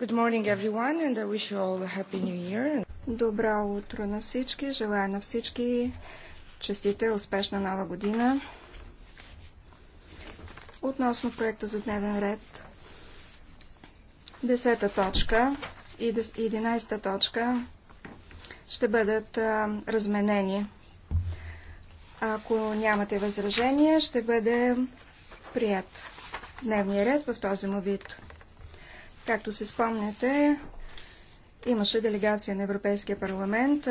Good morning everyone and I wish you all a happy new year. Добро утро на всички. Желая на всички честите успешна нова година. Относно проекта за дневен ред, Десета точка и 11 точка ще бъдат а, разменени. Ако нямате възражения, ще бъде прият дневния ред в този му вид. Както се спомняте, имаше делегация на Европейския парламент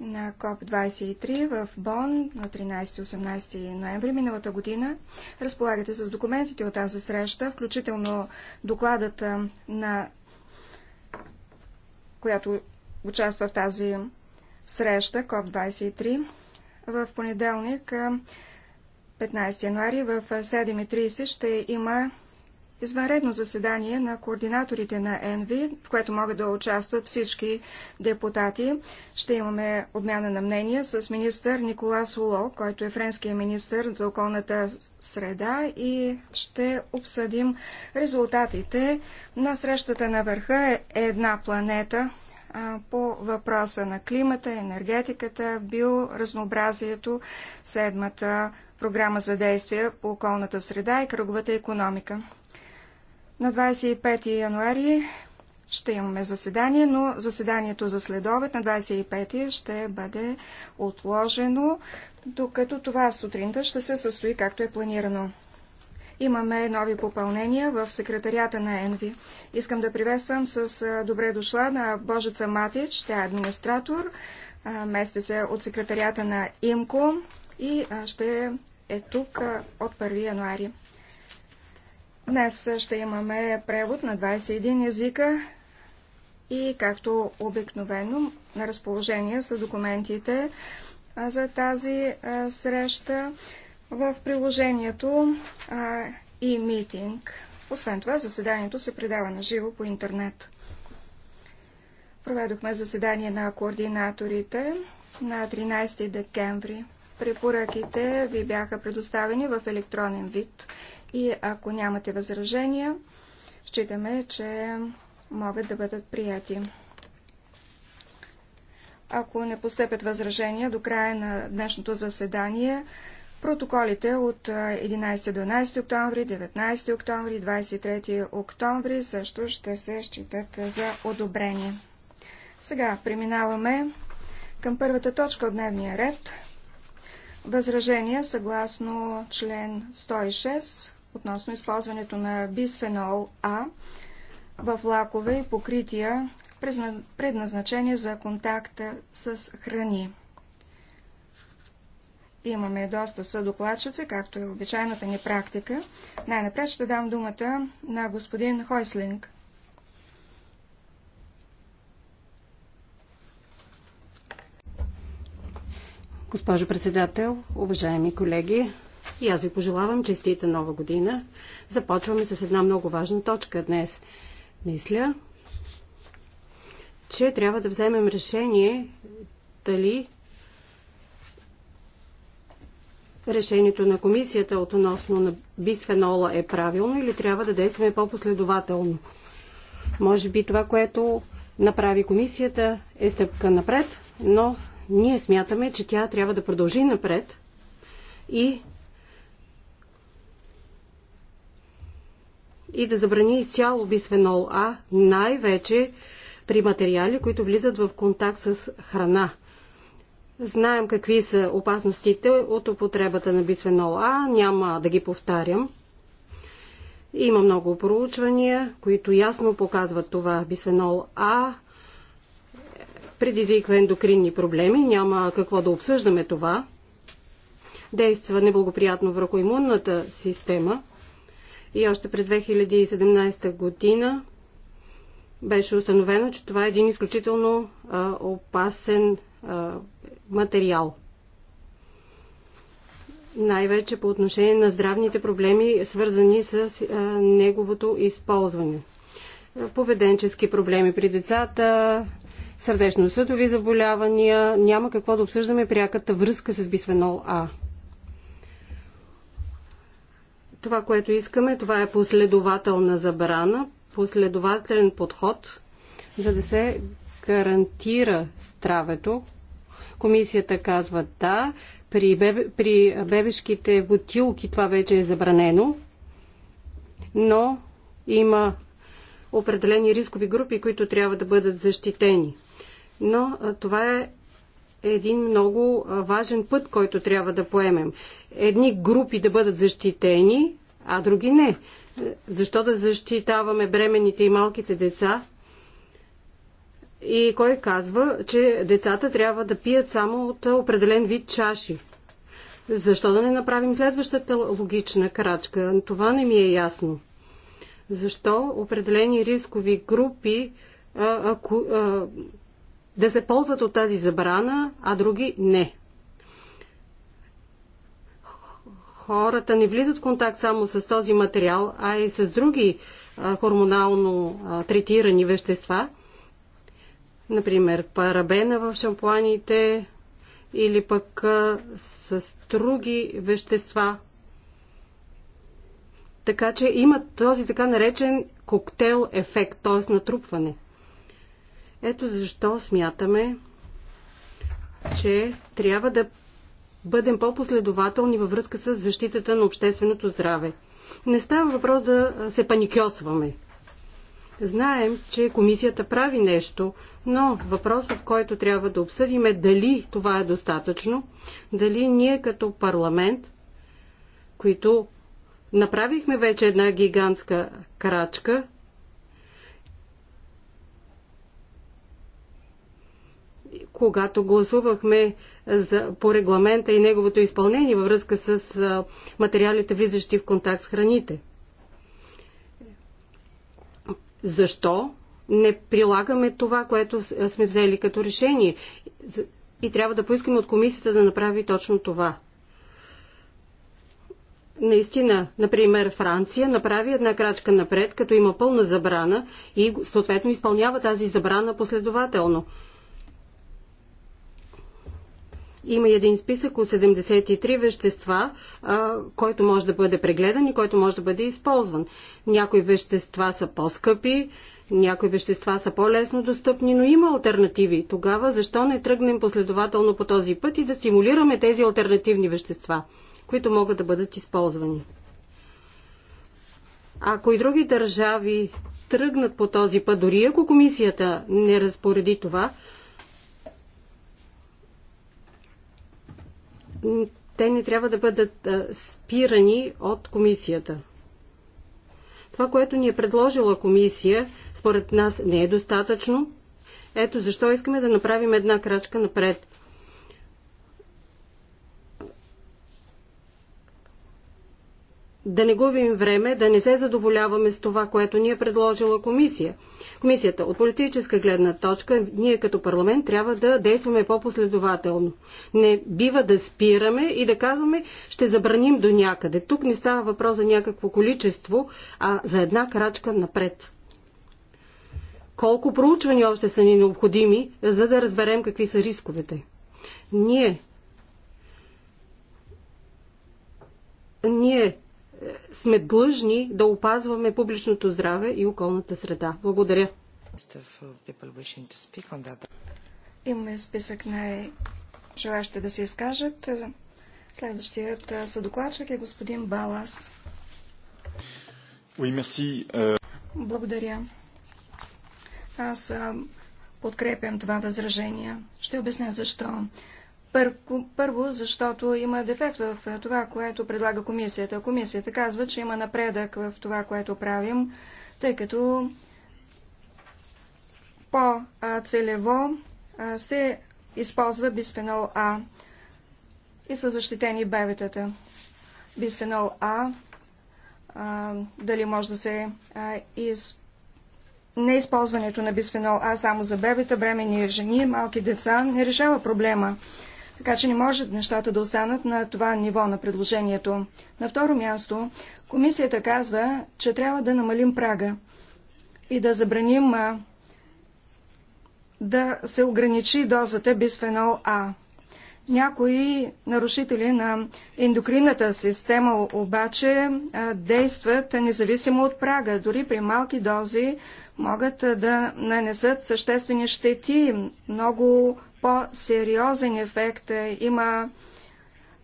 на КОП-23 в Бон на 13-18 ноември миналата година. Разполагате с документите от тази среща, включително докладът на която участва в тази среща, КОП-23. В понеделник, 15 януари, в 7.30 ще има извънредно заседание на координаторите на ЕНВИ, в което могат да участват всички депутати. Ще имаме обмяна на мнения с министър Николас Уло, който е френския министър за околната среда и ще обсъдим резултатите на срещата на върха е една планета по въпроса на климата, енергетиката, биоразнообразието, седмата програма за действие по околната среда и кръговата економика. На 25 януари ще имаме заседание, но заседанието за следобед на 25 ще бъде отложено, докато това сутринта ще се състои както е планирано. Имаме нови попълнения в секретарията на Енви. Искам да приветствам с добре дошла на Божица Матич, тя е администратор, мести се от секретарията на ИМКО и ще е тук от 1 януари. Днес ще имаме превод на 21 езика и както обикновено на разположение са документите за тази среща в приложението и митинг. Освен това, заседанието се предава на живо по интернет. Проведохме заседание на координаторите на 13 декември. Препоръките ви бяха предоставени в електронен вид и ако нямате възражения, считаме, че могат да бъдат прияти. Ако не постъпят възражения до края на днешното заседание, протоколите от 11-12 октомври, 19 октомври, 23 октомври също ще се считат за одобрени. Сега преминаваме към първата точка от дневния ред. Възражения съгласно член 106 относно използването на бисфенол А в лакове и покрития, предназначени за контакта с храни. Имаме доста съдокладчици, както е обичайната ни практика. Най-напред ще дам думата на господин Хойслинг. Госпожо председател, уважаеми колеги, и аз ви пожелавам честита нова година. Започваме с една много важна точка днес. Мисля, че трябва да вземем решение дали решението на комисията относно на бисфенола е правилно или трябва да действаме по-последователно. Може би това, което направи комисията е стъпка напред, но ние смятаме, че тя трябва да продължи напред и и да забрани изцяло бисфенол А, най-вече при материали, които влизат в контакт с храна. Знаем какви са опасностите от употребата на бисфенол А, няма да ги повтарям. Има много проучвания, които ясно показват това. Бисфенол А предизвиква ендокринни проблеми, няма какво да обсъждаме това. Действа неблагоприятно върху имунната система – и още през 2017 година беше установено, че това е един изключително а, опасен а, материал. Най-вече по отношение на здравните проблеми, свързани с а, неговото използване. Поведенчески проблеми при децата, сърдечно-съдови заболявания, няма какво да обсъждаме пряката връзка с бисфенол А. Това, което искаме, това е последователна забрана, последователен подход, за да се гарантира здравето. Комисията казва да, при, беб... при бебешките бутилки това вече е забранено, но има определени рискови групи, които трябва да бъдат защитени. Но това е е един много важен път, който трябва да поемем. Едни групи да бъдат защитени, а други не. Защо да защитаваме бременните и малките деца? И кой казва, че децата трябва да пият само от определен вид чаши? Защо да не направим следващата логична крачка? Това не ми е ясно. Защо определени рискови групи, ако да се ползват от тази забрана, а други не. Хората не влизат в контакт само с този материал, а и с други хормонално третирани вещества, например парабена в шампуаните или пък с други вещества. Така че има този така наречен коктейл ефект, т.е. натрупване – ето защо смятаме, че трябва да бъдем по-последователни във връзка с защитата на общественото здраве. Не става въпрос да се паникьосваме. Знаем, че комисията прави нещо, но въпросът, който трябва да обсъдим е дали това е достатъчно, дали ние като парламент, които направихме вече една гигантска крачка, когато гласувахме за, по регламента и неговото изпълнение във връзка с а, материалите, влизащи в контакт с храните. Защо не прилагаме това, което сме взели като решение? И трябва да поискаме от комисията да направи точно това. Наистина, например, Франция направи една крачка напред, като има пълна забрана и съответно изпълнява тази забрана последователно. Има един списък от 73 вещества, който може да бъде прегледан и който може да бъде използван. Някои вещества са по-скъпи, някои вещества са по-лесно достъпни, но има альтернативи. Тогава защо не тръгнем последователно по този път и да стимулираме тези альтернативни вещества, които могат да бъдат използвани? Ако и други държави тръгнат по този път, дори ако комисията не разпореди това, те не трябва да бъдат спирани от комисията. Това, което ни е предложила комисия, според нас не е достатъчно. Ето защо искаме да направим една крачка напред. да не губим време, да не се задоволяваме с това, което ни е предложила комисия. Комисията от политическа гледна точка, ние като парламент трябва да действаме по-последователно. Не бива да спираме и да казваме, ще забраним до някъде. Тук не става въпрос за някакво количество, а за една крачка напред. Колко проучвания още са ни необходими, за да разберем какви са рисковете? Ние ние сме длъжни да опазваме публичното здраве и околната среда. Благодаря. Имаме списък на желащите да се изкажат. Следващият съдокладчик е господин Балас. Oui, е, Благодаря. Аз подкрепям това възражение. Ще обясня защо. Първо, защото има дефект в това, което предлага комисията. Комисията казва, че има напредък в това, което правим, тъй като по-целево се използва бисфенол А и са защитени бебетата. Бисфенол А дали може да се из... не използването на бисфенол А само за бебета, бремени жени, малки деца, не решава проблема. Така че не може нещата да останат на това ниво на предложението. На второ място, комисията казва, че трябва да намалим прага и да забраним да се ограничи дозата бисфенол А. Някои нарушители на ендокринната система обаче действат независимо от прага. Дори при малки дози могат да нанесат съществени щети. Много по-сериозен ефект. Е, има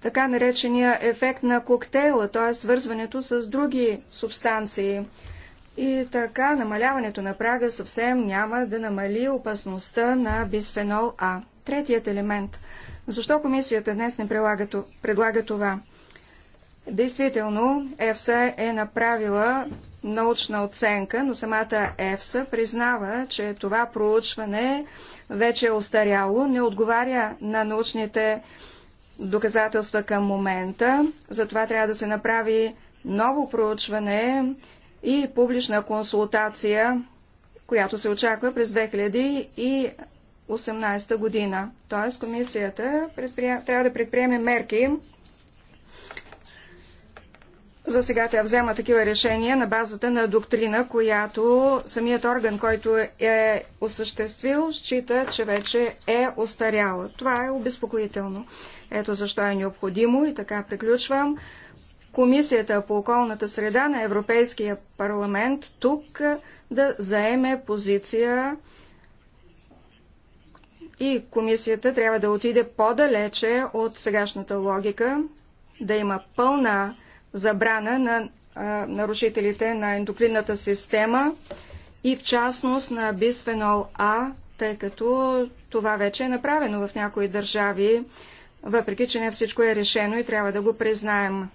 така наречения ефект на коктейла, т.е. свързването с други субстанции. И така намаляването на прага съвсем няма да намали опасността на бисфенол А. Третият елемент. Защо комисията днес не предлага това? Действително, ЕФСА е направила научна оценка, но самата ЕФСА признава, че това проучване вече е остаряло, не отговаря на научните доказателства към момента. Затова трябва да се направи ново проучване и публична консултация, която се очаква през 2018 година. Тоест комисията предприя... трябва да предприеме мерки за сега тя взема такива решения на базата на доктрина, която самият орган, който е осъществил, счита, че вече е остаряла. Това е обезпокоително. Ето защо е необходимо и така приключвам. Комисията по околната среда на Европейския парламент тук да заеме позиция и комисията трябва да отиде по-далече от сегашната логика, да има пълна забрана на нарушителите на ендокринната система и в частност на бисфенол А, тъй като това вече е направено в някои държави, въпреки че не всичко е решено и трябва да го признаем.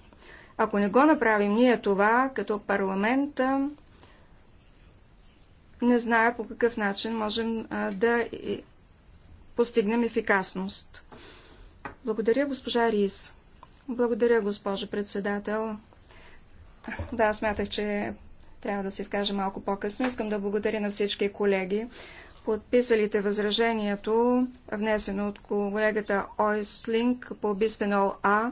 Ако не го направим ние това като парламент, не зная по какъв начин можем да постигнем ефикасност. Благодаря, госпожа Рис. Благодаря, госпожо председател. Да, смятах, че трябва да се изкажа малко по-късно. Искам да благодаря на всички колеги, подписалите възражението, внесено от колегата Ойслинг по бисфенол А,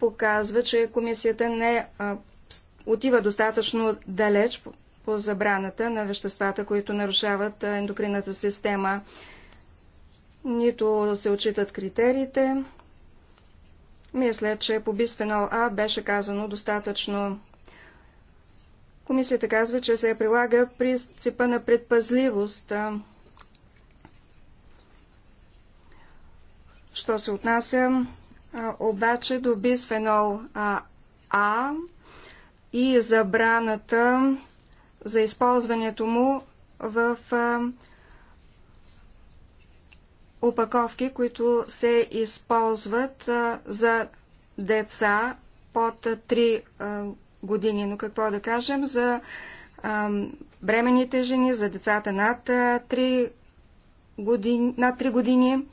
показва, че комисията не а, отива достатъчно далеч по, по забраната на веществата, които нарушават ендокринната система. Нито се отчитат критериите, мисля, че по бисфенол А беше казано достатъчно. Комисията казва, че се прилага принципа на предпазливост. Що се отнася обаче до бисфенол А и забраната за използването му в опаковки, които се използват за деца под 3 години. Но какво да кажем за бременните жени, за децата над 3 години? Над 3 години.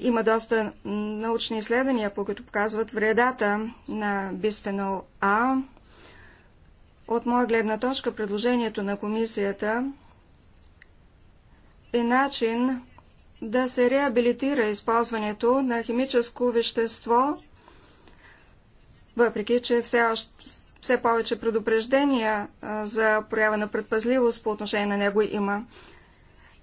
Има доста научни изследвания, по които показват вредата на бисфенол А. От моя гледна точка, предложението на комисията е начин да се реабилитира използването на химическо вещество, въпреки че все, още, все повече предупреждения за проява на предпазливост по отношение на него има.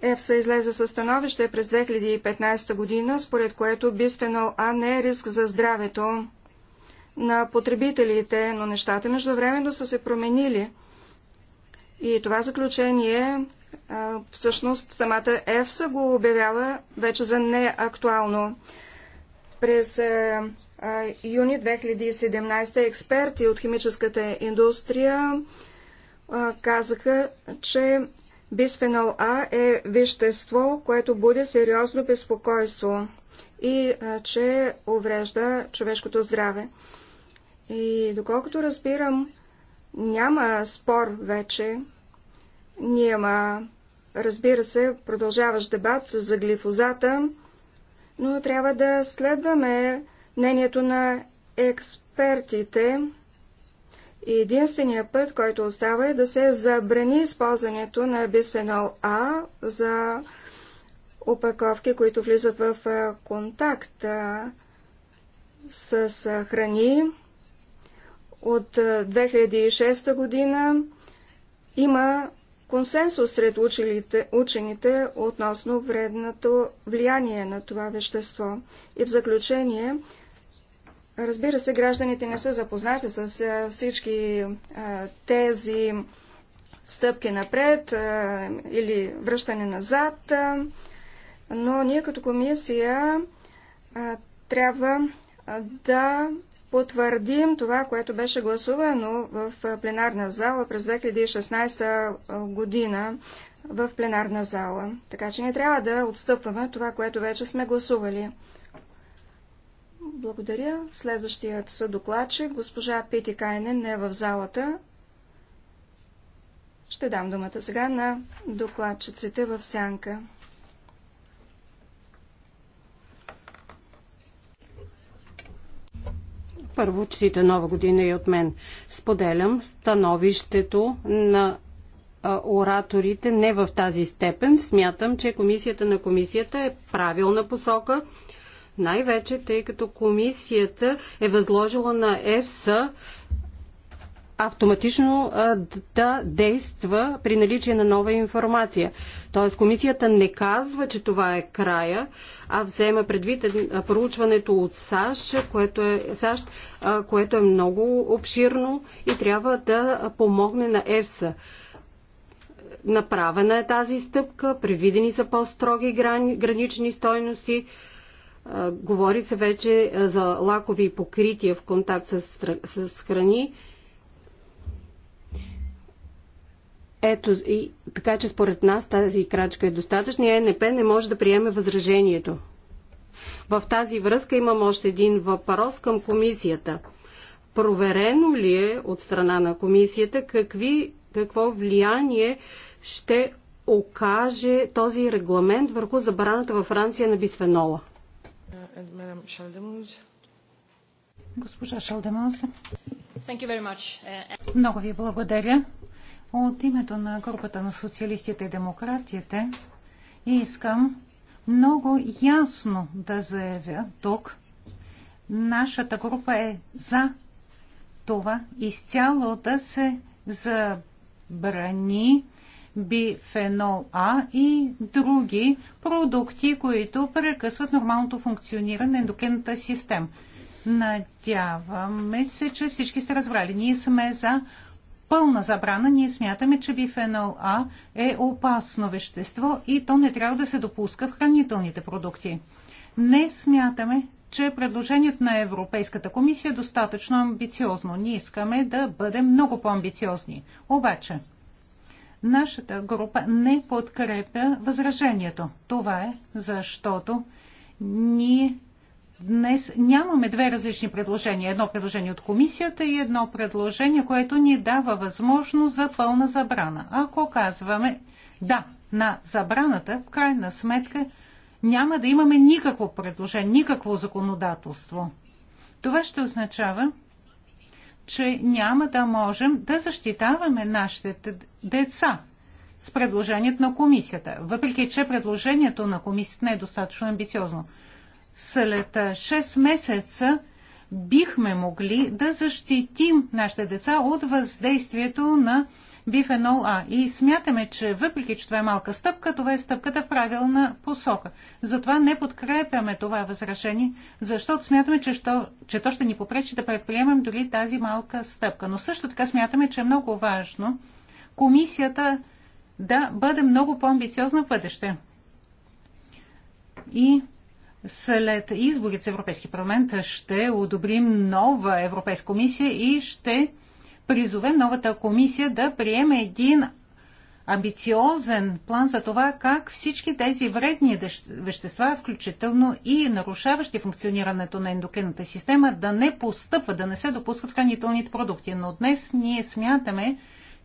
ЕФСА излезе със становище през 2015 година, според което бисфенол А не е риск за здравето на потребителите, но нещата междувременно са се променили – и това заключение всъщност самата ЕФСА го обявява вече за неактуално. През юни 2017 експерти от химическата индустрия казаха, че бисфенол А е вещество, което буди сериозно безпокойство и че уврежда човешкото здраве. И доколкото разбирам, няма спор вече. Няма, разбира се, продължаващ дебат за глифозата, но трябва да следваме мнението на експертите. И единственият път, който остава е да се забрани използването на бисфенол А за опаковки, които влизат в контакт с храни от 2006 е, година има консенсус сред учените, учените относно вредното влияние на това вещество. И в заключение, разбира се, гражданите не са запознати с е, всички е, тези стъпки напред или връщане назад, но ние като комисия трябва да потвърдим това, което беше гласувано в пленарна зала през 2016 година в пленарна зала. Така че не трябва да отстъпваме това, което вече сме гласували. Благодаря. Следващият съдокладчик, госпожа Пити Кайнен, не е в залата. Ще дам думата сега на докладчиците в сянка. Първо, чита нова година и от мен. Споделям становището на ораторите не в тази степен. Смятам, че комисията на комисията е правилна посока. Най-вече, тъй като комисията е възложила на ЕФСА автоматично да действа при наличие на нова информация. Тоест комисията не казва, че това е края, а взема предвид проучването от САЩ, което е, САЩ, което е много обширно и трябва да помогне на ЕФСА. Направена е тази стъпка, предвидени са по-строги грани, гранични стойности, говори се вече за лакови покрития в контакт с, с храни Ето, и, така че според нас тази крачка е достатъчна и ЕНП не може да приеме възражението. В тази връзка имам още един въпрос към комисията. Проверено ли е от страна на комисията какви, какво влияние ще окаже този регламент върху забраната във Франция на бисфенола? Госпожа Шалдемозе. Много ви благодаря. От името на групата на социалистите и демократите искам много ясно да заявя тук, нашата група е за това изцяло да се забрани бифенол А и други продукти, които прекъсват нормалното функциониране на ендокенната система. Надяваме се, че всички сте разбрали. Ние сме за пълна забрана, ние смятаме, че бифенол А е опасно вещество и то не трябва да се допуска в хранителните продукти. Не смятаме, че предложението на Европейската комисия е достатъчно амбициозно. Ние искаме да бъдем много по-амбициозни. Обаче, нашата група не подкрепя възражението. Това е защото ние днес нямаме две различни предложения. Едно предложение от комисията и едно предложение, което ни дава възможност за пълна забрана. Ако казваме да на забраната, в крайна сметка няма да имаме никакво предложение, никакво законодателство. Това ще означава, че няма да можем да защитаваме нашите деца с предложението на комисията, въпреки че предложението на комисията не е достатъчно амбициозно след 6 месеца бихме могли да защитим нашите деца от въздействието на бифенол А. И смятаме, че въпреки, че това е малка стъпка, това е стъпката в правилна посока. Затова не подкрепяме това възражение, защото смятаме, че, що, че то ще ни попречи да предприемем дори тази малка стъпка. Но също така смятаме, че е много важно комисията да бъде много по-амбициозна в бъдеще. И след изборите в Европейски парламент ще одобрим нова Европейска комисия и ще призовем новата комисия да приеме един амбициозен план за това как всички тези вредни вещества, включително и нарушаващи функционирането на ендокринната система, да не постъпват, да не се допускат хранителните продукти. Но днес ние смятаме,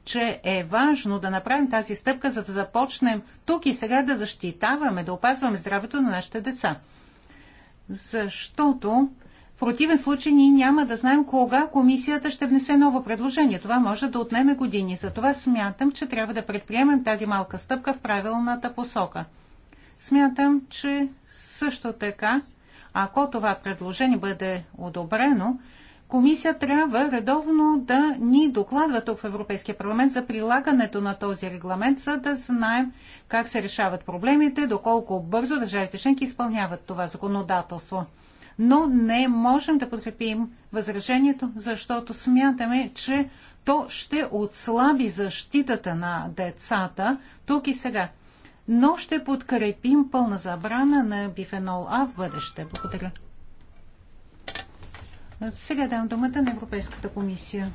че е важно да направим тази стъпка, за да започнем тук и сега да защитаваме, да опазваме здравето на нашите деца защото в противен случай ние няма да знаем кога комисията ще внесе ново предложение. Това може да отнеме години. Затова смятам, че трябва да предприемем тази малка стъпка в правилната посока. Смятам, че също така, ако това предложение бъде одобрено, комисия трябва редовно да ни докладва тук в Европейския парламент за прилагането на този регламент, за да знаем как се решават проблемите, доколко бързо държавите членки изпълняват това законодателство. Но не можем да подкрепим възражението, защото смятаме, че то ще отслаби защитата на децата тук и сега. Но ще подкрепим пълна забрана на бифенол А в бъдеще. Благодаря. Сега дам думата на Европейската комисия.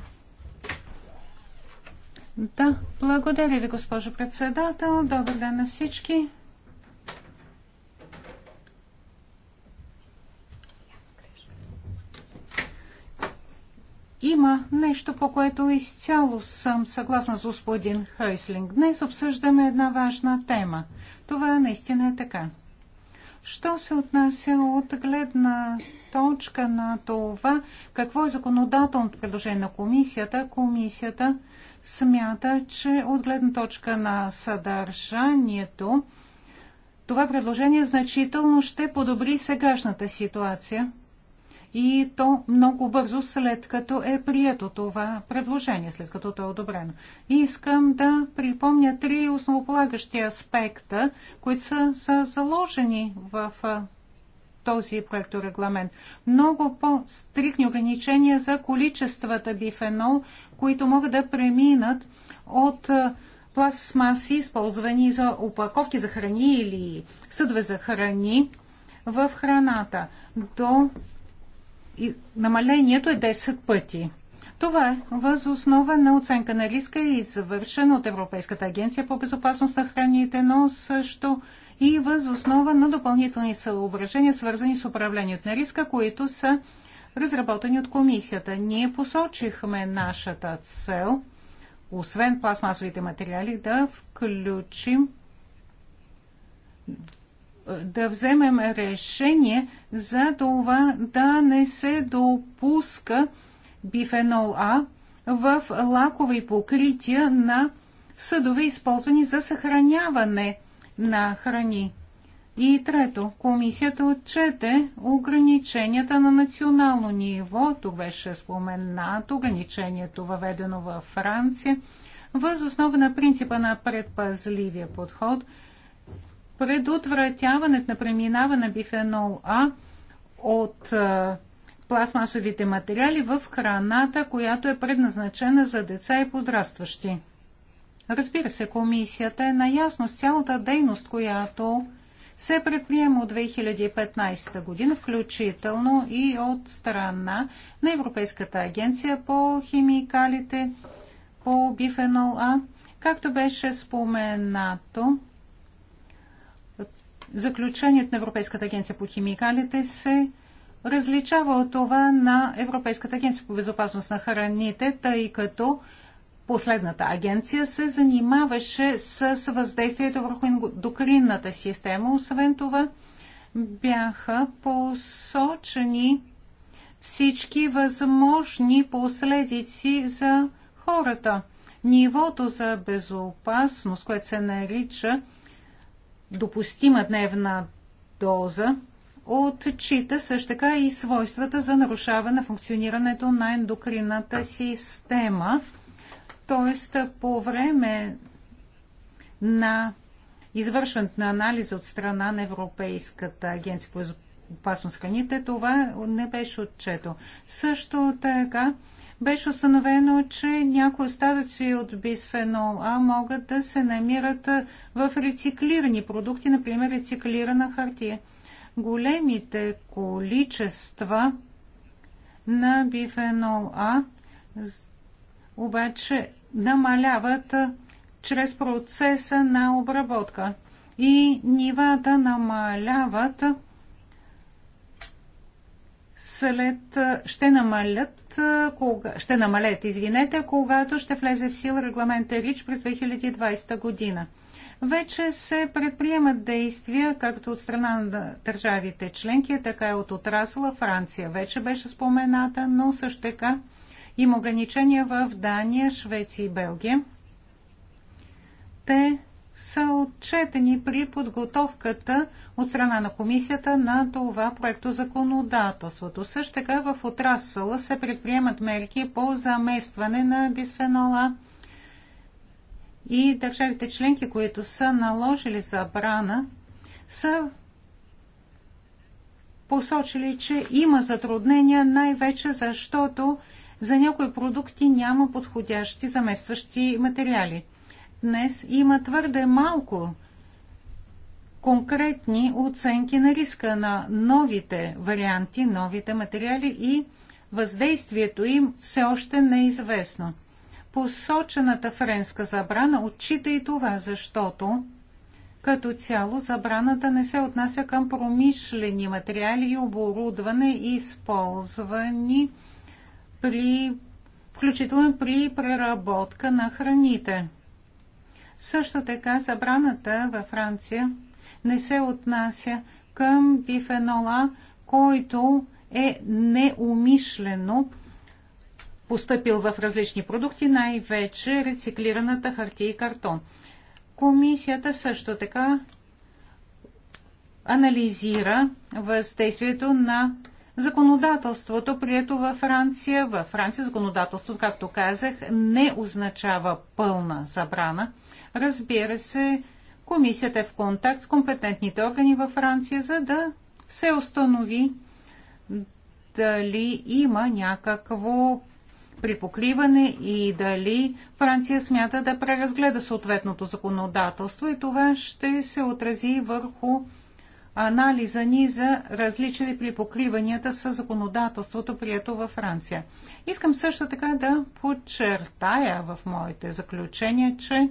Да, благодаря ви, госпожо председател. Добър ден на всички. Има нещо, по което изцяло съм съгласна с господин Хойслинг. Днес обсъждаме една важна тема. Това наистина е така. Що се отнася от гледна точка на това, какво е законодателното предложение на комисията, комисията – смята, че от гледна точка на съдържанието, това предложение значително ще подобри сегашната ситуация и то много бързо след като е прието това предложение, след като то е одобрено. И искам да припомня три основополагащи аспекта, които са, са заложени в този проекторегламент. Много по-стрикни ограничения за количествата бифенол, които могат да преминат от пластмаси, използвани за опаковки за храни или съдове за храни в храната. До намалението е 10 пъти. Това е въз основа на оценка на риска и завършен от Европейската агенция по безопасност на храните, но също и въз основа на допълнителни съображения, свързани с управлението на риска, които са разработени от комисията. Ние посочихме нашата цел, освен пластмасовите материали, да включим да вземем решение за това да не се допуска бифенол А в лакови покрития на съдове, използвани за съхраняване на храни. И трето, комисията отчете ограниченията на национално ниво. Тук беше споменато ограничението въведено във Франция. Въз основа на принципа на предпазливия подход, предотвратяването на преминаване на бифенол А от пластмасовите материали в храната, която е предназначена за деца и подрастващи. Разбира се, комисията е наясно с цялата дейност, която се предприема от 2015 година, включително и от страна на Европейската агенция по химикалите по бифенол А. Както беше споменато, заключението на Европейската агенция по химикалите се различава от това на Европейската агенция по безопасност на храните, тъй като Последната агенция се занимаваше с въздействието върху ендокринната система. Освен това, бяха посочени всички възможни последици за хората. Нивото за безопасност, което се нарича допустима дневна доза, отчита също така и свойствата за нарушаване на функционирането на ендокринната система – Тоест, по време на извършването на анализа от страна на Европейската агенция по опасност храните, това не беше отчето. Също така беше установено, че някои остатъци от бисфенол А могат да се намират в рециклирани продукти, например рециклирана хартия. Големите количества на бифенол А обаче намаляват чрез процеса на обработка. И нивата намаляват след, ще намалят, кога, ще намалят, извинете, когато ще влезе в сила регламента РИЧ през 2020 година. Вече се предприемат действия както от страна на държавите членки, така и от отрасла Франция. Вече беше спомената, но също така има ограничения в Дания, Швеция и Белгия. Те са отчетени при подготовката от страна на комисията на това проекто законодателството. Също така в отрасъла се предприемат мерки по заместване на бисфенола и държавите членки, които са наложили забрана, са посочили, че има затруднения най-вече защото за някои продукти няма подходящи заместващи материали. Днес има твърде малко конкретни оценки на риска на новите варианти, новите материали и въздействието им все още неизвестно. Е Посочената френска забрана отчита и това, защото като цяло забраната не се отнася към промишлени материали и оборудване, използвани при, включително при преработка на храните. Също така забраната във Франция не се отнася към бифенола, който е неумишлено постъпил в различни продукти, най-вече рециклираната хартия и картон. Комисията също така анализира въздействието на Законодателството, прието във Франция, във Франция законодателството, както казах, не означава пълна забрана. Разбира се, комисията е в контакт с компетентните органи във Франция, за да се установи дали има някакво припокриване и дали Франция смята да преразгледа съответното законодателство и това ще се отрази върху анализа ни за различни при покриванията с законодателството, прието във Франция. Искам също така да подчертая в моите заключения, че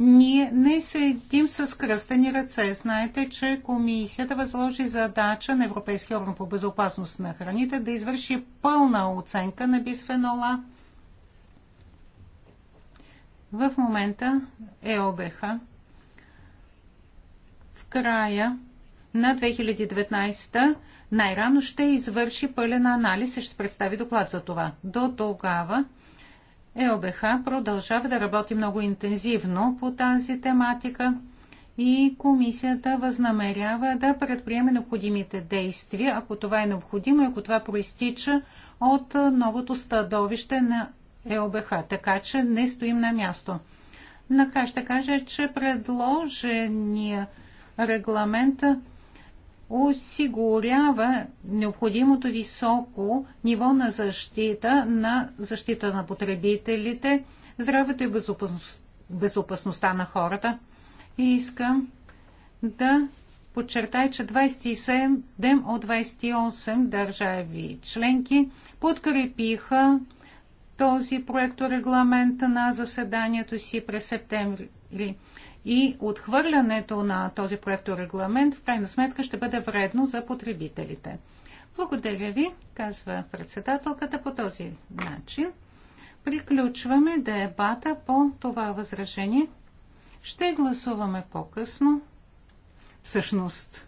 ние не седим с кръстени ръце. Знаете, че комисията възложи задача на Европейския орган по безопасност на храните да извърши пълна оценка на бисфенола. В момента ЕОБХ в края на 2019 най-рано ще извърши пълен анализ и ще представи доклад за това. До тогава ЕОБХ продължава да работи много интензивно по тази тематика и комисията възнамерява да предприеме необходимите действия, ако това е необходимо и ако това проистича от новото стадовище на ЕОБХ, така че не стоим на място. Нака ще кажа, че предложения регламент осигурява необходимото високо ниво на защита на защита на потребителите, здравето и безопасност, безопасността на хората. И искам да подчертай, че 27 от 28 държави членки подкрепиха този регламент на заседанието си през септември и отхвърлянето на този регламент в крайна сметка ще бъде вредно за потребителите. Благодаря ви, казва председателката по този начин. Приключваме дебата по това възражение. Ще гласуваме по-късно. Всъщност,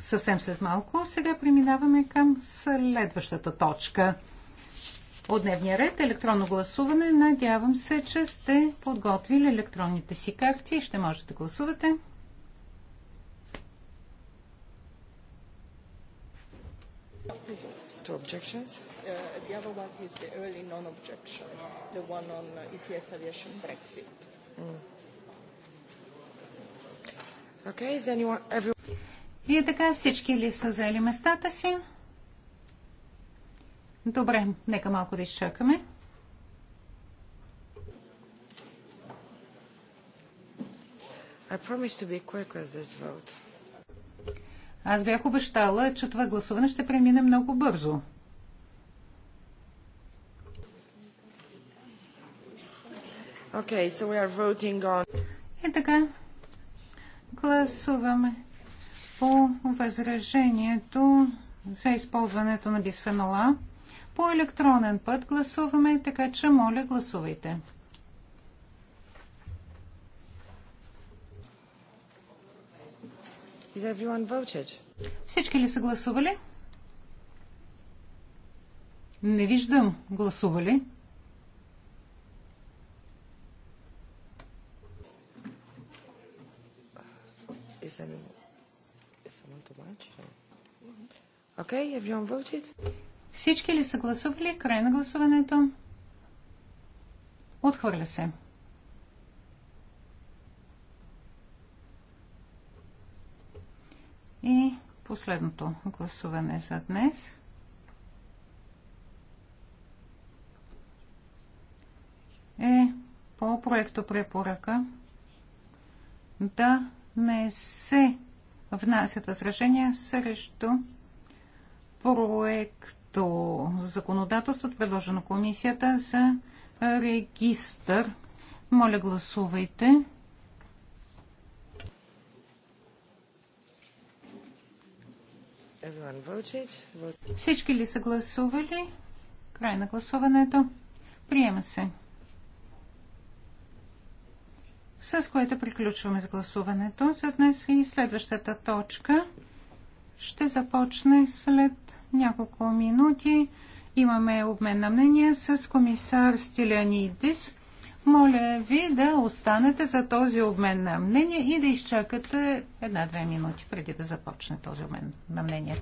съвсем след малко. Сега преминаваме към следващата точка. По дневния ред електронно гласуване. Надявам се, че сте подготвили електронните си карти и ще можете да гласувате. two objections? Uh, the other one is the early non-objection, the one on uh, ETS aviation Brexit. Mm. Okay, is anyone, everyone... И така всички ли са заели местата си? Добре, нека малко да изчакаме. Аз бях обещала, че това гласуване ще премине много бързо. Okay, so we are voting on... И така, гласуваме по възражението за използването на бисфенола. По електронен път гласуваме, така че моля гласувайте. Всички ли са гласували? Не виждам гласували. Okay, everyone voted? Всички ли са гласували? Край на гласуването. Отхвърля се. И последното гласуване за днес. е по проекто препоръка да не се внасят възражения срещу проект до законодателството, предложено комисията за регистър. Моля, гласувайте. Всички ли са гласували? Край на гласуването. Приема се. С което приключваме с гласуването за днес и следващата точка ще започне след няколко минути имаме обмен на мнение с комисар Стилянидис. Моля ви да останете за този обмен на мнение и да изчакате една-две минути преди да започне този обмен на мнение.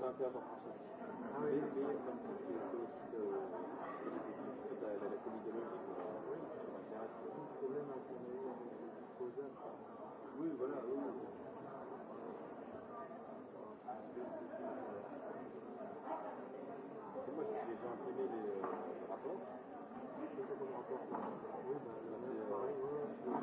Santiago François. oui. ça m'intéresse. Oui, voilà, oui. Moi, j'ai les rapports. C'est comme rapport Oui, bah, pareil, ouais, je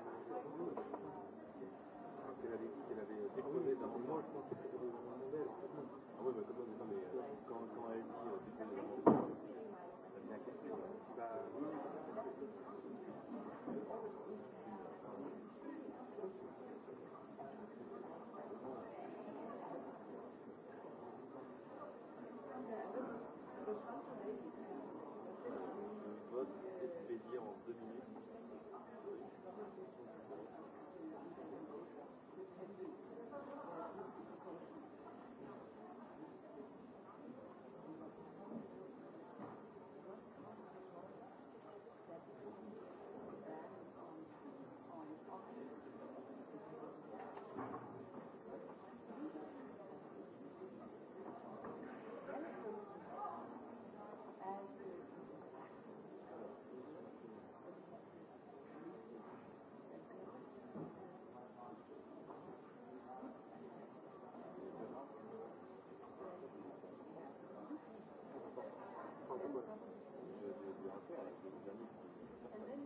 qu'il avait, Ah oui, mais on dit, And then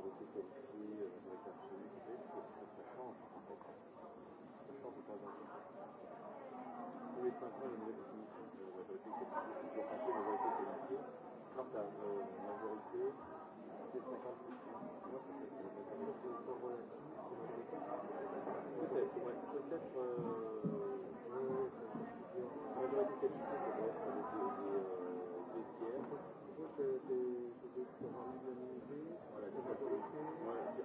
pour le TPLC, avec un celui qui fait que ça change en fait. Ça change de temps en temps. Tous les 5 ans, il y a une nouvelle définition de la vérité communiquée, toujours passée la vérité communiquée, grâce à euh, majorité, c'est 50 Peut-être, ouais, peut-être. Euh, la majorité qualifiée, ça doit être des, des, des tiers. Je pense que c'est. Voilà, c'est pas corrigé. Ouais, c'est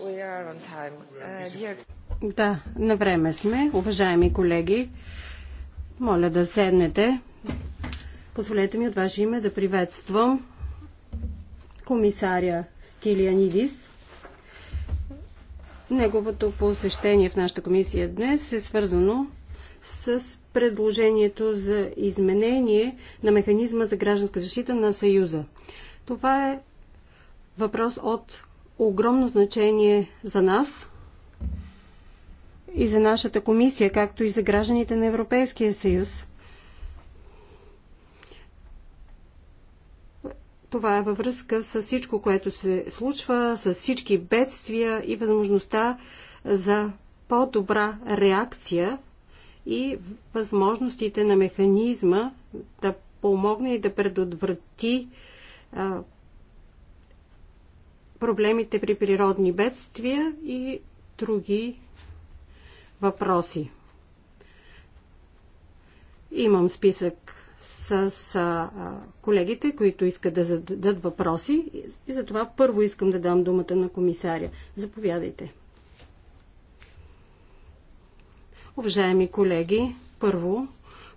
Uh, да, на време сме, уважаеми колеги. Моля да седнете. Позволете ми от ваше име да приветствам комисаря Стилианидис. Неговото посещение в нашата комисия днес е свързано с предложението за изменение на механизма за гражданска защита на Съюза. Това е въпрос от огромно значение за нас и за нашата комисия, както и за гражданите на Европейския съюз. Това е във връзка с всичко, което се случва, с всички бедствия и възможността за по-добра реакция и възможностите на механизма да помогне и да предотврати проблемите при природни бедствия и други въпроси. Имам списък с а, колегите, които искат да зададат въпроси и затова първо искам да дам думата на комисаря. Заповядайте. Уважаеми колеги, първо,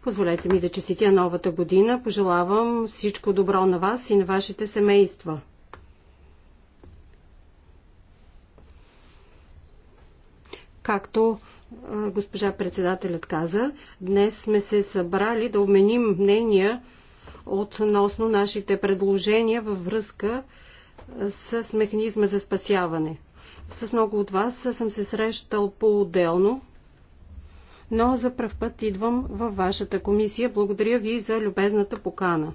позволете ми да честитя новата година. Пожелавам всичко добро на вас и на вашите семейства. Както госпожа председателят каза, днес сме се събрали да обменим мнения относно нашите предложения във връзка с механизма за спасяване. С много от вас съм се срещал по-отделно, но за пръв път идвам във вашата комисия. Благодаря ви за любезната покана.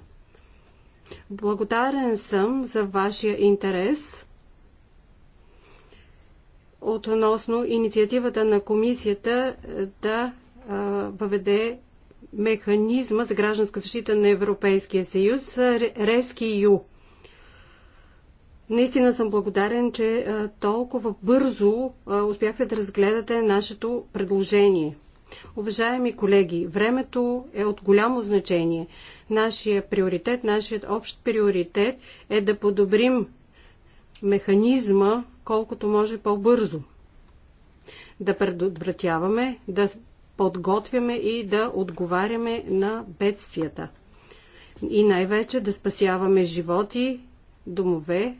Благодарен съм за вашия интерес относно инициативата на комисията е, да е, въведе механизма за гражданска защита на Европейския съюз е, Rescue. Наистина съм благодарен, че толкова бързо успяхте да разгледате нашето предложение. Уважаеми колеги, времето е от голямо значение. Нашия приоритет, нашият общ приоритет е да подобрим механизма колкото може по-бързо. Да предотвратяваме, да подготвяме и да отговаряме на бедствията. И най-вече да спасяваме животи, домове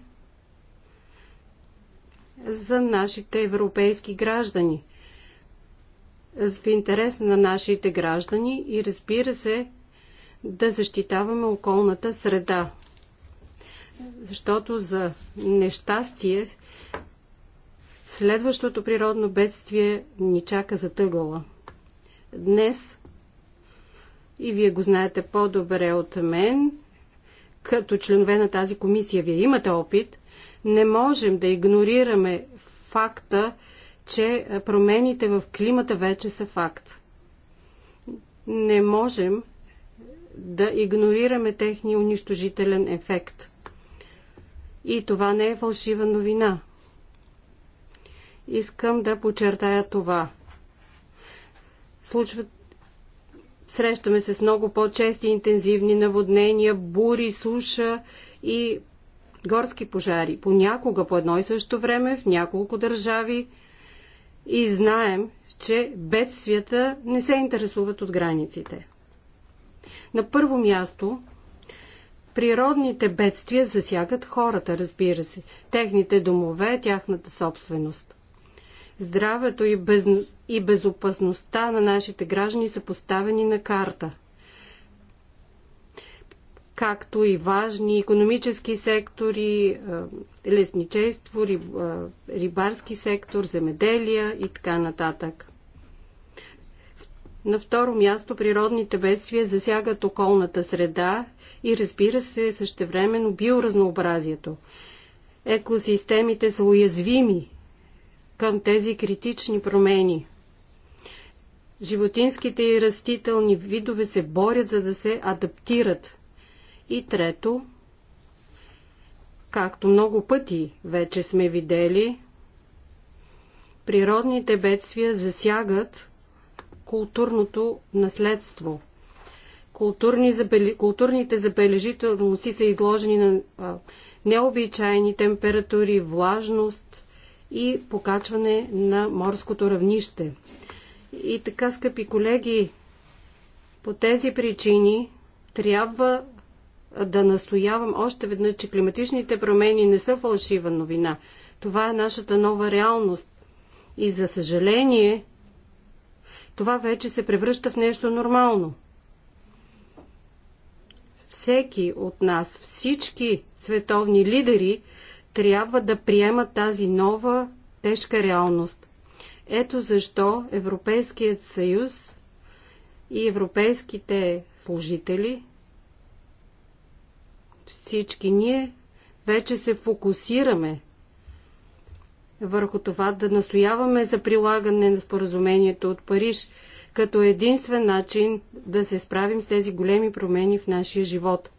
за нашите европейски граждани. В интерес на нашите граждани и разбира се, да защитаваме околната среда защото за нещастие следващото природно бедствие ни чака за тъгала. Днес, и вие го знаете по-добре от мен, като членове на тази комисия, вие имате опит, не можем да игнорираме факта, че промените в климата вече са факт. Не можем да игнорираме техния унищожителен ефект – и това не е фалшива новина. Искам да подчертая това. Случва... Срещаме се с много по-чести интензивни наводнения, бури, суша и горски пожари. Понякога по едно и също време в няколко държави. И знаем, че бедствията не се интересуват от границите. На първо място Природните бедствия засягат хората, разбира се, техните домове, тяхната собственост. Здравето и, без... и безопасността на нашите граждани са поставени на карта – както и важни економически сектори, е, лесничество, е, рибарски сектор, земеделие и така нататък. На второ място природните бедствия засягат околната среда и разбира се същевременно биоразнообразието. Екосистемите са уязвими към тези критични промени. Животинските и растителни видове се борят за да се адаптират. И трето, както много пъти вече сме видели, природните бедствия засягат културното наследство. Културни забели... Културните забележителности са изложени на необичайни температури, влажност и покачване на морското равнище. И така, скъпи колеги, по тези причини трябва да настоявам още веднъж, че климатичните промени не са фалшива новина. Това е нашата нова реалност. И за съжаление, това вече се превръща в нещо нормално. Всеки от нас, всички световни лидери трябва да приемат тази нова тежка реалност. Ето защо Европейският съюз и европейските служители, всички ние вече се фокусираме върху това да настояваме за прилагане на споразумението от Париж като единствен начин да се справим с тези големи промени в нашия живот.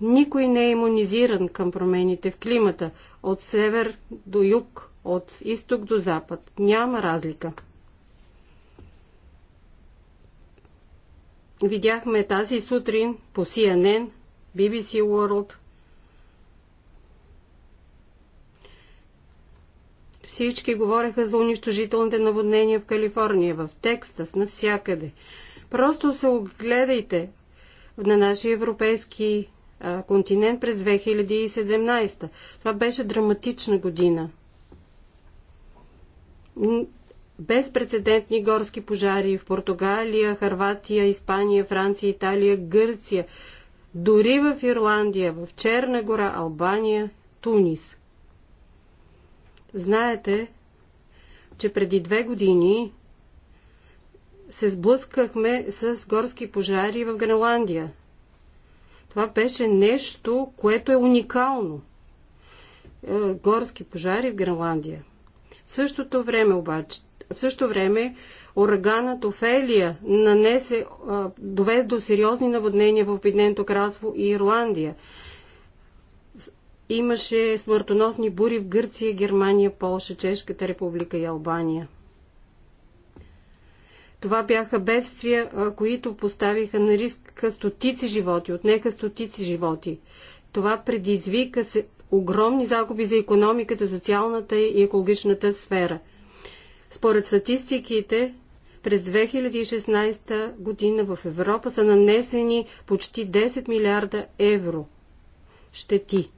Никой не е иммунизиран към промените в климата от север до юг, от изток до запад. Няма разлика. Видяхме тази сутрин по CNN, BBC World – Всички говореха за унищожителните наводнения в Калифорния, в Текстас, навсякъде. Просто се огледайте на нашия европейски а, континент през 2017. Това беше драматична година. Безпредседентни горски пожари в Португалия, Харватия, Испания, Франция, Италия, Гърция, дори в Ирландия, в Черна гора, Албания, Тунис – Знаете, че преди две години се сблъскахме с горски пожари в Гренландия. Това беше нещо, което е уникално. Е, горски пожари в Гренландия. В същото време обаче, в същото време ураганът Офелия нанесе, доведе до сериозни наводнения в Обединеното кралство и Ирландия имаше смъртоносни бури в Гърция, Германия, Полша, Чешката република и Албания. Това бяха бедствия, които поставиха на риск стотици животи, отнеха стотици животи. Това предизвика се огромни загуби за економиката, социалната и екологичната сфера. Според статистиките, през 2016 година в Европа са нанесени почти 10 милиарда евро щети.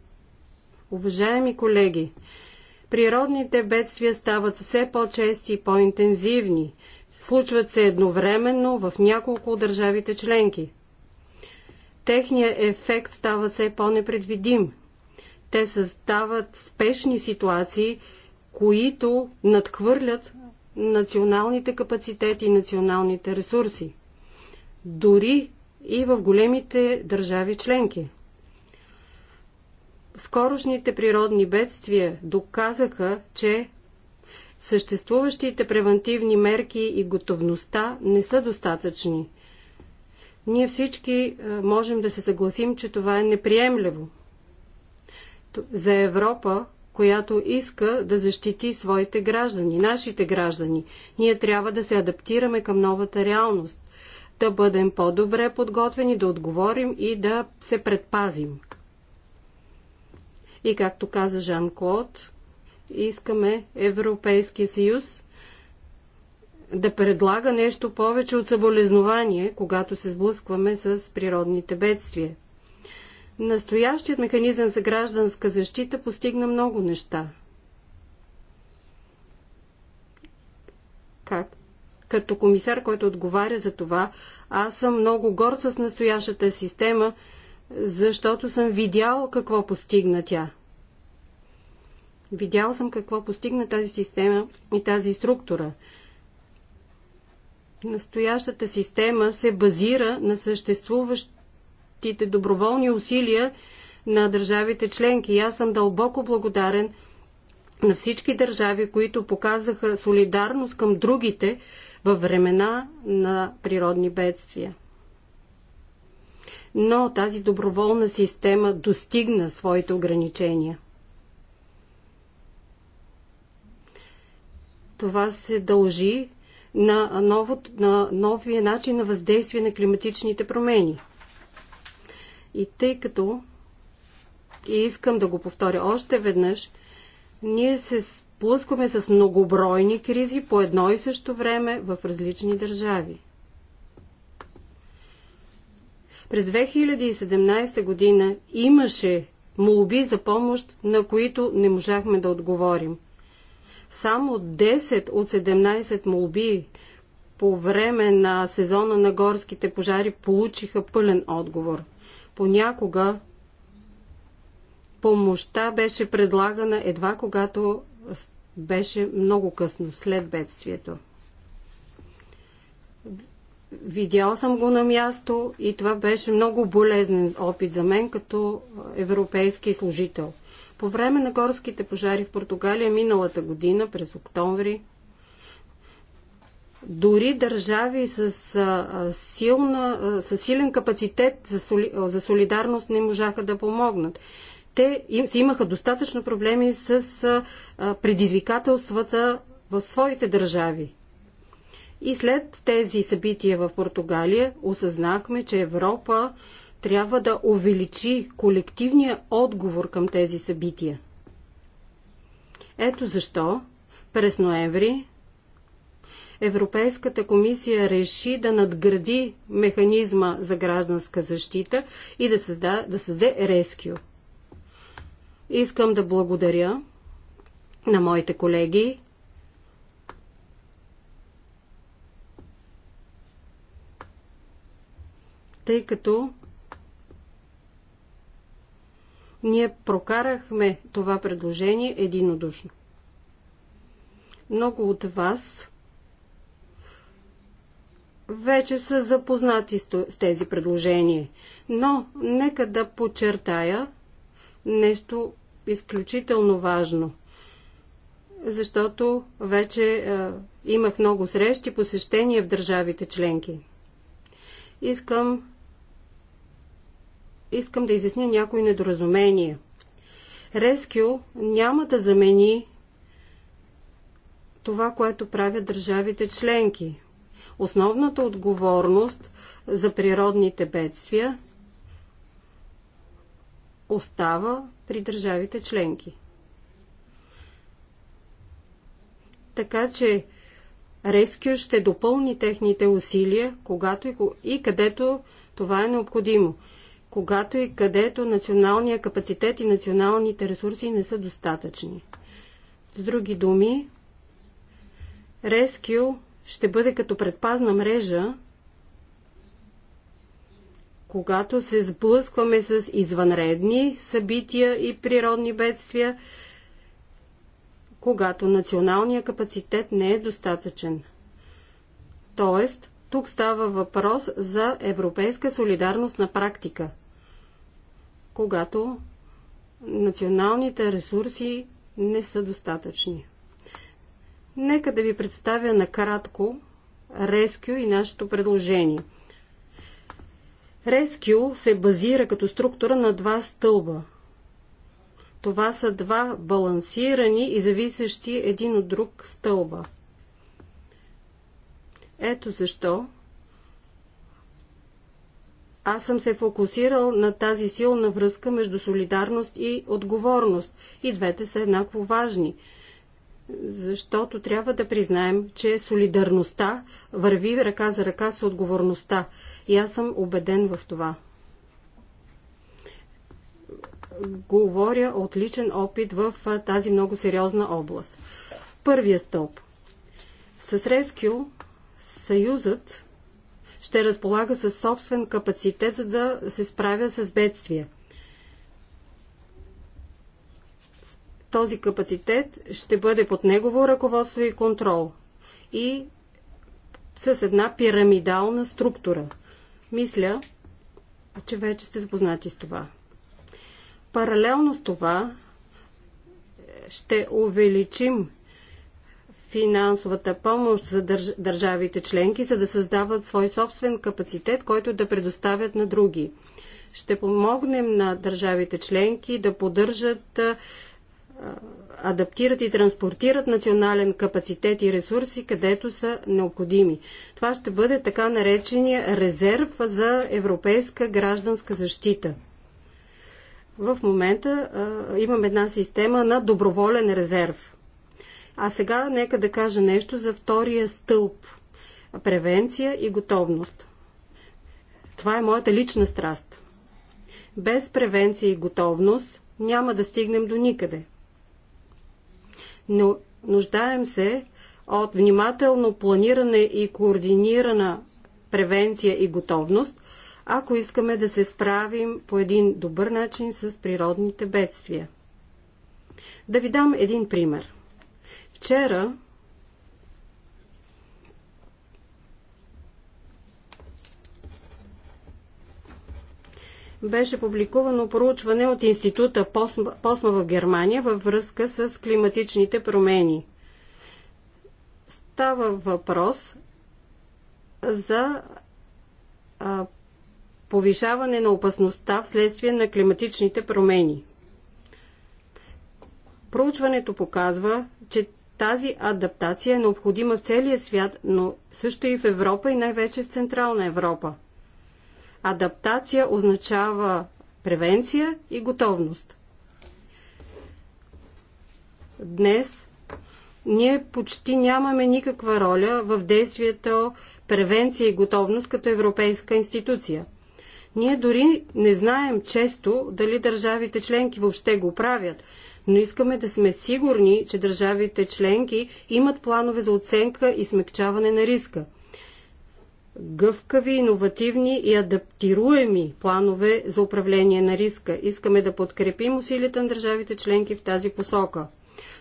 Уважаеми колеги, природните бедствия стават все по-чести и по-интензивни. Случват се едновременно в няколко от държавите членки. Техният ефект става все по-непредвидим. Те създават спешни ситуации, които надхвърлят националните капацитети и националните ресурси. Дори и в големите държави членки – скорошните природни бедствия доказаха, че съществуващите превентивни мерки и готовността не са достатъчни. Ние всички е, можем да се съгласим, че това е неприемливо. За Европа, която иска да защити своите граждани, нашите граждани, ние трябва да се адаптираме към новата реалност, да бъдем по-добре подготвени, да отговорим и да се предпазим. И както каза Жан-Клод, искаме Европейския съюз да предлага нещо повече от съболезнование, когато се сблъскваме с природните бедствия. Настоящият механизъм за гражданска защита постигна много неща. Как? Като комисар, който отговаря за това, аз съм много горд с настоящата система – защото съм видял какво постигна тя. Видял съм какво постигна тази система и тази структура. Настоящата система се базира на съществуващите доброволни усилия на държавите членки. И аз съм дълбоко благодарен на всички държави, които показаха солидарност към другите във времена на природни бедствия но тази доброволна система достигна своите ограничения. Това се дължи на, ново, на новия начин на въздействие на климатичните промени. И тъй като, и искам да го повторя още веднъж, ние се сплъскваме с многобройни кризи по едно и също време в различни държави. През 2017 година имаше молби за помощ, на които не можахме да отговорим. Само 10 от 17 молби по време на сезона на горските пожари получиха пълен отговор. Понякога помощта беше предлагана едва когато беше много късно след бедствието. Видял съм го на място и това беше много болезнен опит за мен като европейски служител. По време на горските пожари в Португалия миналата година, през октомври, дори държави с, а, силна, а, с силен капацитет за, соли, а, за солидарност не можаха да помогнат. Те им, имаха достатъчно проблеми с а, предизвикателствата в своите държави. И след тези събития в Португалия осъзнахме, че Европа трябва да увеличи колективния отговор към тези събития. Ето защо през ноември Европейската комисия реши да надгради механизма за гражданска защита и да, създа, да създаде Rescue. Искам да благодаря на моите колеги, тъй като ние прокарахме това предложение единодушно. Много от вас вече са запознати с тези предложения, но нека да подчертая нещо изключително важно, защото вече е, имах много срещи, посещения в държавите членки. Искам искам да изясня някои недоразумения. Rescue няма да замени това, което правят държавите членки. Основната отговорност за природните бедствия остава при държавите членки. Така че Rescue ще допълни техните усилия, когато и където това е необходимо когато и където националния капацитет и националните ресурси не са достатъчни. С други думи, Rescue ще бъде като предпазна мрежа, когато се сблъскваме с извънредни събития и природни бедствия, когато националният капацитет не е достатъчен. Тоест, тук става въпрос за европейска солидарност на практика – когато националните ресурси не са достатъчни. Нека да ви представя накратко Rescue и нашето предложение. Rescue се базира като структура на два стълба. Това са два балансирани и зависещи един от друг стълба. Ето защо аз съм се фокусирал на тази силна връзка между солидарност и отговорност. И двете са еднакво важни. Защото трябва да признаем, че солидарността върви ръка за ръка с отговорността. И аз съм убеден в това. Говоря от личен опит в тази много сериозна област. Първия стълб. С Рескю съюзът ще разполага със собствен капацитет, за да се справя с бедствия. Този капацитет ще бъде под негово ръководство и контрол и с една пирамидална структура. Мисля, че вече сте запознати с това. Паралелно с това ще увеличим финансовата помощ за държ... държавите членки, за да създават свой собствен капацитет, който да предоставят на други. Ще помогнем на държавите членки да поддържат, адаптират и транспортират национален капацитет и ресурси, където са необходими. Това ще бъде така наречения резерв за европейска гражданска защита. В момента а, имам една система на доброволен резерв – а сега нека да кажа нещо за втория стълб превенция и готовност. Това е моята лична страст. Без превенция и готовност няма да стигнем до никъде. Но нуждаем се от внимателно планиране и координирана превенция и готовност, ако искаме да се справим по един добър начин с природните бедствия. Да ви дам един пример – Вчера беше публикувано проучване от института Посма в Германия във връзка с климатичните промени. Става въпрос за а, повишаване на опасността вследствие на климатичните промени. Проучването показва, че тази адаптация е необходима в целия свят, но също и в Европа и най-вече в Централна Европа. Адаптация означава превенция и готовност. Днес ние почти нямаме никаква роля в действието превенция и готовност като европейска институция. Ние дори не знаем често дали държавите членки въобще го правят – но искаме да сме сигурни, че държавите членки имат планове за оценка и смягчаване на риска. Гъвкави, иновативни и адаптируеми планове за управление на риска. Искаме да подкрепим усилията на държавите членки в тази посока.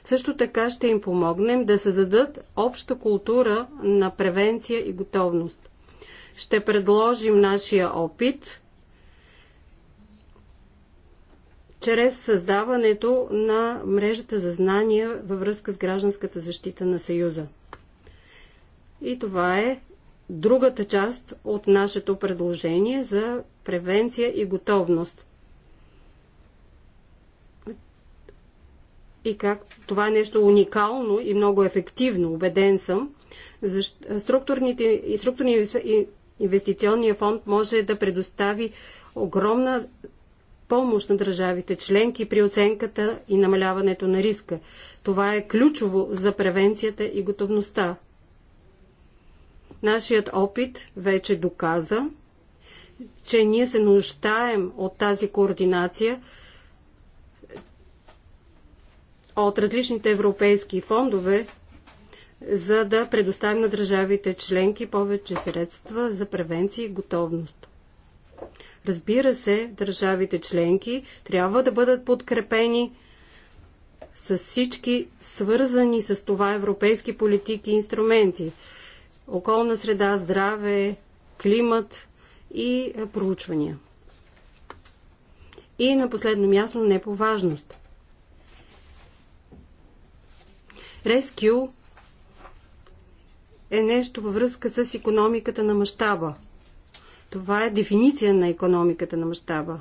Също така ще им помогнем да създадат обща култура на превенция и готовност. Ще предложим нашия опит чрез създаването на мрежата за знания във връзка с гражданската защита на Съюза. И това е другата част от нашето предложение за превенция и готовност. И как това е нещо уникално и много ефективно, убеден съм. Структурните и структурния инвестиционния фонд може да предостави огромна помощ на държавите членки при оценката и намаляването на риска. Това е ключово за превенцията и готовността. Нашият опит вече доказа, че ние се нуждаем от тази координация от различните европейски фондове, за да предоставим на държавите членки повече средства за превенция и готовност. Разбира се, държавите членки трябва да бъдат подкрепени с всички свързани с това европейски политики и инструменти. Околна среда, здраве, климат и е, проучвания. И на последно място, не по важност. Rescue е нещо във връзка с економиката на мащаба – това е дефиниция на економиката на мащаба.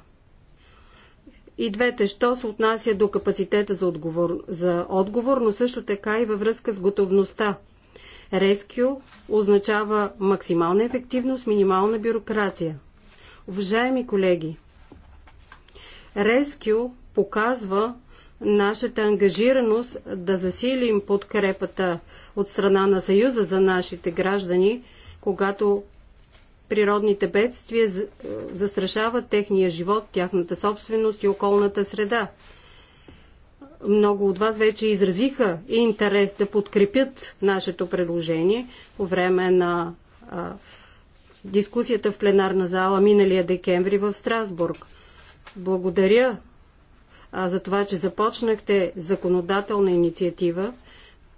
И двете, що се отнася до капацитета за отговор, за отговор, но също така и във връзка с готовността. Рескю означава максимална ефективност, минимална бюрокрация. Уважаеми колеги, Рескю показва нашата ангажираност да засилим подкрепата от страна на Съюза за нашите граждани, когато природните бедствия застрашават техния живот, тяхната собственост и околната среда. Много от вас вече изразиха интерес да подкрепят нашето предложение по време на а, дискусията в пленарна зала миналия декември в Страсбург. Благодаря а, за това, че започнахте законодателна инициатива.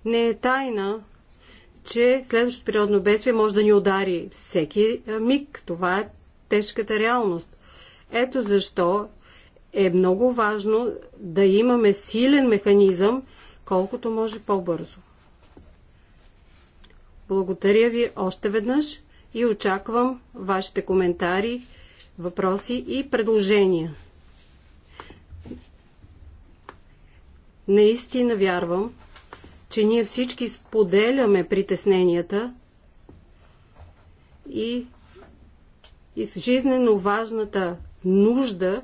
Не е тайна, че следващото природно бедствие може да ни удари всеки миг. Това е тежката реалност. Ето защо е много важно да имаме силен механизъм, колкото може по-бързо. Благодаря ви още веднъж и очаквам вашите коментари, въпроси и предложения. Наистина вярвам, че ние всички споделяме притесненията и, и с жизнено важната нужда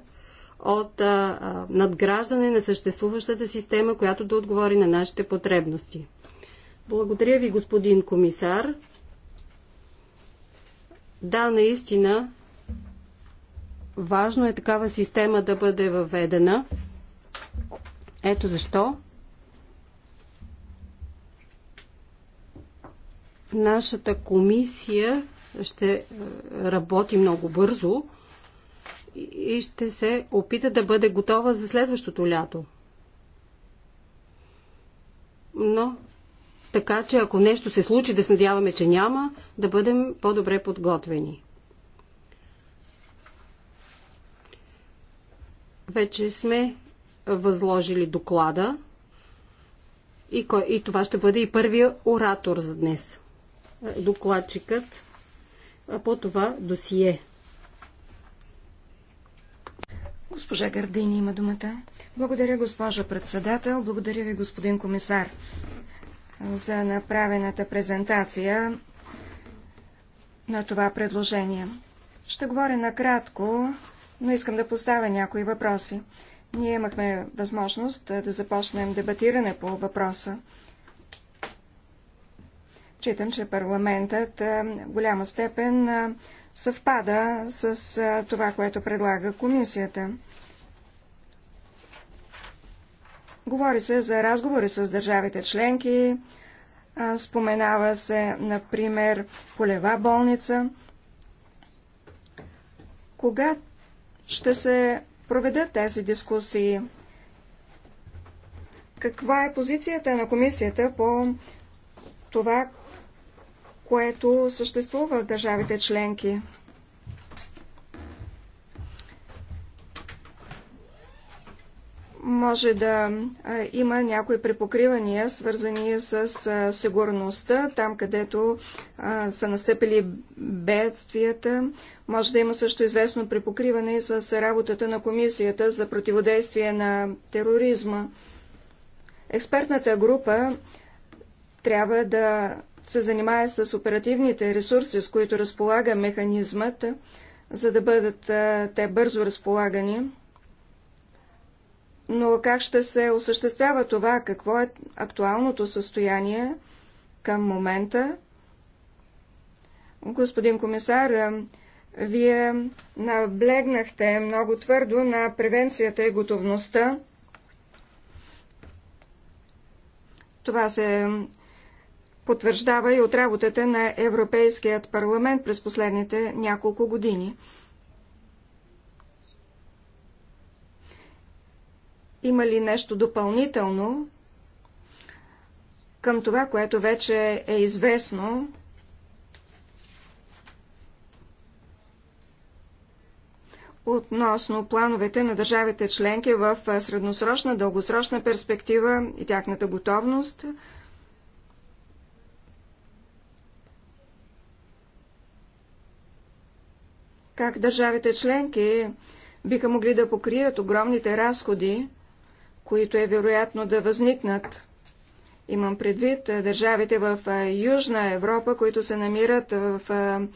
от а, а, надграждане на съществуващата система, която да отговори на нашите потребности. Благодаря ви, господин комисар. Да, наистина, важно е такава система да бъде въведена. Ето защо Нашата комисия ще е, работи много бързо и ще се опита да бъде готова за следващото лято. Но така че ако нещо се случи, да се надяваме, че няма, да бъдем по-добре подготвени. Вече сме възложили доклада и, кой, и това ще бъде и първия оратор за днес докладчикът по това досие. Госпожа Гардини има думата. Благодаря, госпожа председател. Благодаря ви, господин комисар, за направената презентация на това предложение. Ще говоря накратко, но искам да поставя някои въпроси. Ние имахме възможност да започнем дебатиране по въпроса. Читам, че парламентът е, в голяма степен е, съвпада с е, това, което предлага комисията. Говори се за разговори с държавите членки, споменава се, например, полева болница. Кога ще се проведат тези дискусии? Каква е позицията на комисията по това, което съществува в държавите членки. Може да има някои препокривания, свързани с сигурността, там където са настъпили бедствията. Може да има също известно препокриване с работата на Комисията за противодействие на тероризма. Експертната група трябва да се занимае с оперативните ресурси, с които разполага механизмът, за да бъдат те бързо разполагани. Но как ще се осъществява това? Какво е актуалното състояние към момента? Господин комисар, вие наблегнахте много твърдо на превенцията и готовността. Това се потвърждава и от работата на Европейският парламент през последните няколко години. Има ли нещо допълнително към това, което вече е известно относно плановете на държавите членки в средносрочна, дългосрочна перспектива и тяхната готовност – как държавите членки биха могли да покрият огромните разходи, които е вероятно да възникнат. Имам предвид е, държавите в е, Южна Европа, които се намират в е,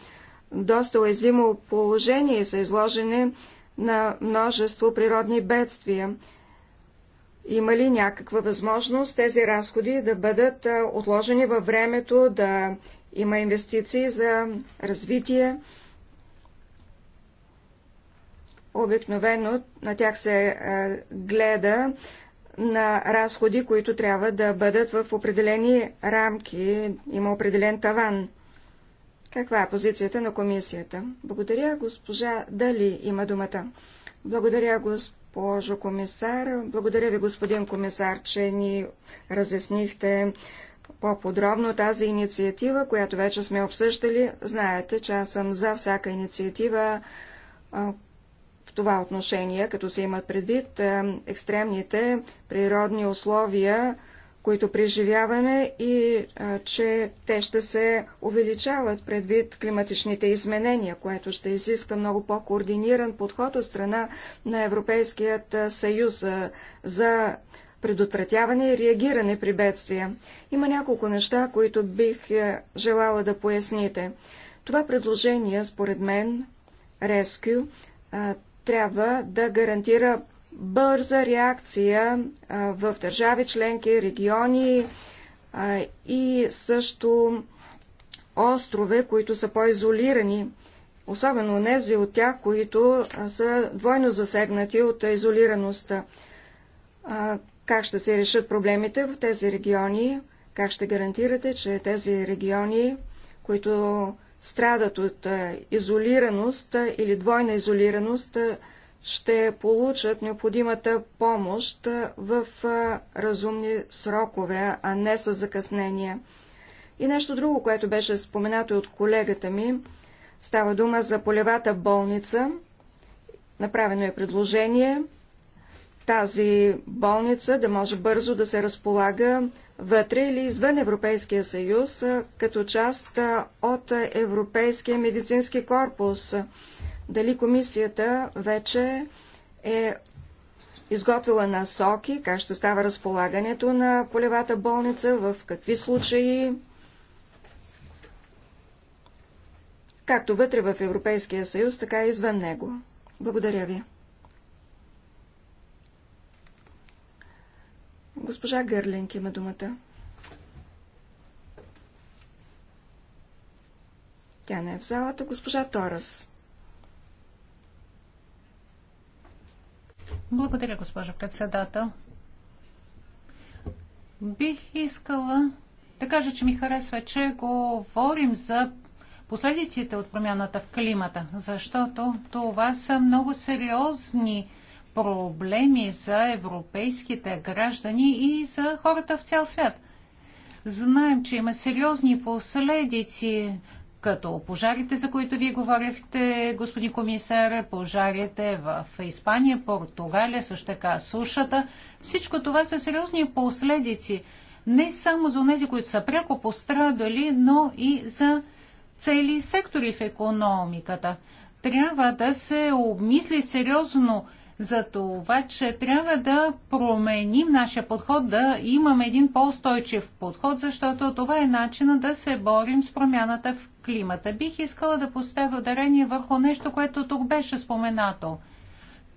доста уязвимо положение и са изложени на множество природни бедствия. Има ли някаква възможност тези разходи да бъдат отложени във времето, да има инвестиции за развитие? Обикновено на тях се е, гледа на разходи, които трябва да бъдат в определени рамки. Има определен таван. Каква е позицията на комисията? Благодаря, госпожа Дали има думата. Благодаря, госпожо комисар. Благодаря ви, господин комисар, че ни разяснихте по-подробно тази инициатива, която вече сме обсъждали. Знаете, че аз съм за всяка инициатива, в това отношение, като се имат предвид е, екстремните природни условия, които преживяваме и а, е, че те ще се увеличават предвид климатичните изменения, което ще изиска много по-координиран подход от страна на Европейският е, съюз а, за предотвратяване и реагиране при бедствия. Има няколко неща, които бих желала да поясните. Това предложение, според мен, Rescue, трябва да гарантира бърза реакция в държави членки, региони и също острове, които са по-изолирани, особено нези от тях, които са двойно засегнати от изолираността. Как ще се решат проблемите в тези региони? Как ще гарантирате, че тези региони, които страдат от изолираност или двойна изолираност, ще получат необходимата помощ в разумни срокове, а не с закъснение. И нещо друго, което беше споменато от колегата ми, става дума за полевата болница. Направено е предложение тази болница да може бързо да се разполага вътре или извън Европейския съюз, като част от Европейския медицински корпус. Дали комисията вече е изготвила насоки, как ще става разполагането на полевата болница, в какви случаи, както вътре в Европейския съюз, така и извън него. Благодаря ви. Госпожа Гърлинг има думата. Тя не е в залата. Госпожа Торас. Благодаря, госпожо председател. Бих искала да кажа, че ми харесва, че говорим за последиците от промяната в климата, защото това са много сериозни проблеми за европейските граждани и за хората в цял свят. Знаем, че има сериозни последици, като пожарите, за които вие говорихте, господин комисар, пожарите в Испания, Португалия, също така сушата. Всичко това са сериозни последици не само за тези, които са пряко пострадали, но и за цели сектори в економиката. Трябва да се обмисли сериозно за това, че трябва да променим нашия подход, да имаме един по-устойчив подход, защото това е начина да се борим с промяната в климата. Бих искала да поставя ударение върху нещо, което тук беше споменато.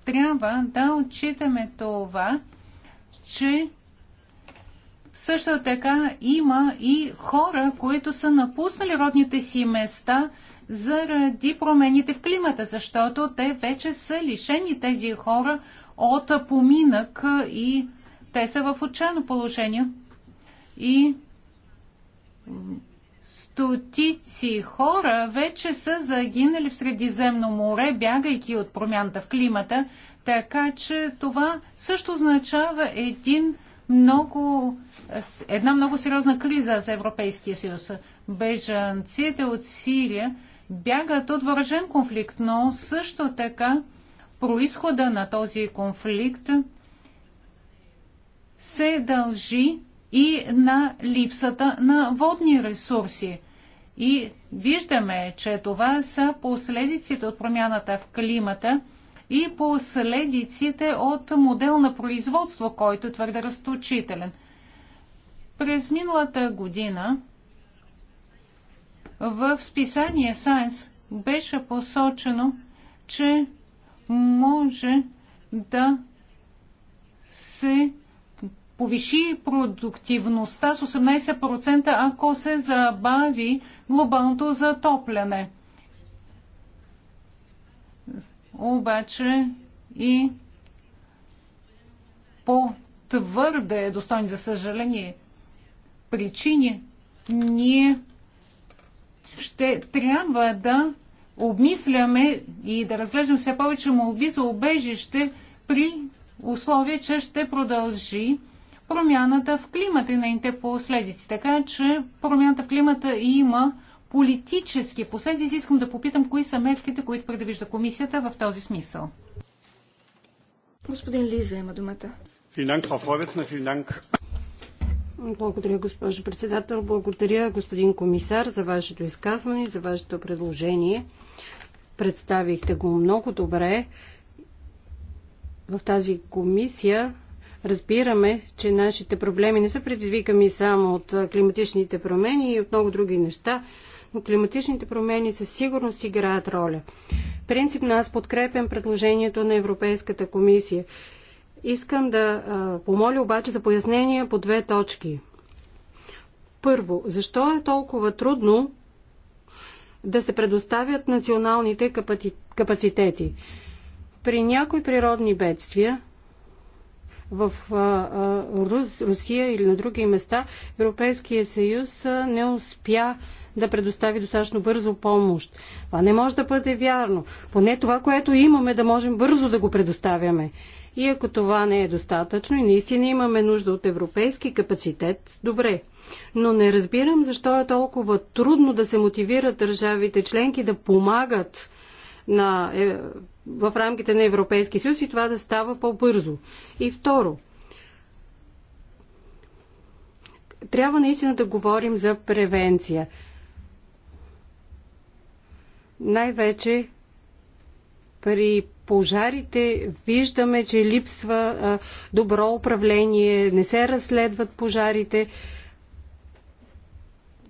Трябва да отчитаме това, че също така има и хора, които са напуснали родните си места – заради промените в климата, защото те вече са лишени тези хора от поминък и те са в отчаяно положение. И стотици хора вече са загинали в Средиземно море, бягайки от промяната в климата, така че това също означава един много, една много сериозна криза за Европейския съюз. Бежанците от Сирия бягат от въоръжен конфликт, но също така происхода на този конфликт се дължи и на липсата на водни ресурси. И виждаме, че това са последиците от промяната в климата и последиците от модел на производство, който е твърде разточителен. През миналата година в списание Science беше посочено, че може да се повиши продуктивността с 18%, ако се забави глобалното затопляне. Обаче и по-твърде достойни, за съжаление, причини ние ще трябва да обмисляме и да разглеждам все повече молби за убежище при условие, че ще продължи промяната в климата и нейните последици. Така че промяната в климата има политически последици. Искам да попитам, кои са мерките, които предвижда комисията в този смисъл. Господин Лиза има думата. Благодаря, госпожо председател. Благодаря, господин комисар, за вашето изказване и за вашето предложение. Представихте го много добре. В тази комисия разбираме, че нашите проблеми не са предизвикани само от климатичните промени и от много други неща, но климатичните промени със сигурност играят роля. Принципно аз подкрепям предложението на Европейската комисия Искам да помоля обаче за пояснение по две точки. Първо, защо е толкова трудно да се предоставят националните капацитети? При някои природни бедствия в Рус, Русия или на други места, Европейския съюз не успя да предостави достатъчно бързо помощ. Това не може да бъде вярно. Поне това, което имаме, да можем бързо да го предоставяме. И ако това не е достатъчно и наистина имаме нужда от европейски капацитет, добре. Но не разбирам защо е толкова трудно да се мотивират държавите членки да помагат на, е, в рамките на Европейски съюз и това да става по-бързо. И второ, трябва наистина да говорим за превенция. Най-вече при пожарите виждаме, че липсва добро управление, не се разследват пожарите,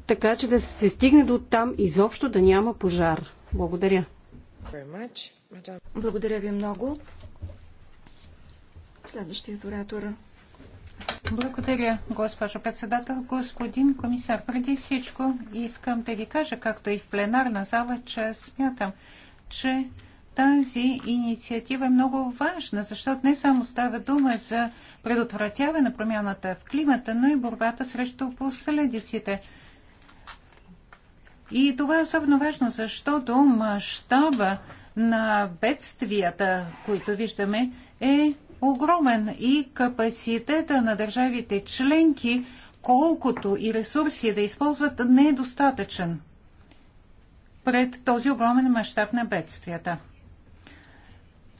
така че да се стигне до там изобщо да няма пожар. Благодаря. Благодаря ви много. Следващият оратор. Благодаря, госпожо председател. Господин комисар, преди всичко искам да ви кажа, както и в пленарна зала, че смятам, че тази инициатива е много важна, защото не само става дума за предотвратяване на промяната в климата, но и борбата срещу последиците. И това е особено важно, защото мащаба на бедствията, които виждаме, е огромен и капацитета на държавите членки, колкото и ресурси да използват, не е достатъчен пред този огромен мащаб на бедствията.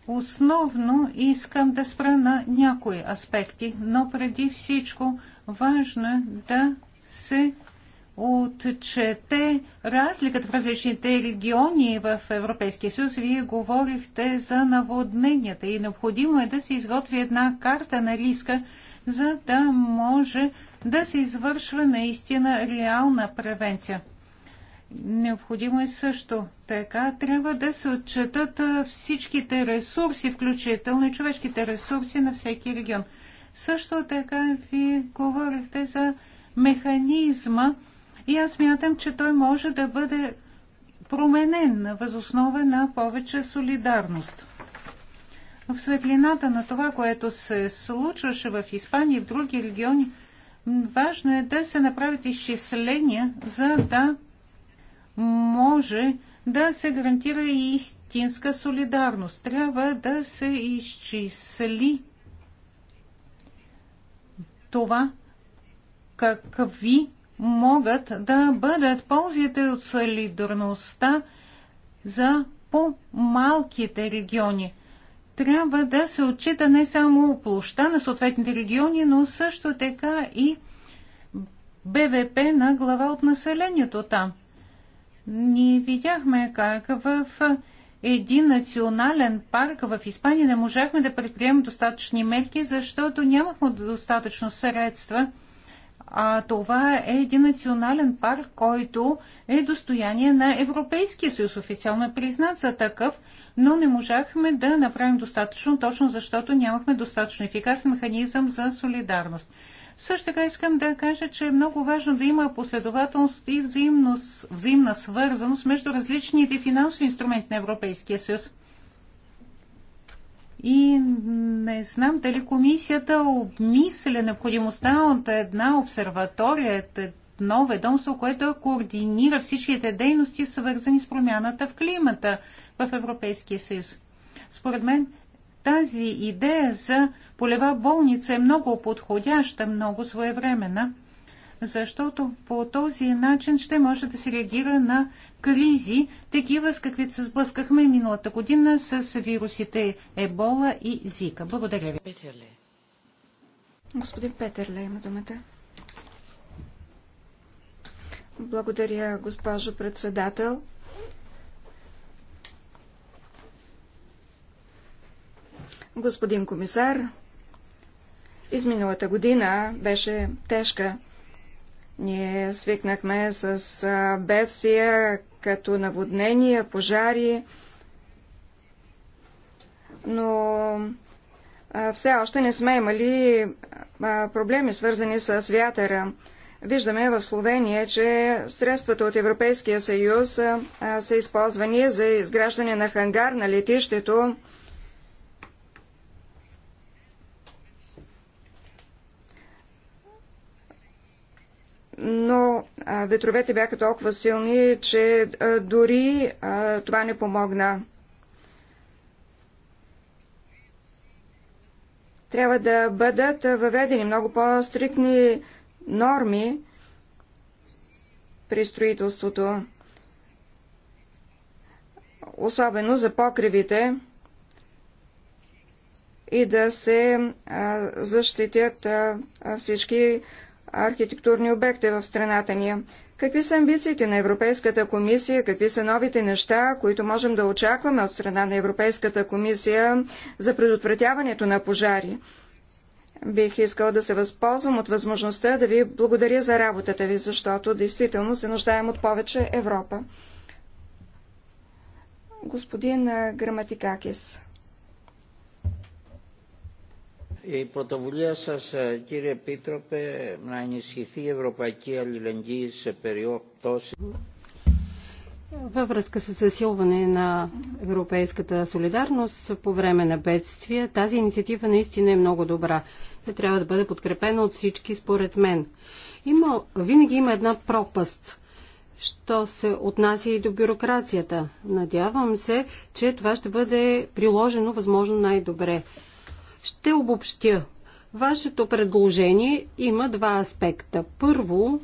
Основно искам да спра на някои аспекти, но преди всичко важно е да се отчете разликата в различните региони в Европейския съюз. Вие говорихте за наводненията и необходимо е да се изготви една карта на риска, за да може да се извършва наистина реална превенция. Необходимо е също така. Трябва да се отчетат всичките ресурси, включително и човешките ресурси на всеки регион. Също така ви говорихте за механизма и аз мятам, че той може да бъде променен възоснова на повече солидарност. В светлината на това, което се случваше в Испания и в други региони, важно е да се направят изчисления, за да може да се гарантира и истинска солидарност. Трябва да се изчисли това, какви могат да бъдат ползите от солидарността за по-малките региони. Трябва да се отчита не само площа на съответните региони, но също така и БВП на глава от населението там – ние видяхме как в един национален парк в Испания не можахме да предприемем достатъчни мерки, защото нямахме достатъчно средства. А това е един национален парк, който е достояние на Европейския съюз, официално е признат за такъв, но не можахме да направим достатъчно, точно защото нямахме достатъчно ефикасен механизъм за солидарност. Също така искам да кажа, че е много важно да има последователност и взаимност, взаимна свързаност между различните финансови инструменти на Европейския съюз. И не знам дали комисията обмисля необходимостта от една обсерватория, едно ведомство, което координира всичките дейности, свързани с промяната в климата в Европейския съюз. Според мен тази идея за полева болница е много подходяща, много своевременна, защото по този начин ще може да се реагира на кризи, такива с каквито се сблъскахме миналата година с вирусите Ебола и Зика. Благодаря ви. Петерле. Господин Петерле има думата. Благодаря, госпожо председател. Господин комисар, изминалата година беше тежка. Ние свикнахме с бедствия, като наводнения, пожари, но все още не сме имали проблеми, свързани с вятъра. Виждаме в Словения, че средствата от Европейския съюз са използвани за изграждане на хангар на летището, но ветровете бяха толкова силни, че дори това не помогна. Трябва да бъдат въведени много по-стрикни норми при строителството, особено за покривите и да се защитят всички архитектурни обекти в страната ни. Какви са амбициите на Европейската комисия, какви са новите неща, които можем да очакваме от страна на Европейската комисия за предотвратяването на пожари? Бих искал да се възползвам от възможността да ви благодаря за работата ви, защото действително се нуждаем от повече Европа. Господин Граматикакис. Η πρωτοβουλία σας, κύριε Επίτροπε, να ενισχυθεί η ευρωπαϊκή αλληλεγγύη σε περιπτώσει. Във връзка с засилване на европейската солидарност по време на бедствия, тази инициатива наистина е много добра. Тя трябва да бъде подкрепена от всички, според мен. Има, винаги има една пропаст що се отнася и до бюрокрацията. Надявам се, че това ще бъде приложено възможно най-добре. Ще обобщя. Вашето предложение има два аспекта. Първо,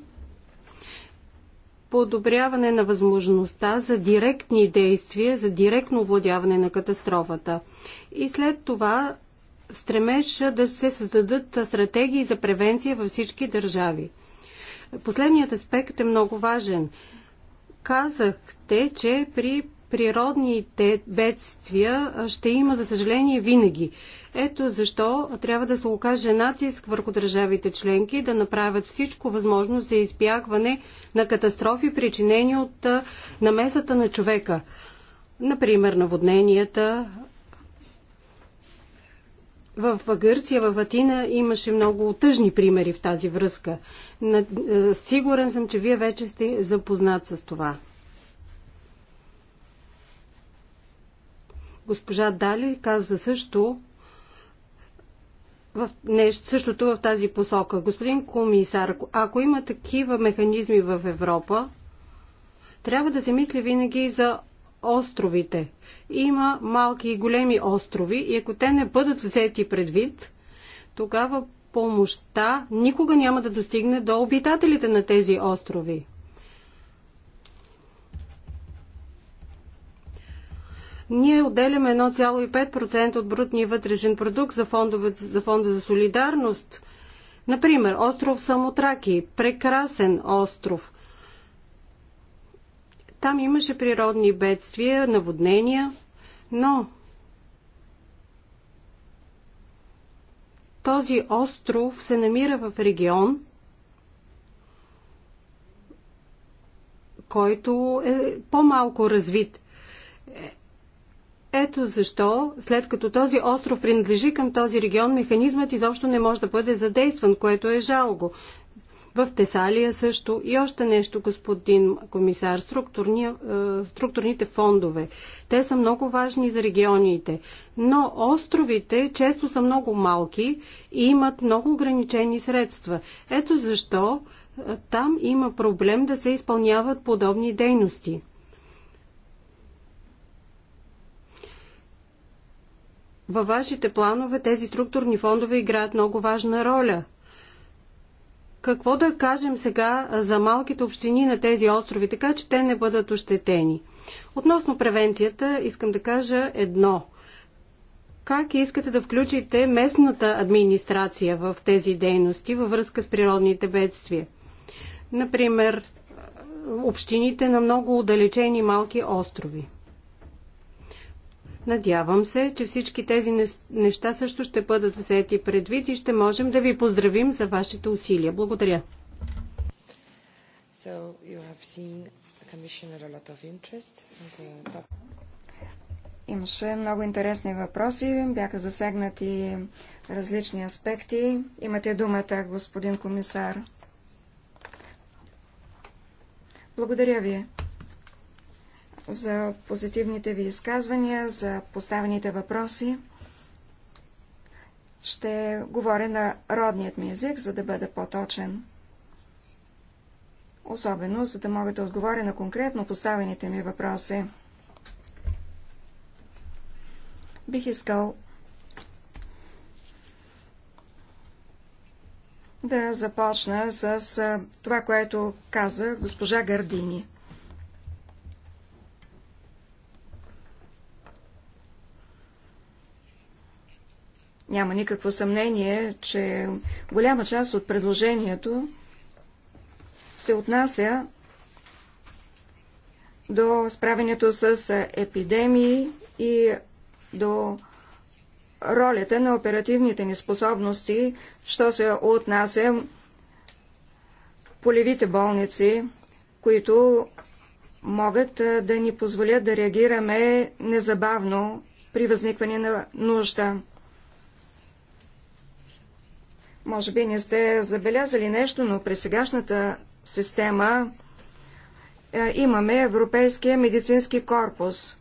подобряване на възможността за директни действия, за директно овладяване на катастрофата. И след това стремеш да се създадат стратегии за превенция във всички държави. Последният аспект е много важен. Казахте, че при природните бедствия ще има, за съжаление, винаги. Ето защо трябва да се окаже натиск върху държавите членки да направят всичко възможно за избягване на катастрофи, причинени от намесата на човека. Например, наводненията. В Гърция, в Атина имаше много тъжни примери в тази връзка. Сигурен съм, че вие вече сте запознат с това. Госпожа Дали каза също в нещо, същото в тази посока. Господин комисар, ако има такива механизми в Европа, трябва да се мисли винаги за островите. Има малки и големи острови и ако те не бъдат взети предвид, тогава помощта никога няма да достигне до обитателите на тези острови. Ние отделяме 1,5% от брутния вътрешен продукт за, фондове, за фонда за солидарност. Например, остров Самотраки, прекрасен остров. Там имаше природни бедствия, наводнения, но този остров се намира в регион, който е по-малко развит. Ето защо, след като този остров принадлежи към този регион, механизмът изобщо не може да бъде задействан, което е жалко. В Тесалия също и още нещо, господин комисар, структурни, е, структурните фондове. Те са много важни за регионите, но островите често са много малки и имат много ограничени средства. Ето защо е, там има проблем да се изпълняват подобни дейности. във вашите планове тези структурни фондове играят много важна роля. Какво да кажем сега за малките общини на тези острови, така че те не бъдат ощетени? Относно превенцията, искам да кажа едно. Как искате да включите местната администрация в тези дейности във връзка с природните бедствия? Например, общините на много удалечени малки острови. Надявам се, че всички тези неща също ще бъдат взети предвид и ще можем да ви поздравим за вашите усилия. Благодаря. So top... Имаше много интересни въпроси, бяха засегнати различни аспекти. Имате думата, господин комисар. Благодаря ви за позитивните ви изказвания, за поставените въпроси. Ще говоря на родният ми език, за да бъда по-точен. Особено, за да мога да отговоря на конкретно поставените ми въпроси. Бих искал да започна с това, което каза госпожа Гардини. Няма никакво съмнение, че голяма част от предложението се отнася до справянето с епидемии и до ролята на оперативните ни способности, що се отнася полевите болници, които могат да ни позволят да реагираме незабавно при възникване на нужда. Може би не сте забелязали нещо, но при сегашната система е, имаме Европейския медицински корпус.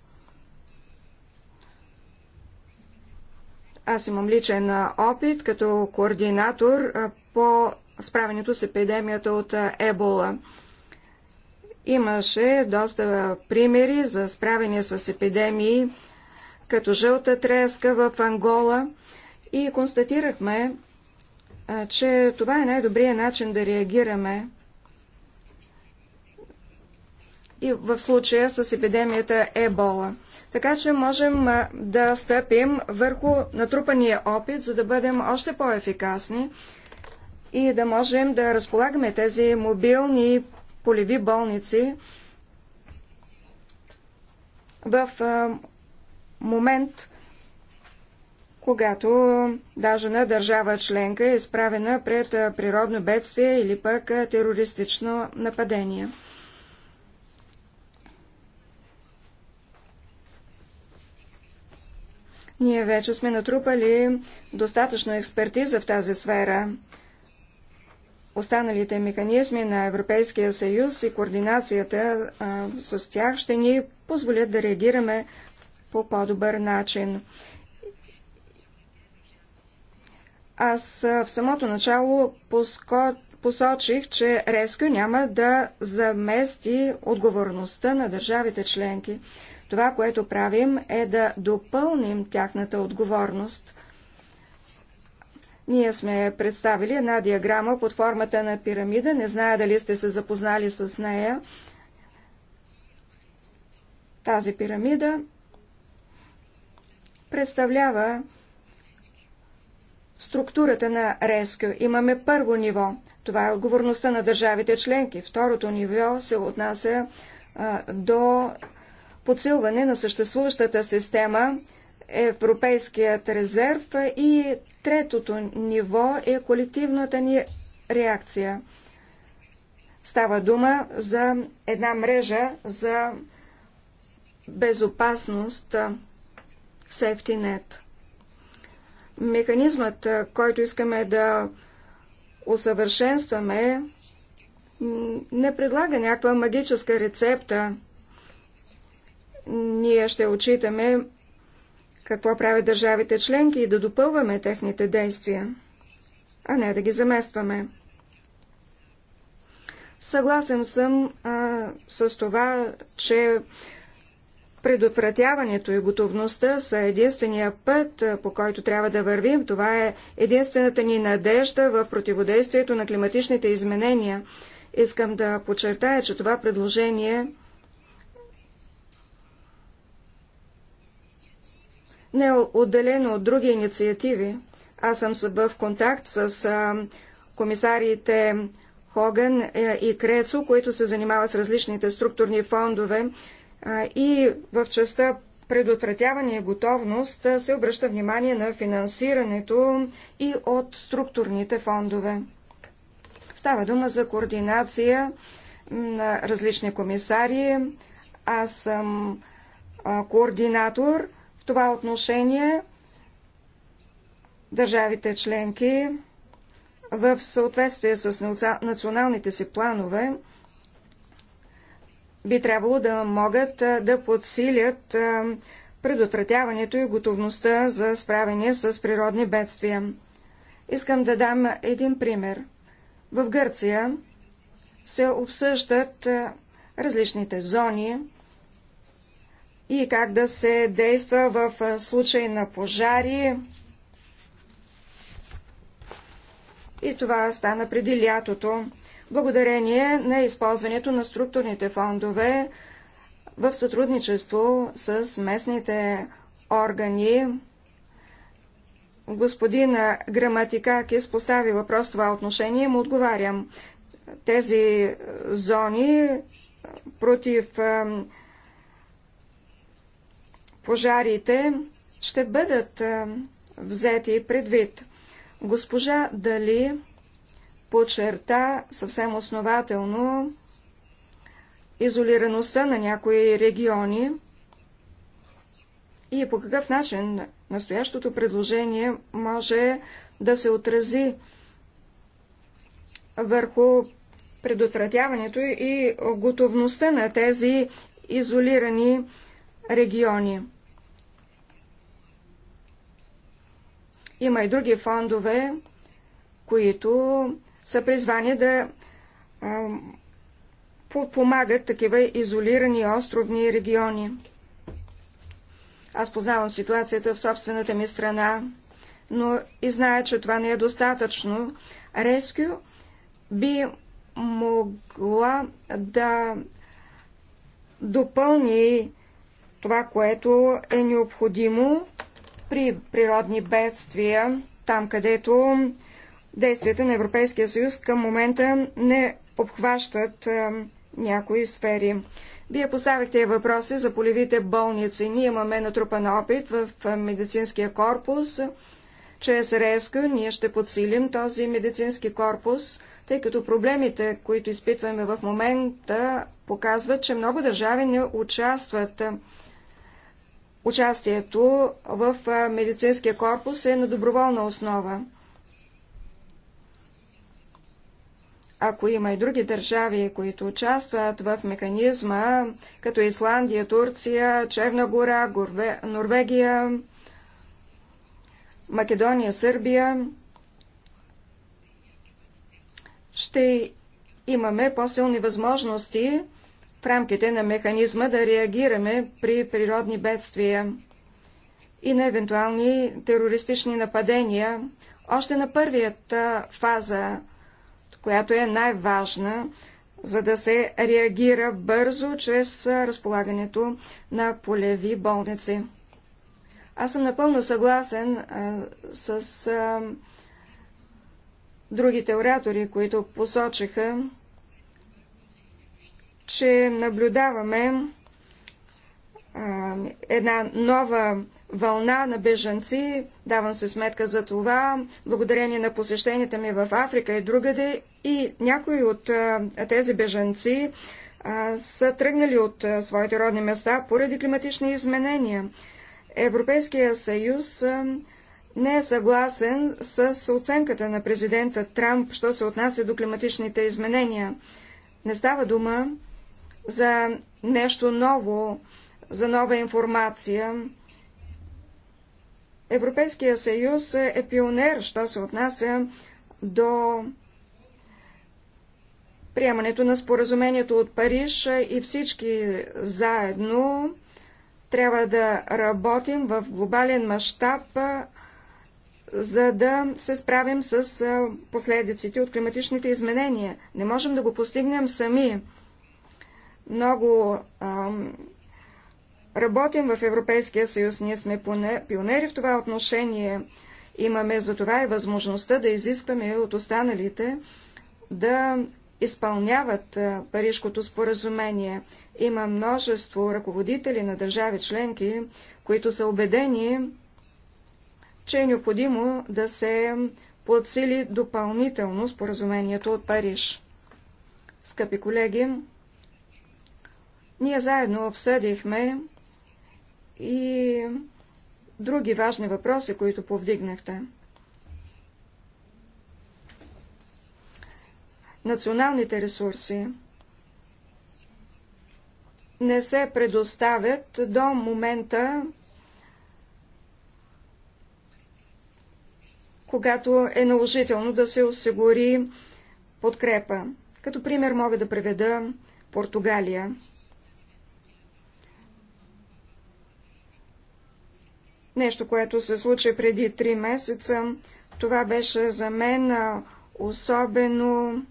Аз имам личен опит като координатор по справянето с епидемията от Ебола. Имаше доста примери за справяне с епидемии, като жълта треска в Ангола и констатирахме, че това е най-добрият начин да реагираме и в случая с епидемията Ебола. Така че можем да стъпим върху натрупания опит, за да бъдем още по-ефикасни и да можем да разполагаме тези мобилни полеви болници в момент, когато дажена държава членка е изправена пред природно бедствие или пък терористично нападение. Ние вече сме натрупали достатъчно експертиза в тази сфера. Останалите механизми на Европейския съюз и координацията а, с тях ще ни позволят да реагираме по по-добър начин. Аз в самото начало посочих, че резко няма да замести отговорността на държавите членки. Това, което правим, е да допълним тяхната отговорност. Ние сме представили една диаграма под формата на пирамида. Не зная дали сте се запознали с нея. Тази пирамида представлява структурата на РЕСКЮ. Имаме първо ниво. Това е отговорността на държавите членки. Второто ниво се отнася а, до подсилване на съществуващата система Европейският резерв и третото ниво е колективната ни реакция. Става дума за една мрежа за безопасност SafetyNet. Механизмът, който искаме да усъвършенстваме, не предлага някаква магическа рецепта. Ние ще отчитаме какво правят държавите членки и да допълваме техните действия, а не да ги заместваме. Съгласен съм а, с това, че Предотвратяването и готовността са единствения път, по който трябва да вървим. Това е единствената ни надежда в противодействието на климатичните изменения. Искам да подчертая, че това предложение не е отделено от други инициативи. Аз съм в контакт с комисарите Хоган е, и Крецо, които се занимават с различните структурни фондове и в частта предотвратяване и готовност се обръща внимание на финансирането и от структурните фондове. Става дума за координация на различни комисари. Аз съм координатор в това отношение. Държавите членки в съответствие с националните си планове би трябвало да могат да подсилят предотвратяването и готовността за справяне с природни бедствия. Искам да дам един пример. В Гърция се обсъждат различните зони и как да се действа в случай на пожари. И това стана преди лятото благодарение на използването на структурните фондове в сътрудничество с местните органи. Господин Граматикакис постави въпрос в това отношение му отговарям. Тези зони против пожарите ще бъдат взети предвид. Госпожа Дали подчерта съвсем основателно изолираността на някои региони и по какъв начин настоящото предложение може да се отрази върху предотвратяването и готовността на тези изолирани региони. Има и други фондове, които са призвани да а, подпомагат такива изолирани островни региони. Аз познавам ситуацията в собствената ми страна, но и зная, че това не е достатъчно. Рескю би могла да допълни това, което е необходимо при природни бедствия, там където действията на Европейския съюз към момента не обхващат някои сфери. Вие поставихте въпроси за полевите болници. Ние имаме натрупан опит в медицинския корпус. Чрез РЕСКО ние ще подсилим този медицински корпус, тъй като проблемите, които изпитваме в момента, показват, че много държави не участват. Участието в медицинския корпус е на доброволна основа. Ако има и други държави, които участват в механизма, като Исландия, Турция, Черна гора, Горве... Норвегия, Македония, Сърбия, ще имаме по-силни възможности в рамките на механизма да реагираме при природни бедствия и на евентуални терористични нападения. Още на първията фаза която е най-важна, за да се реагира бързо чрез разполагането на полеви болници. Аз съм напълно съгласен а, с а, другите оратори, които посочиха, че наблюдаваме а, една нова вълна на бежанци. Давам се сметка за това, благодарение на посещенията ми в Африка и другаде. И някои от тези бежанци са тръгнали от своите родни места поради климатични изменения. Европейския съюз не е съгласен с оценката на президента Трамп, що се отнася до климатичните изменения. Не става дума за нещо ново, за нова информация. Европейския съюз е пионер, що се отнася до приемането на споразумението от Париж и всички заедно трябва да работим в глобален мащаб, за да се справим с последиците от климатичните изменения. Не можем да го постигнем сами. Много ам, работим в Европейския съюз. Ние сме пионери в това отношение. Имаме за това и възможността да изискваме от останалите да изпълняват Парижкото споразумение. Има множество ръководители на държави членки, които са убедени, че е необходимо да се подсили допълнително споразумението от Париж. Скъпи колеги, ние заедно обсъдихме и други важни въпроси, които повдигнахте. Националните ресурси не се предоставят до момента, когато е наложително да се осигури подкрепа. Като пример мога да преведа Португалия. нещо, което се случи преди три месеца. Това беше за мен особено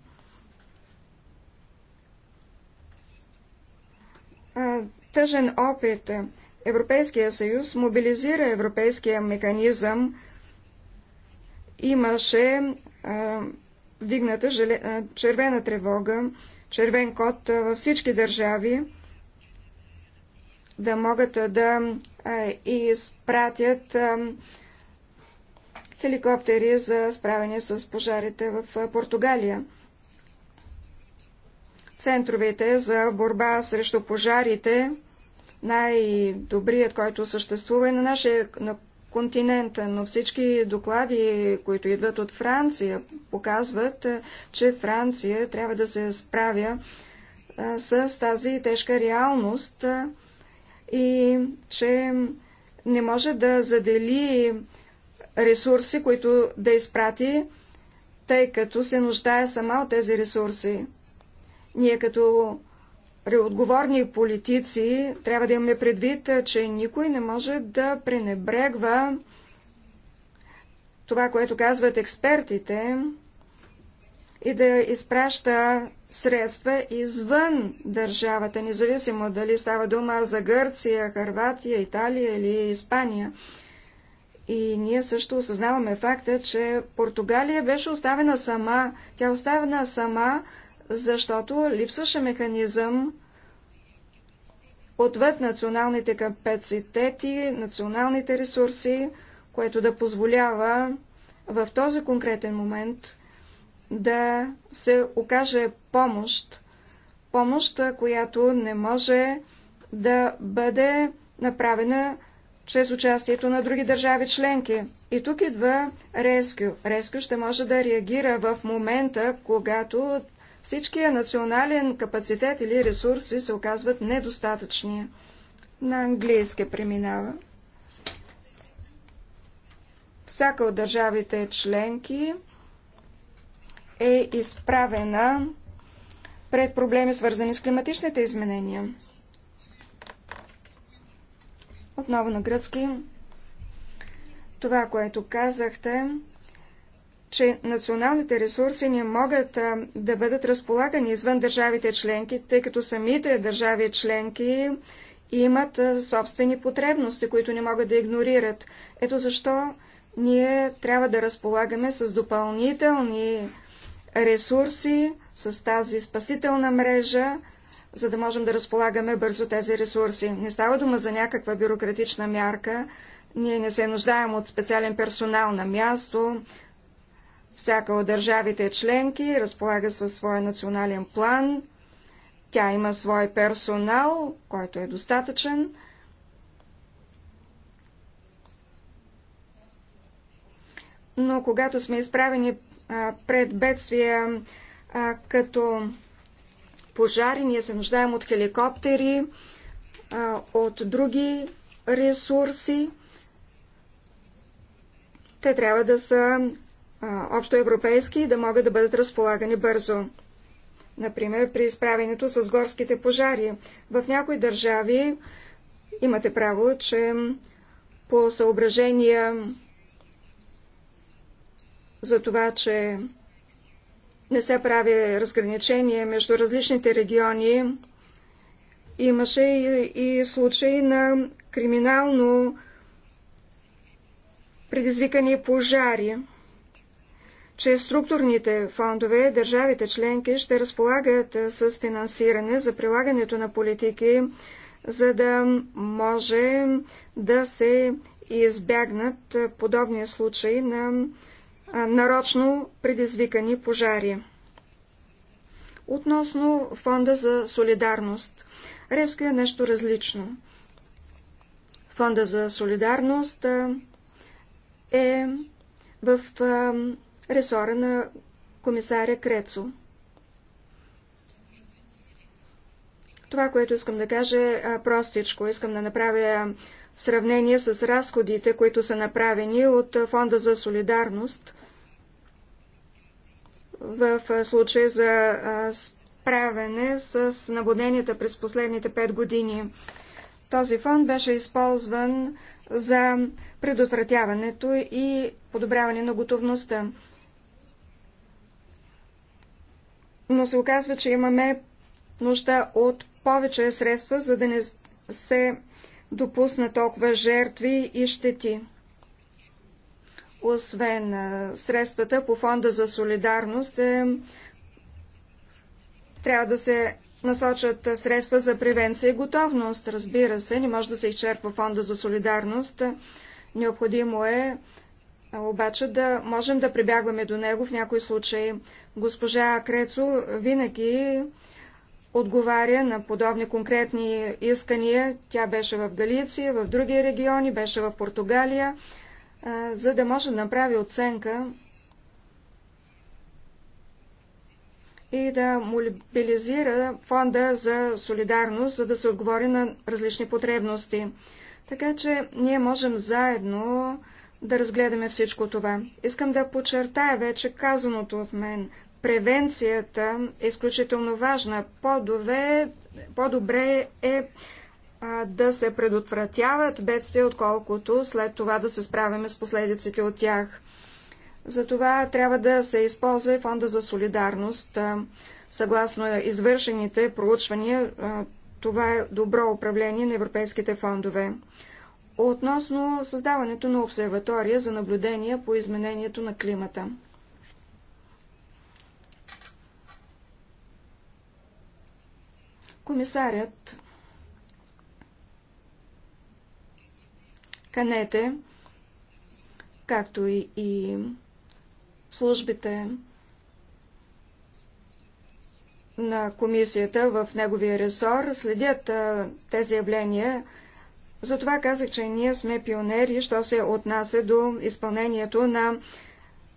тъжен опит. Европейския съюз мобилизира европейския механизъм. Имаше вдигната червена тревога, червен код във всички държави да могат да и изпратят хеликоптери за справяне с пожарите в Португалия. Центровете за борба срещу пожарите, най-добрият, който съществува и е на нашия на континента, но всички доклади, които идват от Франция, показват, че Франция трябва да се справя с тази тежка реалност, и че не може да задели ресурси, които да изпрати, тъй като се нуждае сама от тези ресурси. Ние като отговорни политици трябва да имаме предвид, че никой не може да пренебрегва това, което казват експертите и да изпраща средства извън държавата, независимо дали става дума за Гърция, Харватия, Италия или Испания. И ние също осъзнаваме факта, че Португалия беше оставена сама. Тя е оставена сама, защото липсваше механизъм отвъд националните капацитети, националните ресурси, което да позволява в този конкретен момент да се окаже помощ, помощ, която не може да бъде направена чрез участието на други държави членки. И тук идва Рескю. Рескю ще може да реагира в момента, когато всичкия национален капацитет или ресурси се оказват недостатъчни. На английски преминава. Всяка от държавите членки е изправена пред проблеми, свързани с климатичните изменения. Отново на гръцки. Това, което казахте, че националните ресурси не могат да бъдат разполагани извън държавите членки, тъй като самите държави членки имат собствени потребности, които не могат да игнорират. Ето защо ние трябва да разполагаме с допълнителни ресурси, с тази спасителна мрежа, за да можем да разполагаме бързо тези ресурси. Не става дума за някаква бюрократична мярка. Ние не се нуждаем от специален персонал на място. Всяка от държавите членки разполага със своя национален план. Тя има свой персонал, който е достатъчен. Но когато сме изправени пред бедствия като пожари. Ние се нуждаем от хеликоптери, от други ресурси. Те трябва да са общоевропейски и да могат да бъдат разполагани бързо. Например, при изправенето с горските пожари. В някои държави имате право, че по съображения за това, че не се прави разграничение между различните региони. Имаше и, и случаи на криминално предизвикани пожари. че структурните фондове държавите членки ще разполагат с финансиране за прилагането на политики, за да може да се избягнат подобни случаи на нарочно предизвикани пожари. Относно фонда за солидарност. Резко е нещо различно. Фонда за солидарност е в ресора на комисаря Крецо. Това, което искам да кажа е простичко. Искам да направя сравнение с разходите, които са направени от Фонда за солидарност в случай за справяне с наводненията през последните пет години. Този фонд беше използван за предотвратяването и подобряване на готовността. Но се оказва, че имаме нужда от повече средства, за да не се допусна толкова жертви и щети. Освен средствата по Фонда за солидарност, е, трябва да се насочат средства за превенция и готовност. Разбира се, не може да се изчерпва Фонда за солидарност. Необходимо е обаче да можем да прибягваме до него в някои случаи. Госпожа Крецо винаги отговаря на подобни конкретни искания. Тя беше в Галиция, в други региони, беше в Португалия за да може да направи оценка и да мобилизира фонда за солидарност, за да се отговори на различни потребности. Така че ние можем заедно да разгледаме всичко това. Искам да подчертая вече казаното от мен. Превенцията е изключително важна. По-добре, по-добре е да се предотвратяват бедствия, отколкото след това да се справяме с последиците от тях. Затова трябва да се използва и фонда за солидарност. Съгласно извършените проучвания, това е добро управление на европейските фондове. Относно създаването на обсерватория за наблюдение по изменението на климата. Комисарят канете, както и, и службите на комисията в неговия ресор следят а, тези явления. Затова казах, че ние сме пионери, що се отнася до изпълнението на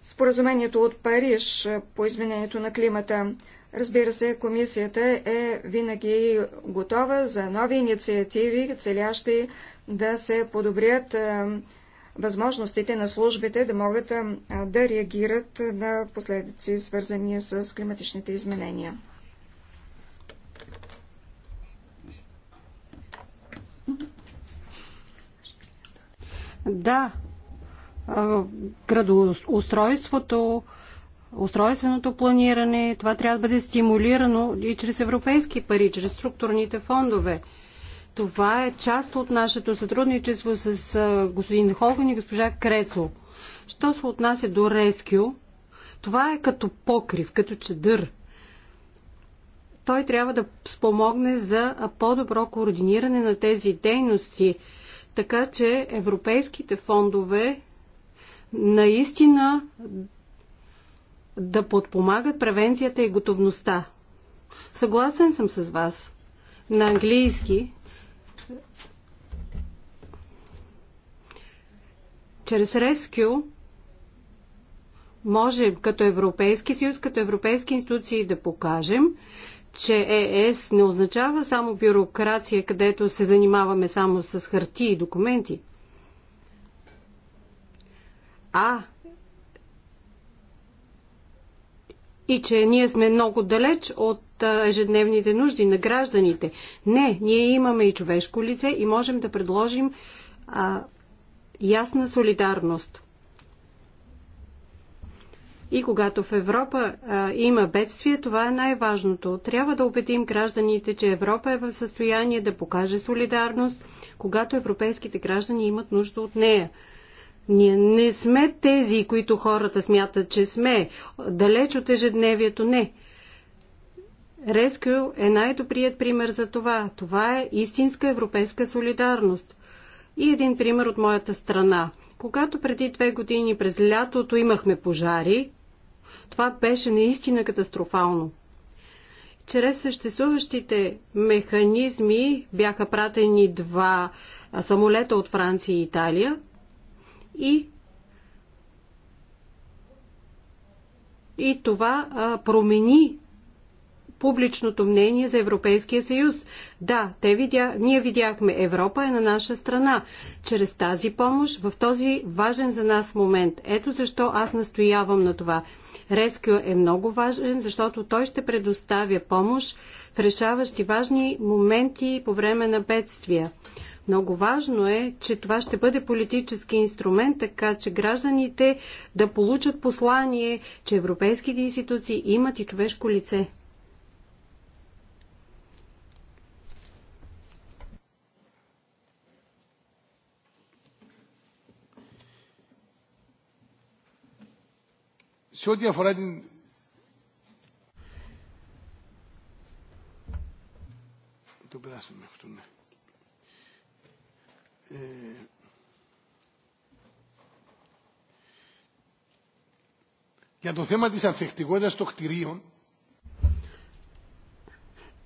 споразумението от Париж по изменението на климата. Разбира се, комисията е винаги готова за нови инициативи, целящи да се подобрят възможностите на службите да могат да реагират на последици, свързани с климатичните изменения. Да, градоустройството, устройственото планиране. Това трябва да бъде стимулирано и чрез европейски пари, чрез структурните фондове. Това е част от нашето сътрудничество с господин Холган и госпожа Крецо. Що се отнася до Рескю, това е като покрив, като чедър. Той трябва да спомогне за по-добро координиране на тези дейности, така че европейските фондове наистина да подпомагат превенцията и готовността. Съгласен съм с вас. На английски чрез Rescue можем като Европейски съюз, като европейски институции да покажем, че ЕС е не означава само бюрокрация, където се занимаваме само с хартии и документи, а и че ние сме много далеч от ежедневните нужди на гражданите. Не, ние имаме и човешко лице и можем да предложим а, ясна солидарност. И когато в Европа а, има бедствие, това е най-важното. Трябва да убедим гражданите, че Европа е в състояние да покаже солидарност, когато европейските граждани имат нужда от нея. Ние не сме тези, които хората смятат, че сме. Далеч от ежедневието не. Рескю е най-добрият пример за това. Това е истинска европейска солидарност. И един пример от моята страна. Когато преди две години през лятото имахме пожари, това беше наистина катастрофално. Чрез съществуващите механизми бяха пратени два самолета от Франция и Италия, и и това а, промени публичното мнение за Европейския съюз. Да, те видя, ние видяхме Европа е на наша страна. Чрез тази помощ в този важен за нас момент. Ето защо аз настоявам на това. Рескио е много важен, защото той ще предоставя помощ в решаващи важни моменти по време на бедствия. Много важно е, че това ще бъде политически инструмент, така че гражданите да получат послание, че европейските институции имат и човешко лице. Σε ό,τι αφορά την το περάσουμε για το θέμα της ανθεκτικότητας των κτηρίων.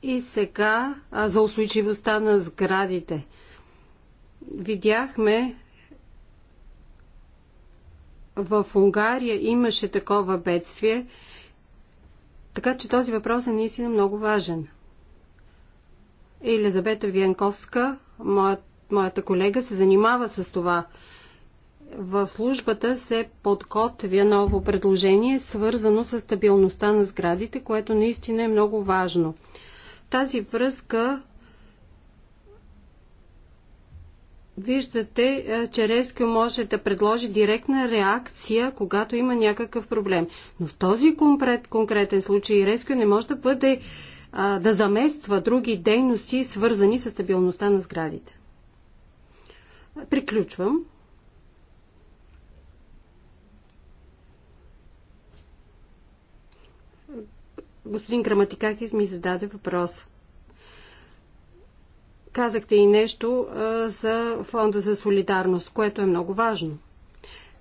И сега за устойчивостта на сградите. Видяхме в Унгария имаше такова бедствие, така че този въпрос е наистина много важен. Елизабета Вянковска, моят моята колега се занимава с това. В службата се подготвя ново предложение, свързано с стабилността на сградите, което наистина е много важно. В тази връзка виждате, е, че Рескио може да предложи директна реакция, когато има някакъв проблем. Но в този конкретен случай Рескио не може да бъде да замества други дейности, свързани с стабилността на сградите. Приключвам. Господин Граматикакис ми зададе въпрос. Казахте и нещо за Фонда за солидарност, което е много важно.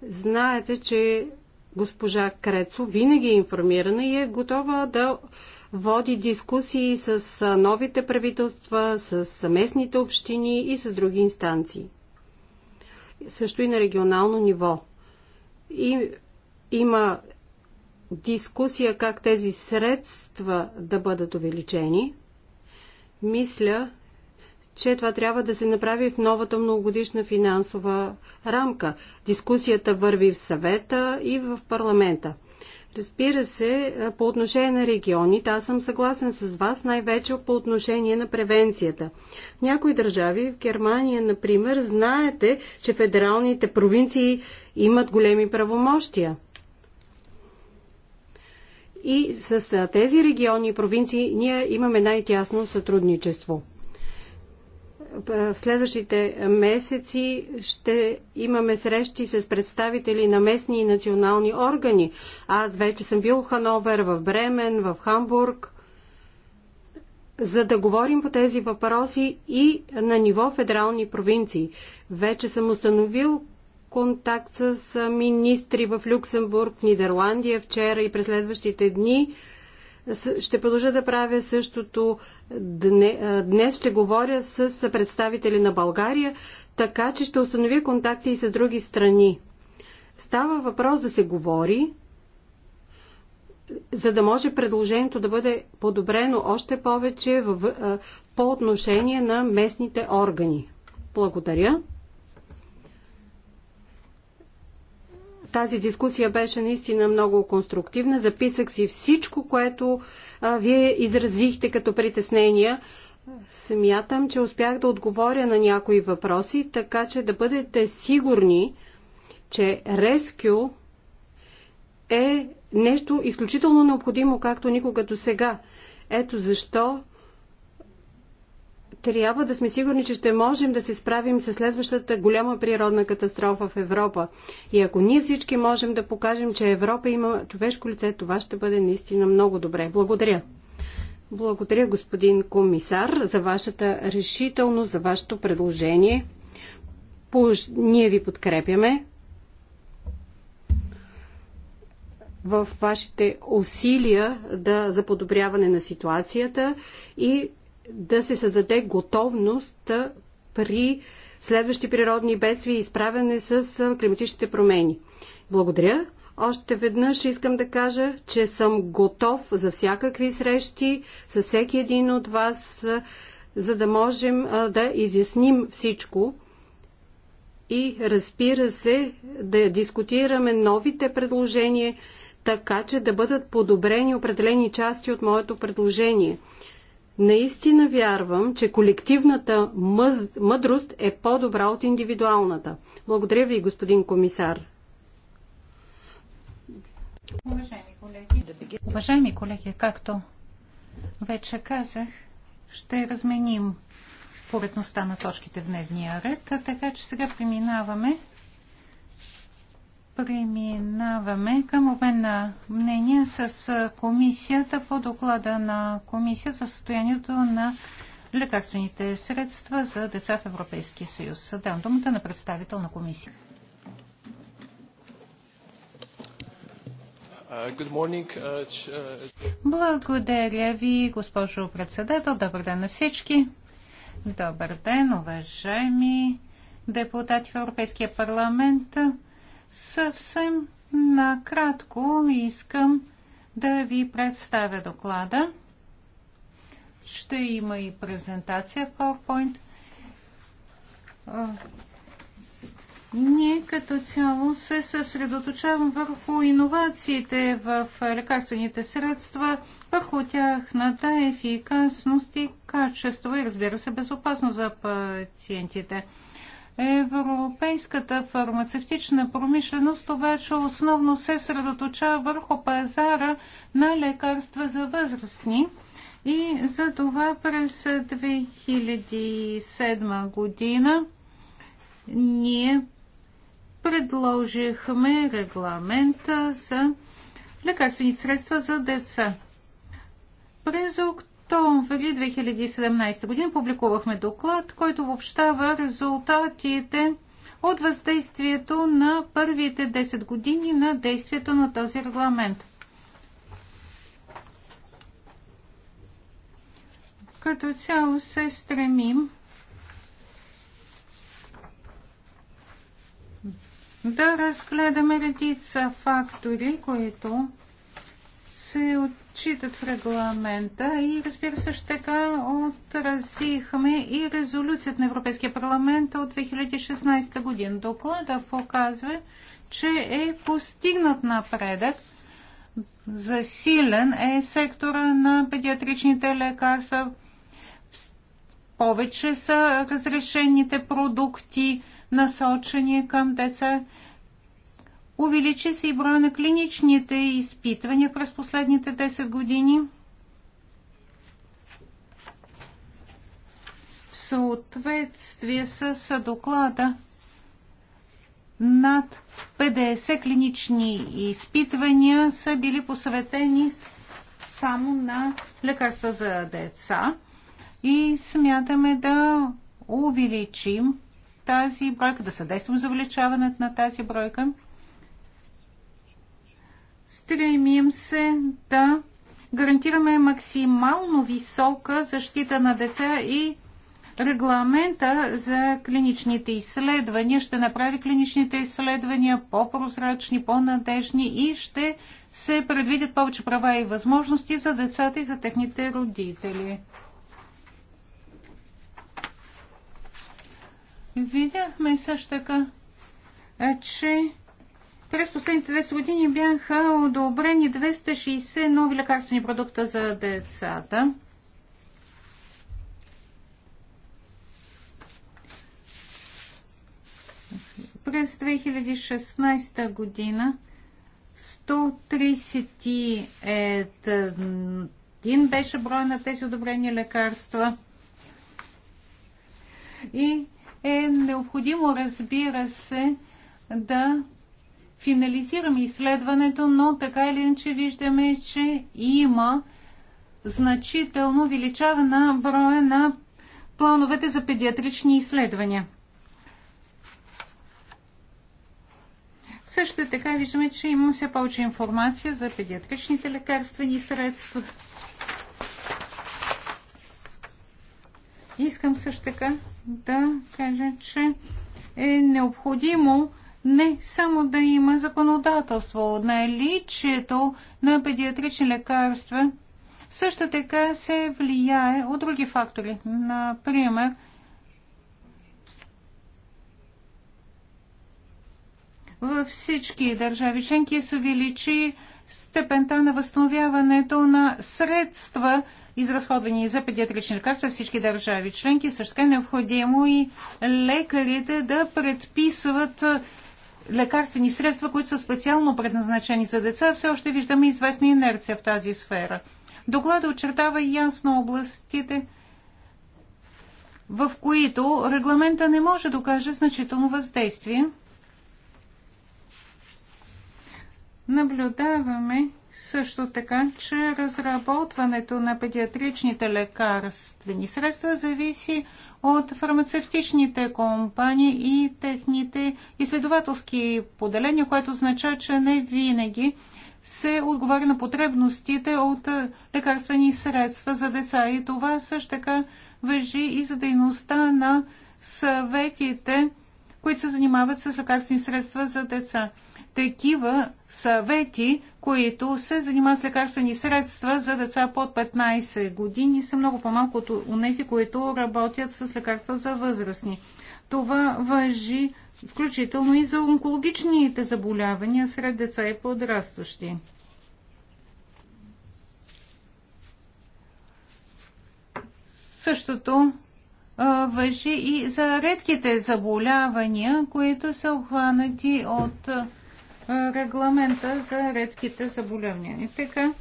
Знаете, че госпожа Крецо винаги е информирана и е готова да води дискусии с новите правителства, с местните общини и с други инстанции също и на регионално ниво. И има дискусия как тези средства да бъдат увеличени. Мисля, че това трябва да се направи в новата многогодишна финансова рамка. Дискусията върви в съвета и в парламента. Разбира се, по отношение на регионите, аз съм съгласен с вас, най-вече по отношение на превенцията. В някои държави, в Германия, например, знаете, че федералните провинции имат големи правомощия. И с тези региони и провинции ние имаме най-тясно сътрудничество в следващите месеци ще имаме срещи с представители на местни и национални органи. Аз вече съм бил в Хановер, в Бремен, в Хамбург, за да говорим по тези въпроси и на ниво федерални провинции. Вече съм установил контакт с министри в Люксембург, в Нидерландия вчера и през следващите дни ще продължа да правя същото днес. Ще говоря с представители на България, така че ще установя контакти и с други страни. Става въпрос да се говори, за да може предложението да бъде подобрено още повече в, по отношение на местните органи. Благодаря. Тази дискусия беше наистина много конструктивна. Записах си всичко, което а, вие изразихте като притеснения. Смятам, че успях да отговоря на някои въпроси, така че да бъдете сигурни, че Rescue е нещо изключително необходимо, както никога до сега. Ето защо трябва да сме сигурни, че ще можем да се справим с следващата голяма природна катастрофа в Европа. И ако ние всички можем да покажем, че Европа има човешко лице, това ще бъде наистина много добре. Благодаря. Благодаря, господин комисар, за вашата решителност, за вашето предложение. Пуш, ние ви подкрепяме в вашите усилия да, за подобряване на ситуацията и да се създаде готовност при следващи природни бедствия и изправяне с климатичните промени. Благодаря. Още веднъж искам да кажа, че съм готов за всякакви срещи с всеки един от вас, за да можем да изясним всичко и разбира се да дискутираме новите предложения, така че да бъдат подобрени определени части от моето предложение. Наистина вярвам, че колективната мъз... мъдрост е по-добра от индивидуалната. Благодаря ви, господин комисар. Уважаеми колеги, уважаеми колеги както вече казах, ще разменим поредността на точките в дневния ред, така че сега преминаваме Преминаваме към обмен на мнение с комисията по доклада на комисия за състоянието на лекарствените средства за деца в Европейския съюз. Давам думата на представител на комисия. Uh, uh, uh, Благодаря ви, госпожо председател. Добър ден на всички. Добър ден, уважаеми депутати в Европейския парламент. Съвсем накратко искам да ви представя доклада. Ще има и презентация в PowerPoint. Ние като цяло се съсредоточавам върху иновациите в лекарствените средства, върху тяхната ефикасност и качество и разбира се безопасност за пациентите. Европейската фармацевтична промишленост обаче основно се средоточава върху пазара на лекарства за възрастни и за това през 2007 година ние предложихме регламента за лекарствени средства за деца. През октомври в 2017 година публикувахме доклад, който въобщава резултатите от въздействието на първите 10 години на действието на този регламент. Като цяло се стремим да разгледаме редица фактори, които се от отчитат в регламента и разбира се, така отразихме и резолюцията на Европейския парламент от 2016 година. Доклада показва, че е постигнат напредък. Засилен е сектора на педиатричните лекарства. Повече са разрешените продукти, насочени към деца. Увеличи се и броя на клиничните изпитвания през последните 10 години. В съответствие с доклада над 50 клинични изпитвания са били посъветени само на лекарства за деца и смятаме да увеличим тази бройка, да съдействам за увеличаването на тази бройка. Стремим се да гарантираме максимално висока защита на деца и регламента за клиничните изследвания ще направи клиничните изследвания по-прозрачни, по-надежни и ще се предвидят повече права и възможности за децата и за техните родители. Видяхме също така, че през последните 10 години бяха одобрени 260 нови лекарствени продукта за децата. През 2016 година 131 беше брой на тези одобрени лекарства. И е необходимо, разбира се, да финализираме изследването, но така или иначе виждаме, че има значително увеличаване на броя на плановете за педиатрични изследвания. Също така виждаме, че има все повече информация за педиатричните лекарствени средства. Искам също така да кажа, че е необходимо не само да има законодателство, от наличието на педиатрични лекарства също така се влияе от други фактори. Например, във всички държави членки се увеличи степента на възстановяването на средства, изразходвани за педиатрични лекарства всички държави членки. Също е необходимо и лекарите да предписват лекарствени средства, които са специално предназначени за деца, все още виждаме известна инерция в тази сфера. Доклада очертава ясно областите, в които регламента не може да окаже значително въздействие. Наблюдаваме също така, че разработването на педиатричните лекарствени средства зависи от от фармацевтичните компании и техните изследователски поделения, което означава, че не винаги се отговаря на потребностите от лекарствени средства за деца. И това също така въжи и за дейността на съветите, които се занимават с лекарствени средства за деца такива съвети, които се занимават с лекарствени средства за деца под 15 години, са много по-малко от тези, които работят с лекарства за възрастни. Това въжи включително и за онкологичните заболявания сред деца и подрастващи. Същото въжи и за редките заболявания, които са обхванати от регламента за редките заболявания. И така,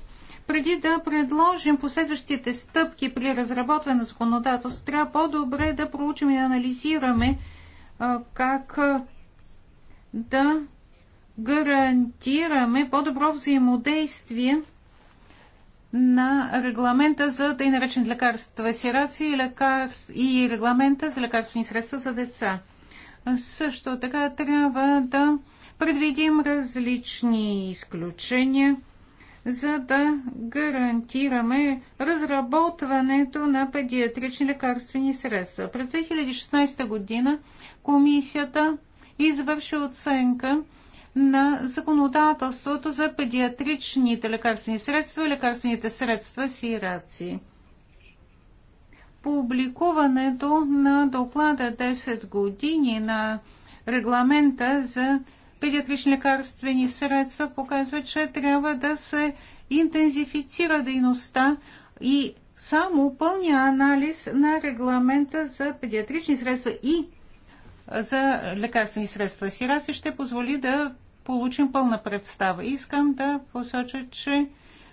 преди да предложим последващите стъпки при разработване на законодателство, трябва по-добре да проучим и анализираме как да гарантираме по-добро взаимодействие на регламента за тъй наречен лекарства сираци и, лекар... и регламента за лекарствени средства за деца. Също така трябва да предвидим различни изключения, за да гарантираме разработването на педиатрични лекарствени средства. През 2016 година комисията извърши оценка на законодателството за педиатричните лекарствени средства и лекарствените средства сираци. Публикуването на доклада 10 години на регламента за педиатрични лекарствени средства показва, че трябва да се интензифицира дейността и само пълния анализ на регламента за педиатрични средства и за лекарствени средства сираци ще позволи да получим пълна представа. Искам да посоча, че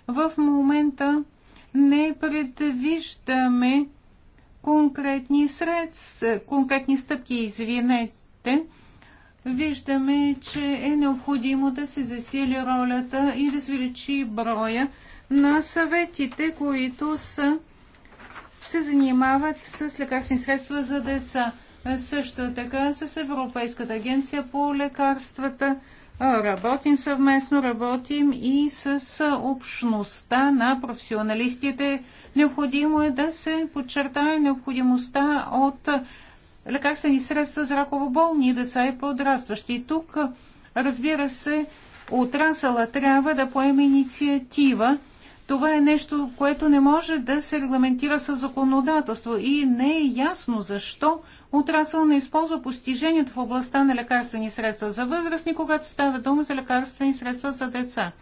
в момента не предвиждаме конкретни средства, конкретни стъпки, извинете, виждаме, че е необходимо да се засили ролята и да свеличи броя на съветите, които са, се занимават с лекарствени средства за деца. Също така с Европейската агенция по лекарствата работим съвместно, работим и с общността на професионалистите. Необходимо е да се подчертае необходимостта от лекарствени средства за раково болни деца и подрастващи. И тук, разбира се, отрасъла трябва да поеме инициатива. Това е нещо, което не може да се регламентира със законодателство и не е ясно защо отрасъл не използва постижението в областта на лекарствени средства за възрастни, когато става дума за лекарствени средства за деца.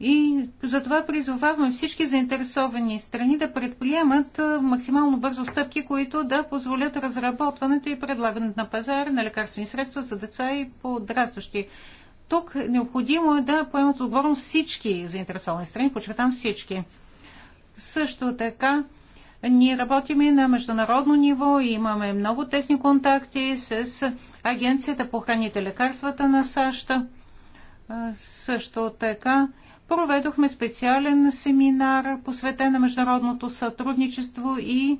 И затова призоваваме всички заинтересовани страни да предприемат максимално бързо стъпки, които да позволят разработването и предлагането на пазара на лекарствени средства за деца и подрастващи. Тук необходимо е да поемат отговорност всички заинтересовани страни, подчертам всички. Също така, ние работим и на международно ниво и имаме много тесни контакти с Агенцията по храните лекарствата на САЩ. Също така, проведохме специален семинар, посветен на международното сътрудничество и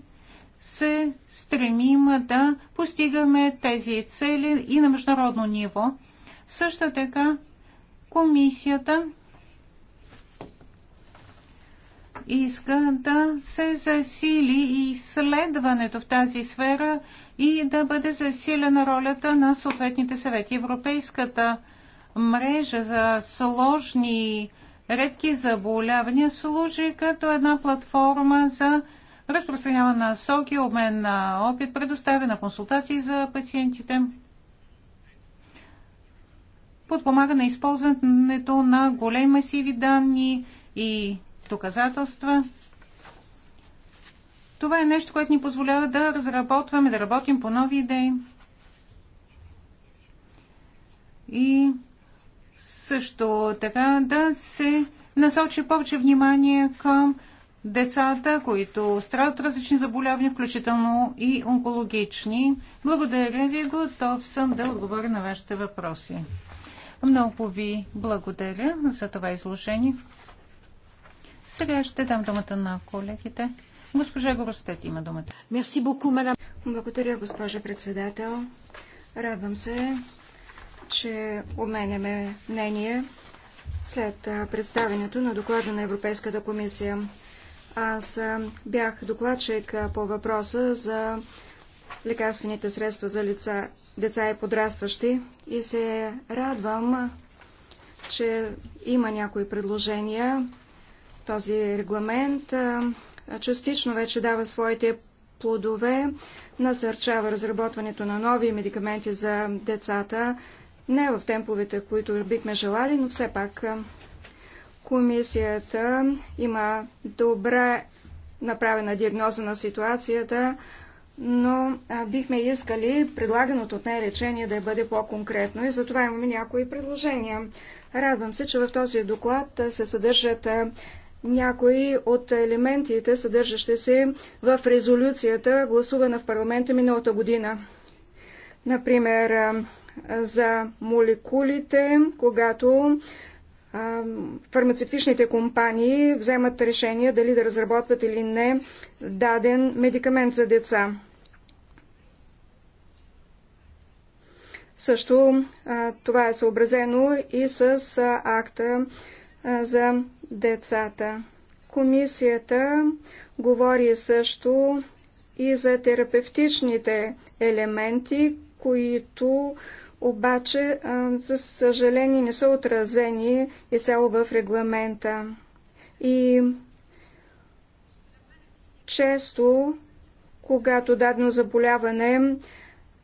се стремим да постигаме тези цели и на международно ниво. Също така комисията иска да се засили и изследването в тази сфера и да бъде засилена ролята на съответните съвети. Европейската мрежа за сложни редки заболявания служи като една платформа за разпространяване на соки, обмен на опит, предоставя на консултации за пациентите, подпомага на използването на големи масиви данни и доказателства. Това е нещо, което ни позволява да разработваме, да работим по нови идеи. И също така да се насочи повече внимание към децата, които страдат от различни заболявания, включително и онкологични. Благодаря ви, готов съм да отговоря на вашите въпроси. Много ви благодаря за това изложение. Сега ще дам думата на колегите. Госпожа Горостет има думата. Благодаря, госпожа председател. Радвам се, че обменяме мнение след представенето на доклада на Европейската комисия. Аз бях докладчик по въпроса за лекарствените средства за лица, деца и подрастващи и се радвам, че има някои предложения. Този регламент частично вече дава своите плодове, насърчава разработването на нови медикаменти за децата, не в темповете, които бихме желали, но все пак комисията има добре направена диагноза на ситуацията, но бихме искали предлаганото от нея лечение да бъде по-конкретно и затова имаме някои предложения. Радвам се, че в този доклад се съдържат някои от елементите, съдържащи се в резолюцията, гласувана в парламента миналата година. Например, за молекулите, когато фармацевтичните компании вземат решение дали да разработват или не даден медикамент за деца. Също това е съобразено и с акта за децата. Комисията говори също и за терапевтичните елементи, които обаче, за съжаление, не са отразени изцяло в регламента. И често, когато дадено заболяване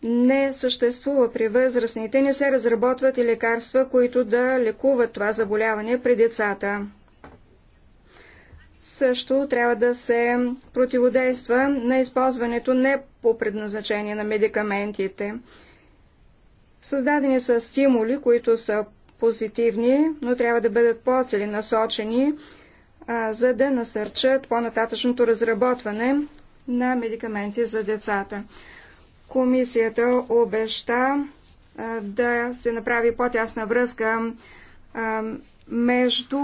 не съществува при възрастните, не се разработват и лекарства, които да лекуват това заболяване при децата. Също трябва да се противодейства на използването не по предназначение на медикаментите. Създадени са стимули, които са позитивни, но трябва да бъдат по-целенасочени, за да насърчат по-нататъчното разработване на медикаменти за децата. Комисията обеща а, да се направи по-тясна връзка а, между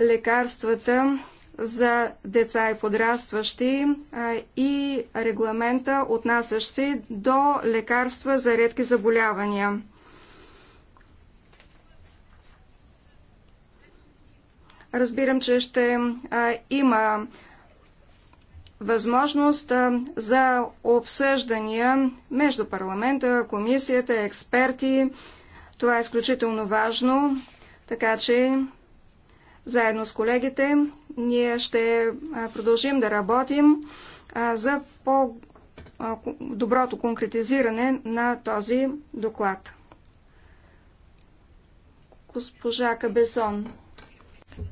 лекарствата за деца и подрастващи и регламента, отнасящ се до лекарства за редки заболявания. Разбирам, че ще има възможност за обсъждания между парламента, комисията, експерти. Това е изключително важно, така че заедно с колегите ние ще продължим да работим за по-доброто конкретизиране на този доклад. Госпожа Кабесон.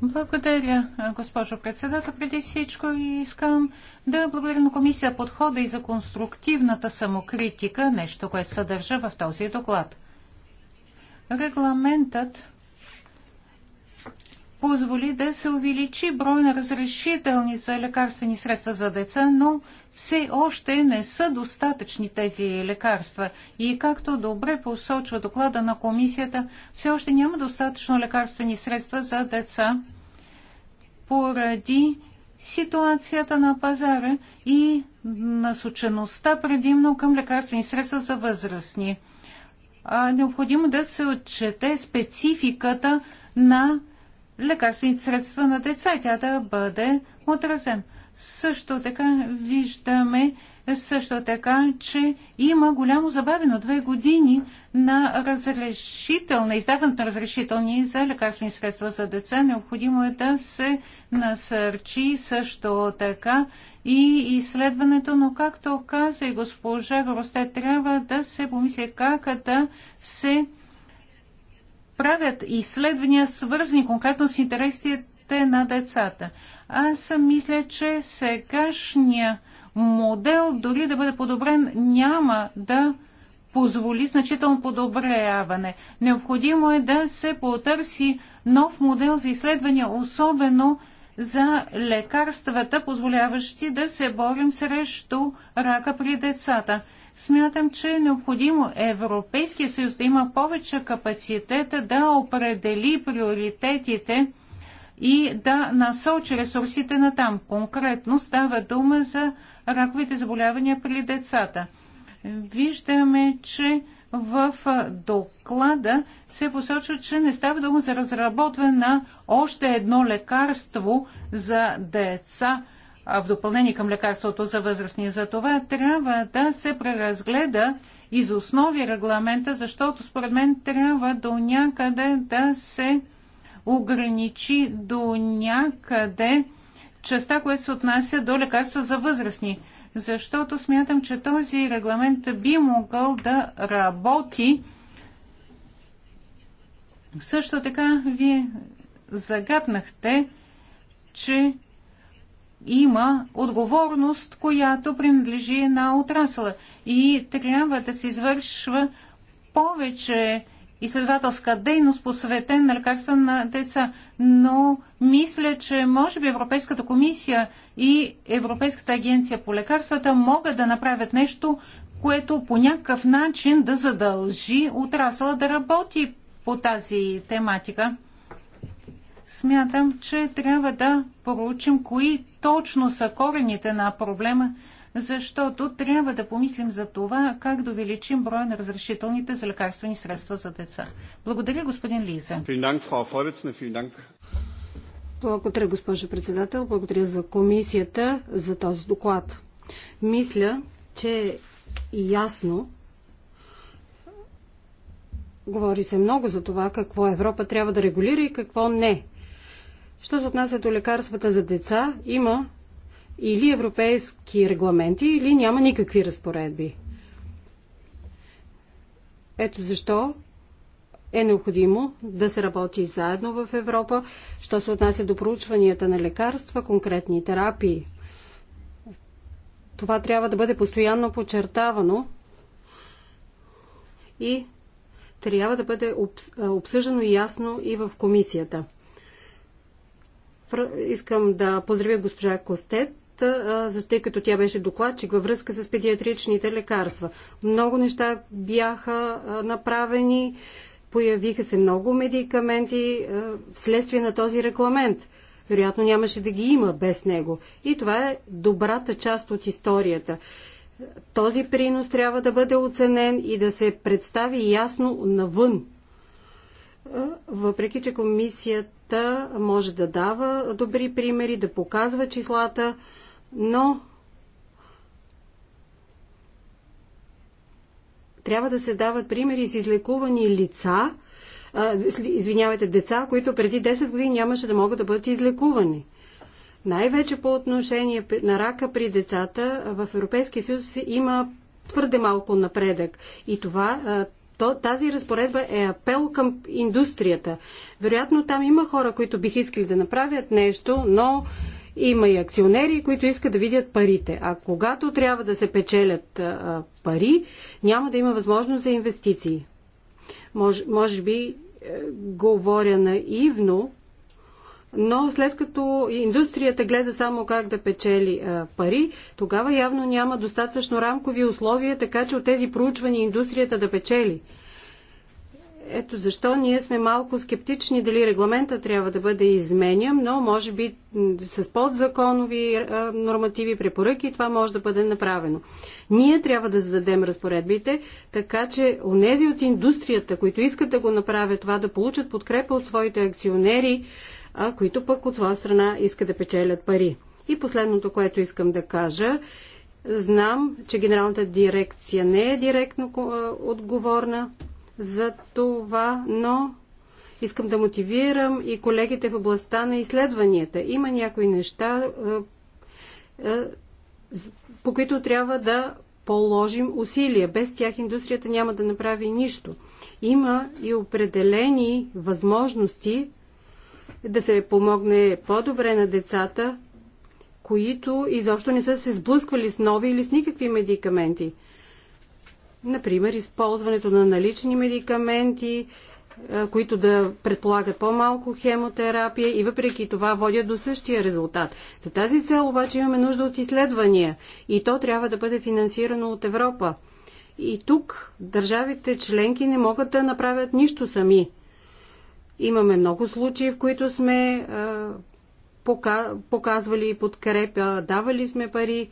Благодаря, госпожо председател. Преди всичко искам да благодаря на комисия подхода и за конструктивната самокритика, нещо, което съдържа в този доклад. Регламентът позволи да се увеличи брой на разрешителни за лекарствени средства за деца, но все още не са достатъчни тези лекарства. И както добре посочва доклада на комисията, все още няма достатъчно лекарствени средства за деца поради ситуацията на пазара и насочеността предимно към лекарствени средства за възрастни. А, необходимо да се отчете спецификата на лекарствени средства на деца, тя да бъде отразен. Също така виждаме също така, че има голямо забавено две години на разрешителна, издаването на разрешителни за лекарствени средства за деца. Необходимо е да се насърчи също така и изследването, но както каза и госпожа Росте, трябва да се помисли как да се правят изследвания, свързани конкретно с интересите на децата. Аз мисля, че сегашния модел, дори да бъде подобрен, няма да позволи значително подобряване. Необходимо е да се потърси нов модел за изследвания, особено за лекарствата, позволяващи да се борим срещу рака при децата. Смятам, че е необходимо Европейския съюз да има повече капацитета да определи приоритетите и да насочи ресурсите на там. Конкретно става дума за раковите заболявания при децата. Виждаме, че в доклада се посочва, че не става дума за разработване на още едно лекарство за деца в допълнение към лекарството за възрастни. За това трябва да се преразгледа из основи регламента, защото според мен трябва до някъде да се ограничи до някъде частта, която се отнася до лекарства за възрастни. Защото смятам, че този регламент би могъл да работи. Също така, вие загаднахте, че има отговорност, която принадлежи на отрасъла и трябва да се извършва повече изследователска дейност, свете на лекарства на деца. Но мисля, че може би Европейската комисия и Европейската агенция по лекарствата могат да направят нещо, което по някакъв начин да задължи отрасъла да работи по тази тематика. Смятам, че трябва да проучим кои точно са корените на проблема, защото трябва да помислим за това как да увеличим броя на разрешителните за лекарствени средства за деца. Благодаря, господин Лиза. Благодаря, госпожо председател. Благодаря за комисията за този доклад. Мисля, че ясно говори се много за това какво Европа трябва да регулира и какво не. Що се отнася до лекарствата за деца, има или европейски регламенти, или няма никакви разпоредби. Ето защо е необходимо да се работи заедно в Европа, що се отнася до проучванията на лекарства, конкретни терапии. Това трябва да бъде постоянно подчертавано и трябва да бъде обсъждано ясно и в комисията. Искам да поздравя госпожа Костет, тъй като тя беше докладчик във връзка с педиатричните лекарства. Много неща бяха направени, появиха се много медикаменти вследствие на този регламент. Вероятно нямаше да ги има без него. И това е добрата част от историята. Този принос трябва да бъде оценен и да се представи ясно навън. Въпреки, че комисията Та може да дава добри примери, да показва числата, но трябва да се дават примери с излекувани лица, извинявайте, деца, които преди 10 години нямаше да могат да бъдат излекувани. Най-вече по отношение на рака при децата в Европейския съюз има твърде малко напредък. И това то, тази разпоредба е апел към индустрията. Вероятно там има хора, които бих искали да направят нещо, но има и акционери, които искат да видят парите. А когато трябва да се печелят а, пари, няма да има възможност за инвестиции. Мож, може би е, говоря наивно, но след като индустрията гледа само как да печели а, пари, тогава явно няма достатъчно рамкови условия, така че от тези проучвания индустрията да печели. Ето защо ние сме малко скептични дали регламента трябва да бъде изменям, но може би с подзаконови нормативи, препоръки това може да бъде направено. Ние трябва да зададем разпоредбите, така че онези от индустрията, които искат да го направят това, да получат подкрепа от своите акционери, а, които пък от своя страна искат да печелят пари. И последното, което искам да кажа, знам, че генералната дирекция не е директно отговорна за това, но искам да мотивирам и колегите в областта на изследванията. Има някои неща, по които трябва да положим усилия. Без тях индустрията няма да направи нищо. Има и определени възможности, да се помогне по-добре на децата, които изобщо не са се сблъсквали с нови или с никакви медикаменти. Например, използването на налични медикаменти, които да предполагат по-малко хемотерапия и въпреки това водят до същия резултат. За тази цел обаче имаме нужда от изследвания и то трябва да бъде финансирано от Европа. И тук държавите членки не могат да направят нищо сами. Имаме много случаи, в които сме показвали подкрепа, давали сме пари,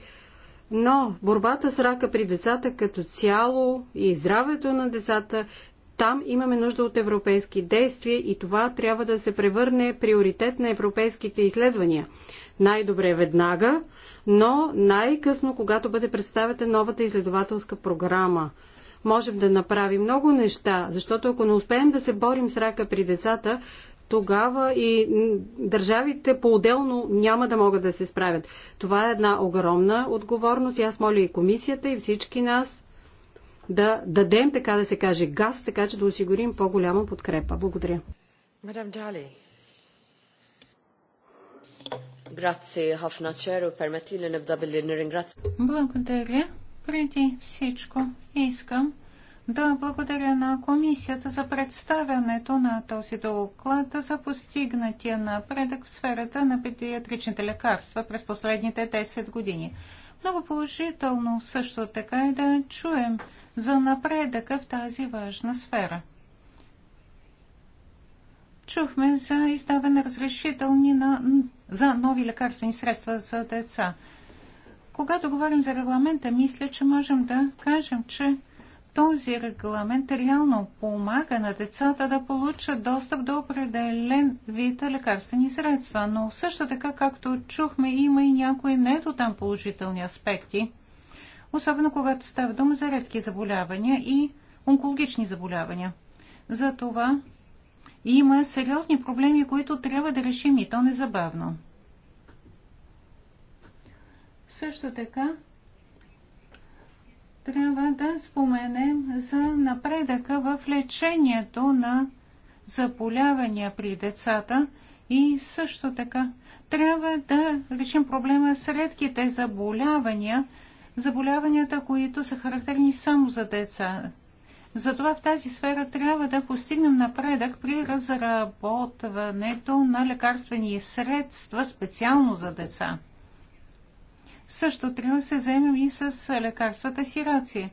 но борбата с рака при децата като цяло и здравето на децата, там имаме нужда от европейски действия и това трябва да се превърне приоритет на европейските изследвания. Най-добре веднага, но най-късно, когато бъде представена новата изследователска програма – можем да направим много неща, защото ако не успеем да се борим с рака при децата, тогава и държавите по-отделно няма да могат да се справят. Това е една огромна отговорност аз моля и комисията и всички нас да дадем, така да се каже, газ, така че да осигурим по-голяма подкрепа. Благодаря. Мадам Дали. Благодаря. Преди всичко искам да благодаря на комисията за представянето на този доклад за постигнатия напредък в сферата на педиатричните лекарства през последните 10 години. Много положително също така е да чуем за напредъка в тази важна сфера. Чухме за издаване разрешителни на, за нови лекарствени средства за деца – когато говорим за регламента, мисля, че можем да кажем, че този регламент реално помага на децата да получат достъп до определен вид лекарствени средства, но също така, както чухме, има и някои не до там положителни аспекти, особено когато става дума за редки заболявания и онкологични заболявания. Затова има сериозни проблеми, които трябва да решим и то незабавно. Също така трябва да споменем за напредъка в лечението на заболявания при децата и също така трябва да решим проблема с редките заболявания, заболяванията, които са характерни само за деца. Затова в тази сфера трябва да постигнем напредък при разработването на лекарствени средства специално за деца. Също трябва да се вземем и с лекарствата сираци.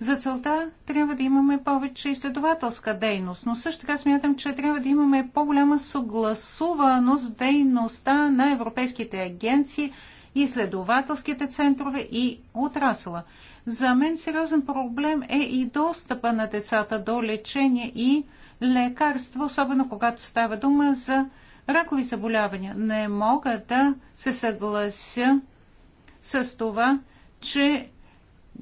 За целта трябва да имаме повече изследователска дейност, но също така смятам, че трябва да имаме по-голяма съгласуваност в дейността на европейските агенции, изследователските центрове и отрасъла. За мен сериозен проблем е и достъпа на децата до лечение и лекарства, особено когато става дума за ракови заболявания. Не мога да се съглася с това, че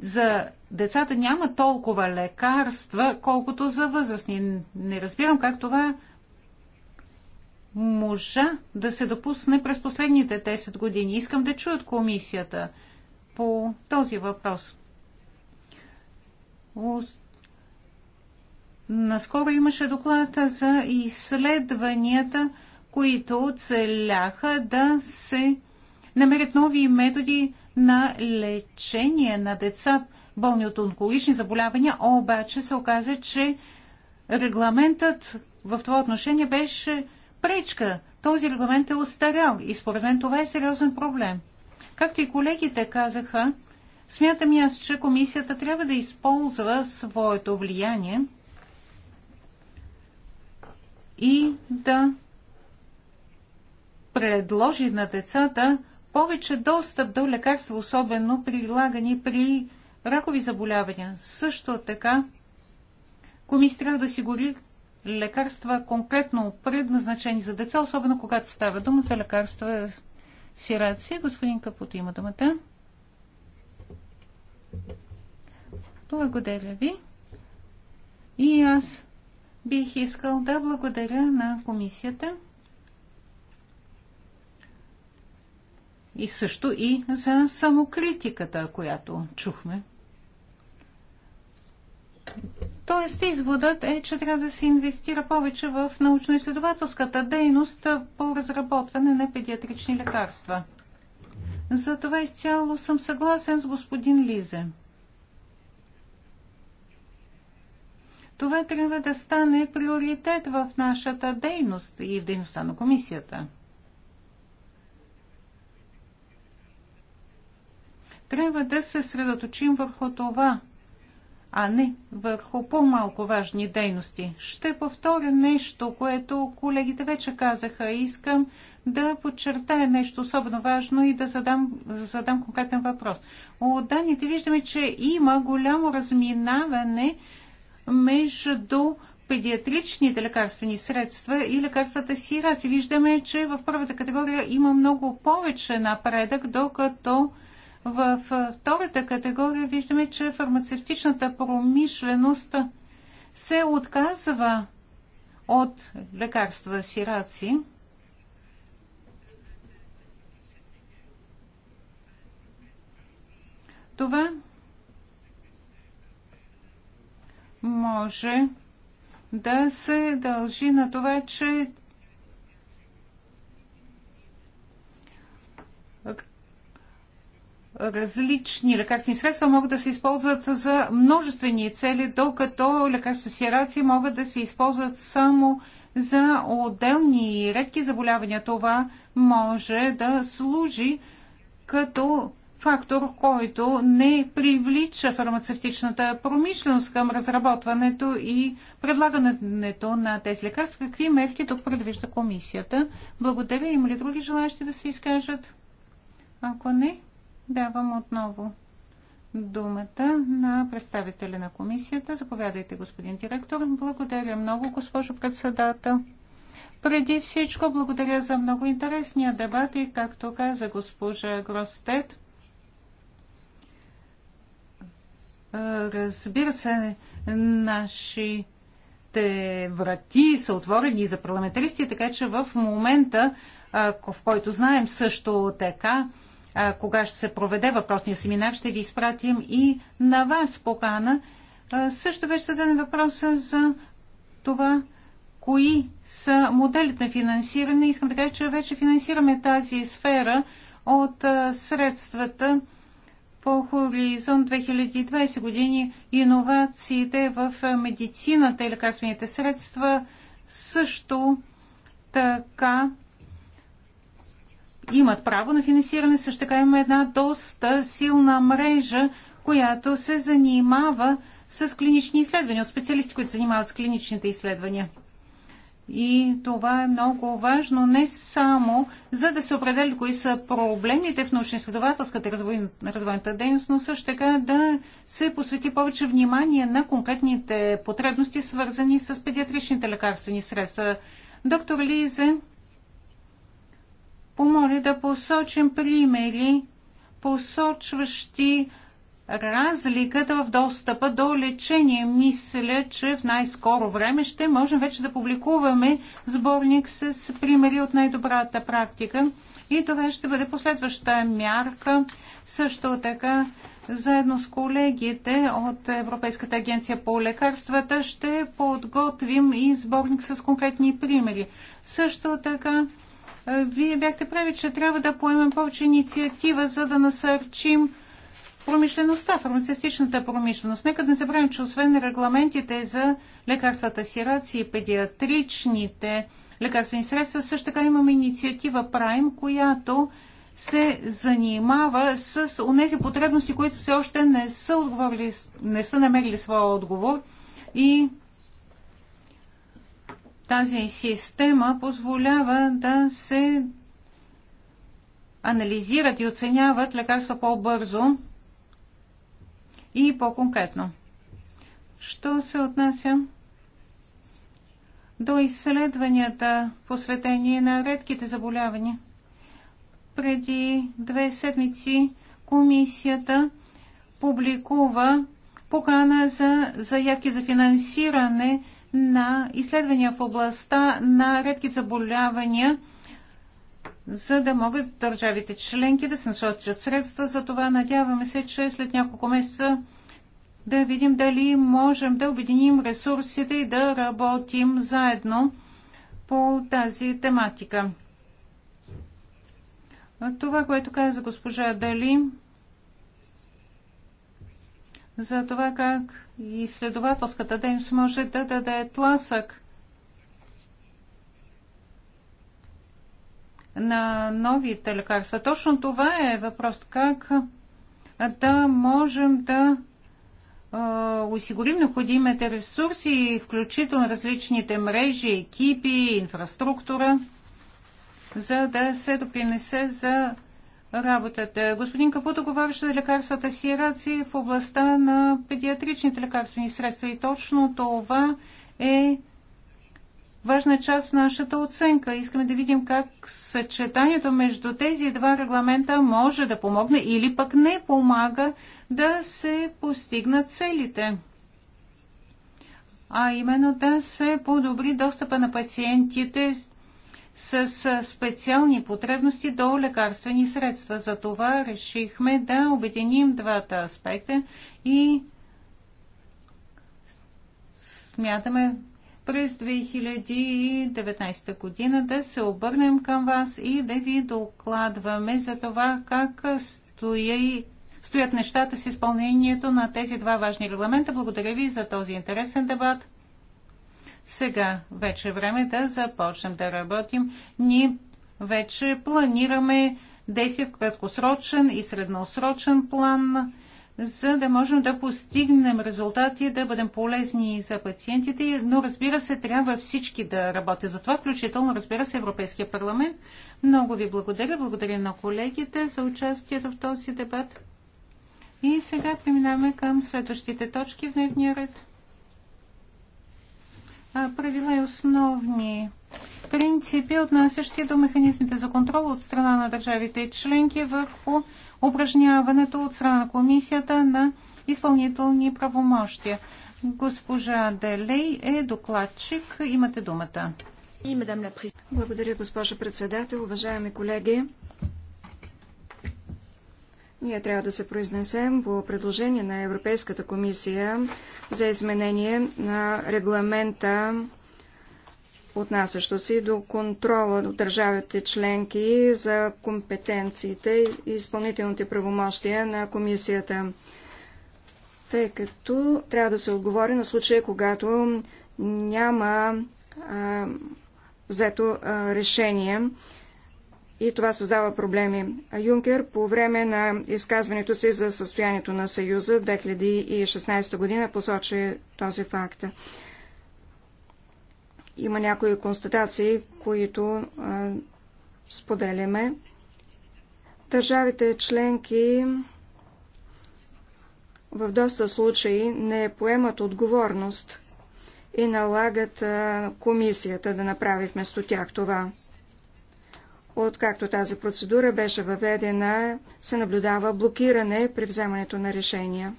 за децата няма толкова лекарства, колкото за възрастни. Не разбирам как това можа да се допусне през последните 10 години. Искам да чуят комисията по този въпрос. Наскоро имаше доклада за изследванията, които целяха да се намерят нови методи на лечение на деца, болни от онкологични заболявания, обаче се оказа, че регламентът в това отношение беше пречка. Този регламент е устарял и според мен това е сериозен проблем. Както и колегите казаха, смятам и аз, че комисията трябва да използва своето влияние и да предложи на децата повече достъп до лекарства, особено прилагани при ракови заболявания. Също така, комисията трябва да осигури лекарства конкретно предназначени за деца, особено когато става дума за лекарства сираци. Господин Капут има думата. Благодаря ви. И аз бих искал да благодаря на комисията. и също и за самокритиката, която чухме. Тоест, изводът е, че трябва да се инвестира повече в научно-изследователската дейност по разработване на педиатрични лекарства. За това изцяло съм съгласен с господин Лизе. Това трябва да стане приоритет в нашата дейност и в дейността на комисията. Трябва да се средоточим върху това, а не върху по-малко важни дейности. Ще повторя нещо, което колегите вече казаха. Искам да подчертая нещо особено важно и да задам, задам конкретен въпрос. От данните виждаме, че има голямо разминаване между педиатричните лекарствени средства и лекарствата сираци. Виждаме, че в първата категория има много повече напредък, докато в втората категория виждаме, че фармацевтичната промишленост се отказва от лекарства сираци. Това може да се дължи на това, че различни лекарствени средства могат да се използват за множествени цели, докато лекарства сираци могат да се използват само за отделни и редки заболявания. Това може да служи като фактор, който не привлича фармацевтичната промишленост към разработването и предлагането на тези лекарства. Какви мерки тук предвижда комисията? Благодаря. Има ли други желаящи да се изкажат? Ако не, Давам отново думата на представителя на комисията. Заповядайте, господин директор. Благодаря много, госпожо председател. Преди всичко, благодаря за много интересния дебат и, както каза госпожа Гростет, разбира се, наши врати са отворени за парламентаристи, така че в момента, в който знаем също така а, кога ще се проведе въпросния семинар, ще ви изпратим и на вас покана. А, също беше зададен въпроса за това, кои са моделите на финансиране. Искам да кажа, че вече финансираме тази сфера от а, средствата по хоризонт 2020 години. Иновациите в медицината и лекарствените средства също така имат право на финансиране. Също така има една доста силна мрежа, която се занимава с клинични изследвания, от специалисти, които занимават с клиничните изследвания. И това е много важно не само за да се определят кои са проблемите в научно-изследователската и развойната дейност, но също така да се посвети повече внимание на конкретните потребности, свързани с педиатричните лекарствени средства. Доктор Лизе помоля да посочим примери, посочващи разликата в достъпа до лечение. Мисля, че в най-скоро време ще можем вече да публикуваме сборник с примери от най-добрата практика. И това ще бъде последваща мярка. Също така, заедно с колегите от Европейската агенция по лекарствата ще подготвим и сборник с конкретни примери. Също така, е, вие бяхте прави, че трябва да поемем повече инициатива, за да насърчим промишлеността, фармацевтичната промишленост. Нека да не забравим, че освен регламентите за лекарствата сираци и педиатричните лекарствени средства, също така имаме инициатива Prime, която се занимава с онези потребности, които все още не са, отговорили, не са намерили своя отговор и тази система позволява да се анализират и оценяват лекарства по-бързо и по-конкретно. Що се отнася до изследванията, посветени на редките заболявания? Преди две седмици комисията публикува покана за заявки за финансиране на изследвания в областта на редки заболявания, за да могат държавите членки да се насочат средства. За това надяваме се, че след няколко месеца да видим дали можем да обединим ресурсите и да работим заедно по тази тематика. Това, което каза госпожа Дали, за това как и изследователската дейност може да даде тласък на новите лекарства. Точно това е въпрос как да можем да осигурим необходимите ресурси, включително различните мрежи, екипи, инфраструктура, за да се допринесе за работата. Господин Капуто говореше за лекарствата сираци в областта на педиатричните лекарствени средства и точно това е важна част в нашата оценка. Искаме да видим как съчетанието между тези два регламента може да помогне или пък не помага да се постигнат целите. А именно да се подобри достъпа на пациентите с специални потребности до лекарствени средства. За това решихме да обединим двата аспекта и смятаме през 2019 година да се обърнем към вас и да ви докладваме за това как стои, стоят нещата с изпълнението на тези два важни регламента. Благодаря ви за този интересен дебат. Сега вече е време да започнем да работим. Ние вече планираме действия в краткосрочен и средносрочен план, за да можем да постигнем резултати, да бъдем полезни за пациентите, но разбира се, трябва всички да работят за това, включително, разбира се, Европейския парламент. Много ви благодаря, благодаря на колегите за участието в този дебат. И сега преминаваме към следващите точки в дневния ред правила и основни принципи, отнасящи до механизмите за контрол от страна на държавите и членки върху упражняването от страна на комисията на изпълнителни правомощия. Госпожа Делей е докладчик. Имате думата. Благодаря, госпожа председател. Уважаеми колеги, ние трябва да се произнесем по предложение на Европейската комисия за изменение на регламента отнасящо се до контрола от държавите членки за компетенциите и изпълнителните правомощия на комисията. Тъй като трябва да се отговори на случая, когато няма а, взето а, решение и това създава проблеми. Юнкер по време на изказването си за състоянието на Съюза 2016 година посочи този факт. Има някои констатации, които а, споделяме. Държавите членки в доста случаи не поемат отговорност и налагат а, комисията да направи вместо тях това. Откакто тази процедура беше въведена, се наблюдава блокиране при вземането на решения.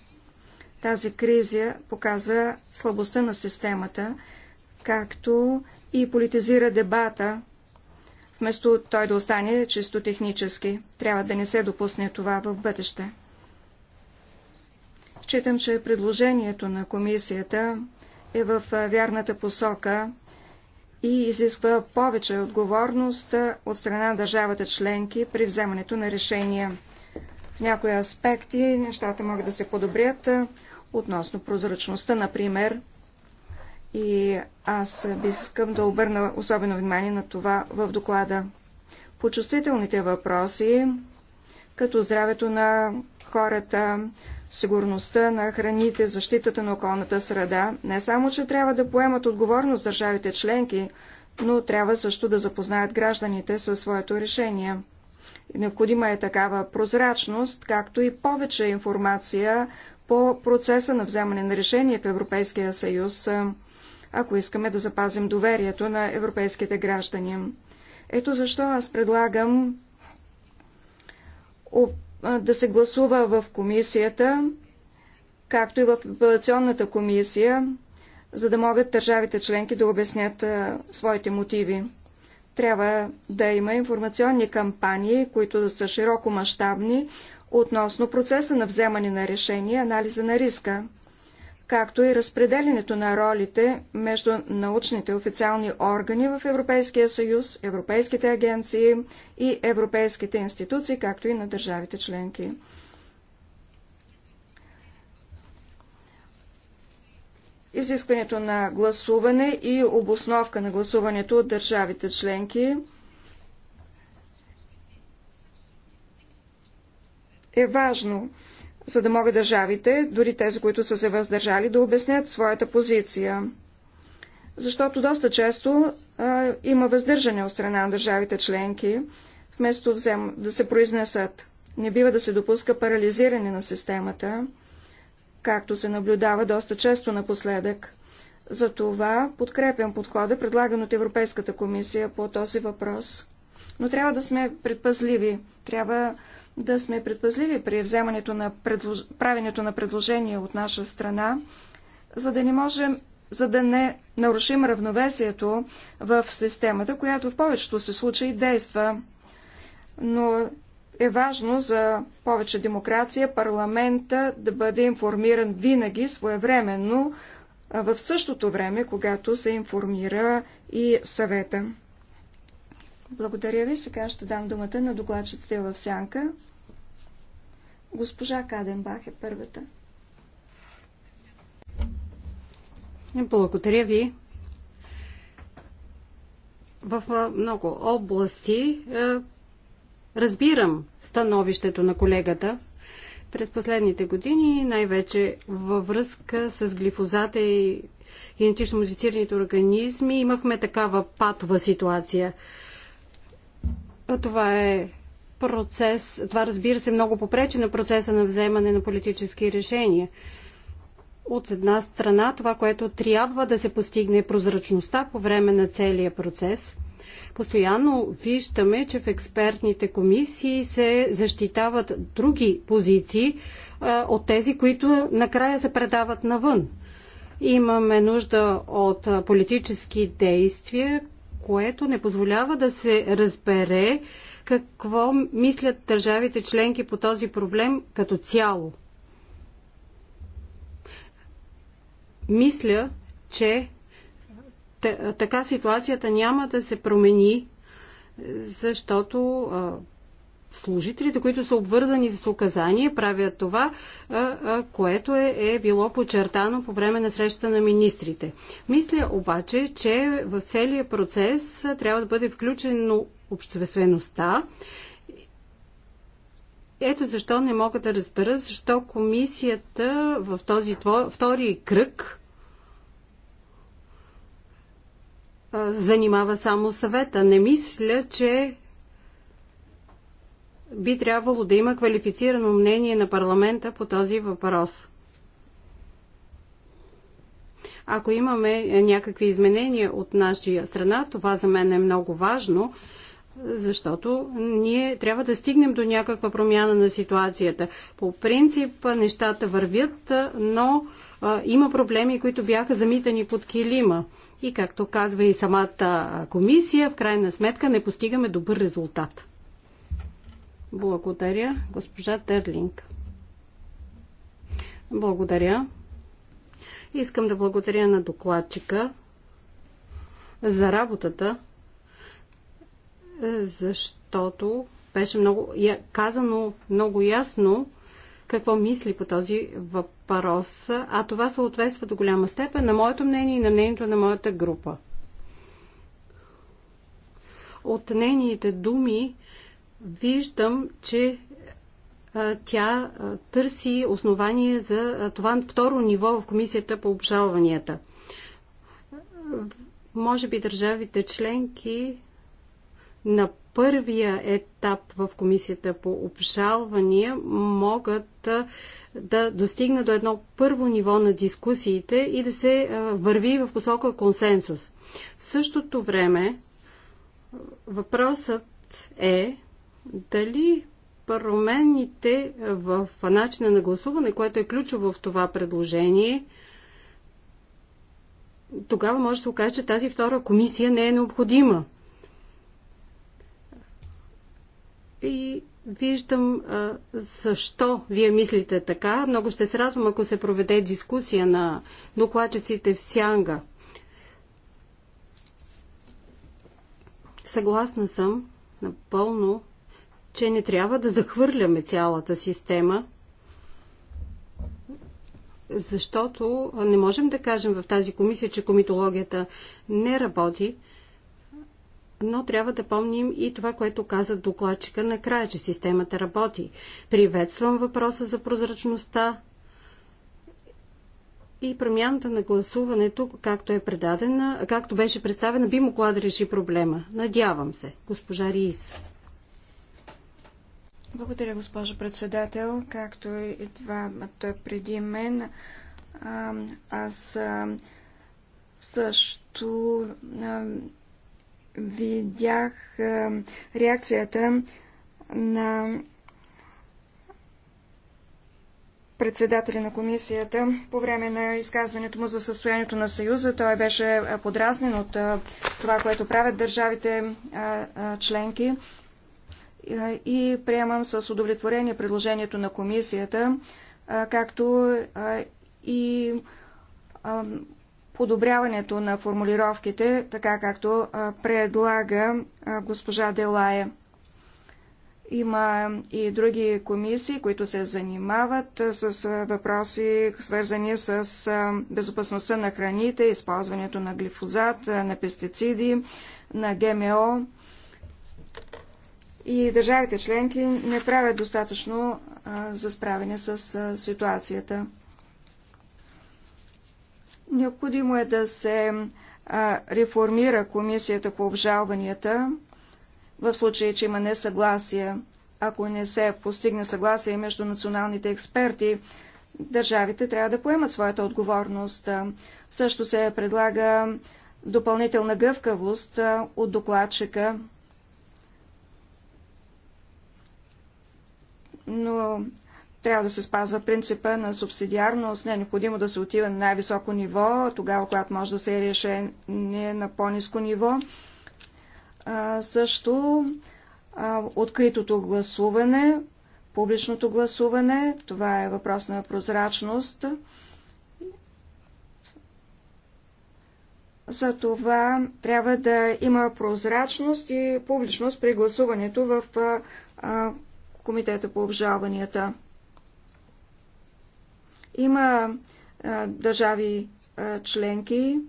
Тази криза показа слабостта на системата, както и политизира дебата, вместо той да остане чисто технически. Трябва да не се допусне това в бъдеще. Читам, че предложението на комисията е в вярната посока и изисква повече отговорност от страна на държавата членки при вземането на решения. В някои аспекти нещата могат да се подобрят относно прозрачността, например. И аз би искам да обърна особено внимание на това в доклада. По чувствителните въпроси, като здравето на хората, сигурността на храните, защитата на околната среда, не само, че трябва да поемат отговорност държавите членки, но трябва също да запознаят гражданите със своето решение. Необходима е такава прозрачност, както и повече информация по процеса на вземане на решение в Европейския съюз, ако искаме да запазим доверието на европейските граждани. Ето защо аз предлагам да се гласува в комисията, както и в апелационната комисия, за да могат държавите членки да обяснят своите мотиви. Трябва да има информационни кампании, които да са широко мащабни относно процеса на вземане на решения, анализа на риска както и разпределенето на ролите между научните официални органи в Европейския съюз, европейските агенции и европейските институции, както и на държавите членки. Изискването на гласуване и обосновка на гласуването от държавите членки е важно за да могат държавите, дори тези, които са се въздържали, да обяснят своята позиция. Защото доста често а, има въздържане от страна на държавите членки, вместо взем, да се произнесат. Не бива да се допуска парализиране на системата, както се наблюдава доста често напоследък. Затова подкрепям подхода, предлаган от Европейската комисия по този въпрос. Но трябва да сме предпазливи. Трябва да сме предпазливи при вземането на предлож... правенето на предложения от наша страна, за да не можем за да не нарушим равновесието в системата, която в повечето се случаи действа. Но е важно за повече демокрация парламента да бъде информиран винаги своевременно, в същото време, когато се информира и съвета. Благодаря ви. Сега ще дам думата на докладчиците в сянка. Госпожа Каденбах е първата. Благодаря ви. В много области разбирам становището на колегата, през последните години, най-вече във връзка с глифозата и генетично модифицираните организми, имахме такава патова ситуация. Това е процес, това разбира се много попречи на процеса на вземане на политически решения. От една страна, това, което трябва да се постигне е прозрачността по време на целия процес. Постоянно виждаме, че в експертните комисии се защитават други позиции а, от тези, които накрая се предават навън. Имаме нужда от политически действия, което не позволява да се разбере какво мислят държавите членки по този проблем като цяло. Мисля, че така ситуацията няма да се промени, защото служителите, които са обвързани с указание, правят това, което е, е било подчертано по време на среща на министрите. Мисля обаче, че в целият процес трябва да бъде включено обществеността ето защо не мога да разбера защо комисията в този втори кръг занимава само съвета. Не мисля, че би трябвало да има квалифицирано мнение на парламента по този въпрос. Ако имаме някакви изменения от нашия страна, това за мен е много важно, защото ние трябва да стигнем до някаква промяна на ситуацията. По принцип нещата вървят, но а, има проблеми, които бяха замитани под килима. И както казва и самата комисия, в крайна сметка не постигаме добър резултат. Благодаря, госпожа Терлинг. Благодаря. Искам да благодаря на докладчика за работата, защото беше много, казано много ясно какво мисли по този въпрос, а това съответства до голяма степен на моето мнение и на мнението на моята група. От нейните думи виждам, че тя търси основание за това второ ниво в Комисията по обжалванията. Може би държавите членки на първия етап в Комисията по обжалвания могат да достигнат до едно първо ниво на дискусиите и да се върви в посока консенсус. В същото време въпросът е дали промените в начина на гласуване, което е ключово в това предложение, тогава може да се окаже, че тази втора комисия не е необходима. И виждам а, защо вие мислите така. Много ще се радвам, ако се проведе дискусия на докладчиците в Сянга. Съгласна съм напълно че не трябва да захвърляме цялата система, защото не можем да кажем в тази комисия, че комитологията не работи, но трябва да помним и това, което каза докладчика накрая, че системата работи. Приветствам въпроса за прозрачността и промяната на гласуването, както е предадена, както беше представена, би могла да реши проблема. Надявам се, госпожа Риис. Благодаря, госпожо председател. Както и двамата преди мен, аз също видях реакцията на председателя на комисията по време на изказването му за състоянието на Съюза. Той беше подразнен от това, което правят държавите членки и приемам с удовлетворение предложението на комисията, както и подобряването на формулировките, така както предлага госпожа Делая. Има и други комисии, които се занимават с въпроси, свързани с безопасността на храните, използването на глифозат, на пестициди, на ГМО и държавите членки не правят достатъчно за справяне с ситуацията. Необходимо е да се реформира комисията по обжалванията в случай, че има несъгласие. Ако не се постигне съгласие между националните експерти, държавите трябва да поемат своята отговорност. Също се предлага допълнителна гъвкавост от докладчика но трябва да се спазва принципа на субсидиарност. Не е необходимо да се отива на най-високо ниво, тогава, когато може да се е решение на по-низко ниво. А, също а, откритото гласуване, публичното гласуване, това е въпрос на прозрачност. За това трябва да има прозрачност и публичност при гласуването в а, Комитета по обжалванията. Има а, държави а, членки,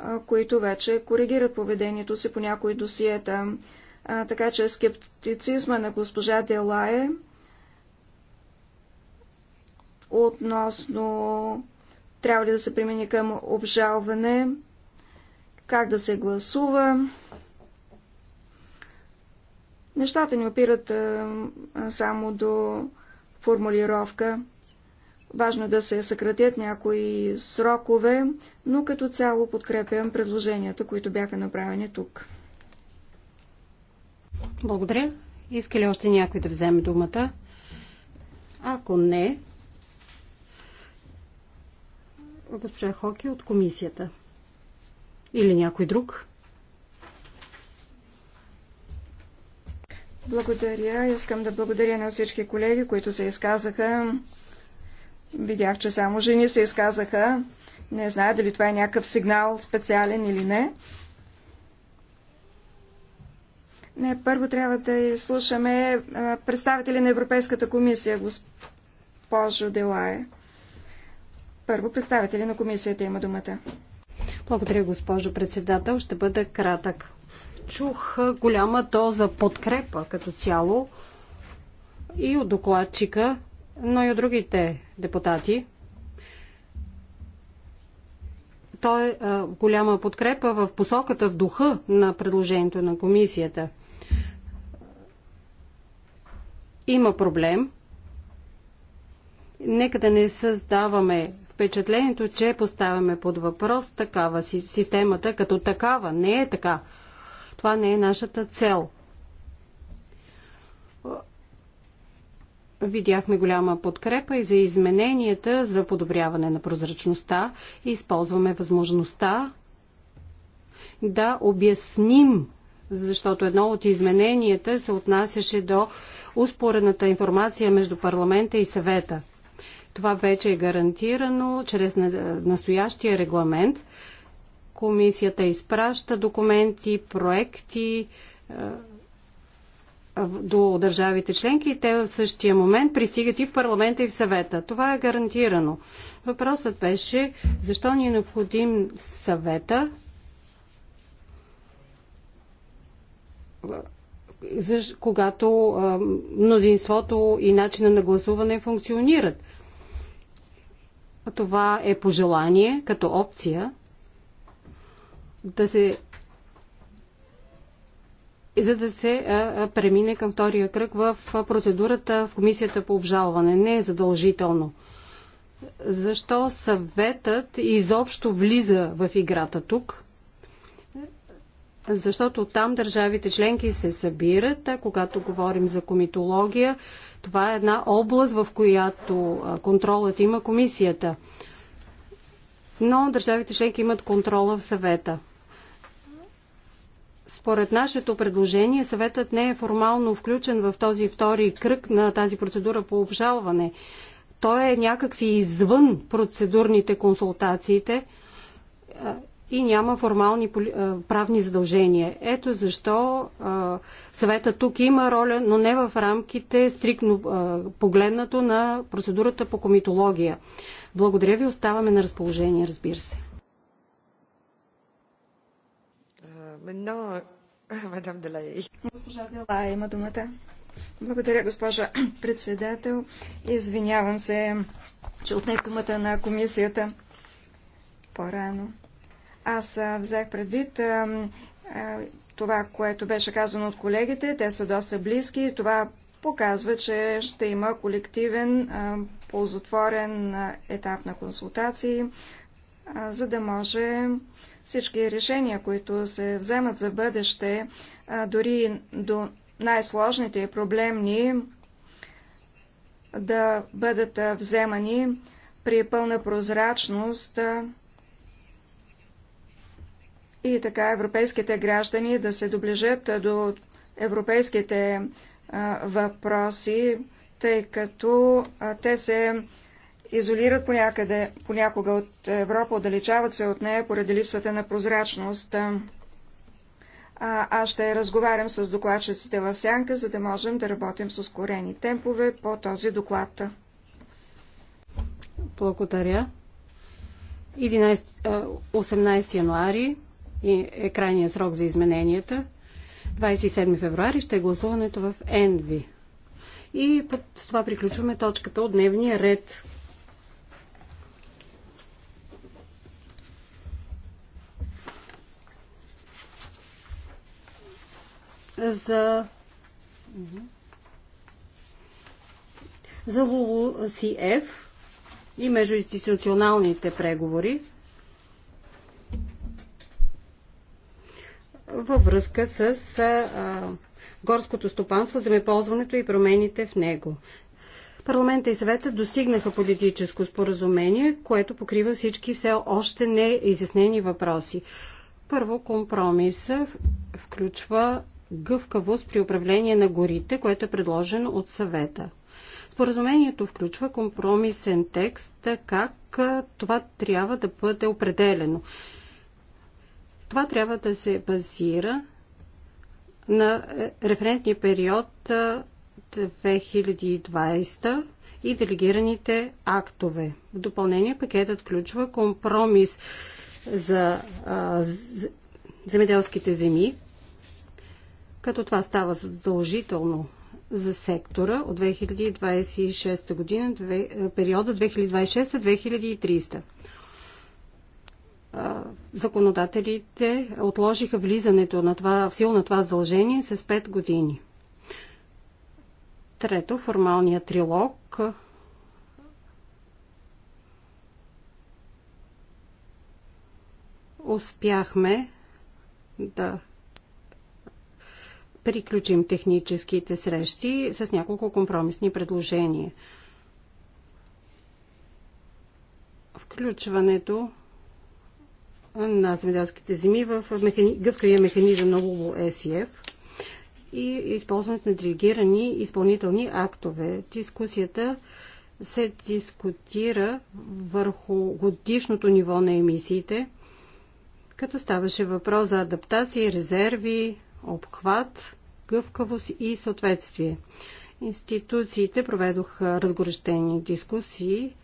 а, които вече коригират поведението си по някои досиета. А, така че скептицизма на госпожа Делае относно трябва ли да се премини към обжалване, как да се гласува, Нещата не опират само до формулировка. Важно е да се съкратят някои срокове, но като цяло подкрепям предложенията, които бяха направени тук. Благодаря. Иска ли още някой да вземе думата? Ако не, госпожа Хоки от комисията. Или някой друг? Благодаря. Искам да благодаря на всички колеги, които се изказаха. Видях, че само жени се изказаха. Не зная дали това е някакъв сигнал специален или не. Не, първо трябва да изслушаме представители на Европейската комисия, госпожо Делае. Първо представители на комисията има думата. Благодаря, госпожо председател. Ще бъда кратък чух голяма доза подкрепа като цяло и от докладчика, но и от другите депутати. Той е голяма подкрепа в посоката, в духа на предложението на комисията. Има проблем. Нека да не създаваме впечатлението, че поставяме под въпрос такава си, системата като такава. Не е така. Това не е нашата цел. Видяхме голяма подкрепа и за измененията за подобряване на прозрачността и използваме възможността да обясним защото едно от измененията се отнасяше до успорената информация между парламента и съвета. Това вече е гарантирано чрез настоящия регламент. Комисията изпраща документи, проекти е, до държавите членки и те в същия момент пристигат и в парламента и в съвета. Това е гарантирано. Въпросът беше защо ни е необходим съвета, когато е, мнозинството и начина на гласуване функционират. Това е пожелание като опция – да се за да се премине към втория кръг в процедурата в комисията по обжалване. Не е задължително. Защо съветът изобщо влиза в играта тук? Защото там държавите членки се събират, а когато говорим за комитология, това е една област, в която контролът има комисията. Но държавите членки имат контрола в съвета. Според нашето предложение, съветът не е формално включен в този втори кръг на тази процедура по обжалване. Той е някакси извън процедурните консултациите и няма формални правни задължения. Ето защо съвета тук има роля, но не в рамките стрикно погледнато на процедурата по комитология. Благодаря ви, оставаме на разположение, разбира се. Мадам Делай. Госпожа Делай има думата. Благодаря, госпожа председател. Извинявам се, че отнех думата на комисията по-рано. Аз взех предвид това, което беше казано от колегите. Те са доста близки. Това показва, че ще има колективен, ползотворен етап на консултации, за да може всички решения, които се вземат за бъдеще, дори до най-сложните и проблемни, да бъдат вземани при пълна прозрачност и така европейските граждани да се доближат до европейските въпроси, тъй като те се изолират понякъде, понякога от Европа, отдалечават се от нея поради липсата на прозрачност. А, аз ще разговарям с докладчиците в сянка, за да можем да работим с ускорени темпове по този доклад. Благодаря. 11, 18 януари е крайният срок за измененията. 27 февруари ще е гласуването в Енви. И под това приключваме точката от дневния ред. за за ЛУЛУСИФ и междуинституционалните преговори във връзка с а, горското стопанство, земеползването и промените в него. Парламента и съвета достигнаха политическо споразумение, което покрива всички все още неизяснени въпроси. Първо, компромиса включва гъвкавост при управление на горите, което е предложено от съвета. Споразумението включва компромисен текст, как това трябва да бъде определено. Това трябва да се базира на е, референтния период 2020 и делегираните актове. В допълнение пакетът включва компромис за земеделските земи, като това става задължително за сектора от 2026 година, е, периода 2026-2030. Законодателите отложиха влизането на това, в сила на това задължение с 5 години. Трето, формалният трилог успяхме да приключим техническите срещи с няколко компромисни предложения. Включването на земеделските земи в механи... гъвкавия механизъм на ЛУЛО-СИФ и използването на делегирани изпълнителни актове. Дискусията се дискутира върху годишното ниво на емисиите, като ставаше въпрос за адаптации, резерви, обхват, гъвкавост и съответствие. Институциите проведоха разгорещени дискусии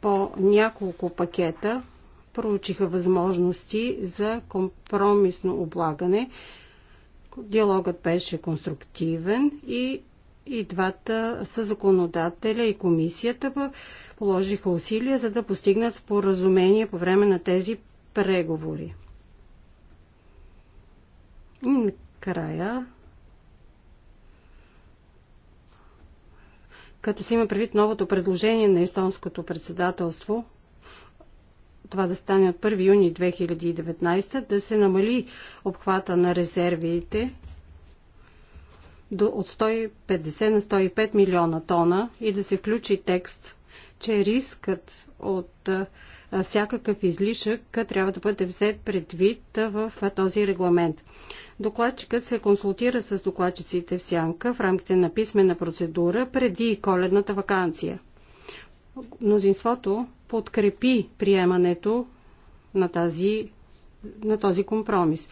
по няколко пакета, проучиха възможности за компромисно облагане. Диалогът беше конструктивен и и двата са законодателя и комисията положиха усилия, за да постигнат споразумение по време на тези преговори. И накрая, като си има предвид новото предложение на естонското председателство, това да стане от 1 юни 2019, да се намали обхвата на резервите до, от 150 на 105 милиона тона и да се включи текст, че рискът от всякакъв излишък трябва да бъде взет предвид в този регламент. Докладчикът се консултира с докладчиците в Сянка в рамките на писмена процедура преди коледната вакансия. Мнозинството подкрепи приемането на, тази, на този компромис.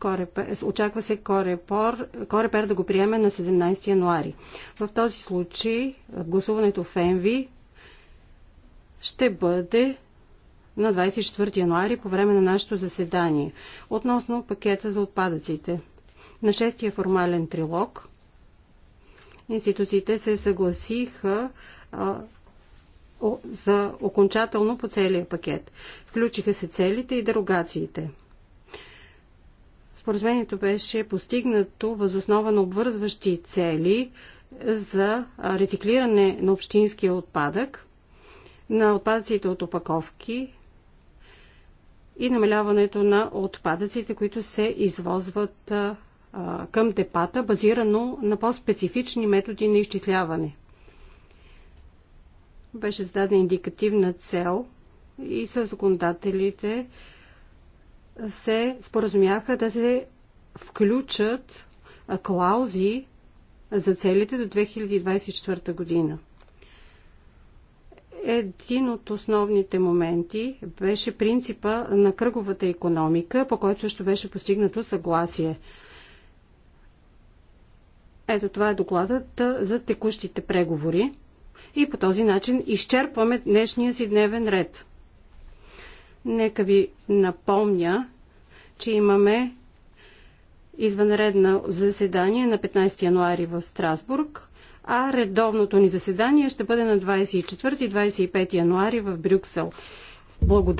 Корепер, очаква се Корепор, Корепер да го приеме на 17 януари. В този случай гласуването в ЕНВИ ще бъде на 24 януари по време на нашето заседание относно пакета за отпадъците. На шестия формален трилог институциите се съгласиха а, о, за окончателно по целия пакет. Включиха се целите и дерогациите. Споразумението беше постигнато възоснова на обвързващи цели за рециклиране на общинския отпадък, на отпадъците от опаковки, и намаляването на отпадъците, които се извозват към депата, базирано на по-специфични методи на изчисляване. Беше зададена индикативна цел и със законодателите се споразумяха да се включат клаузи за целите до 2024 година един от основните моменти беше принципа на кръговата економика, по който също беше постигнато съгласие. Ето това е докладът за текущите преговори и по този начин изчерпваме днешния си дневен ред. Нека ви напомня, че имаме извънредно заседание на 15 януари в Страсбург, а редовното ни заседание ще бъде на 24-25 януари в Брюксел. Благодаря.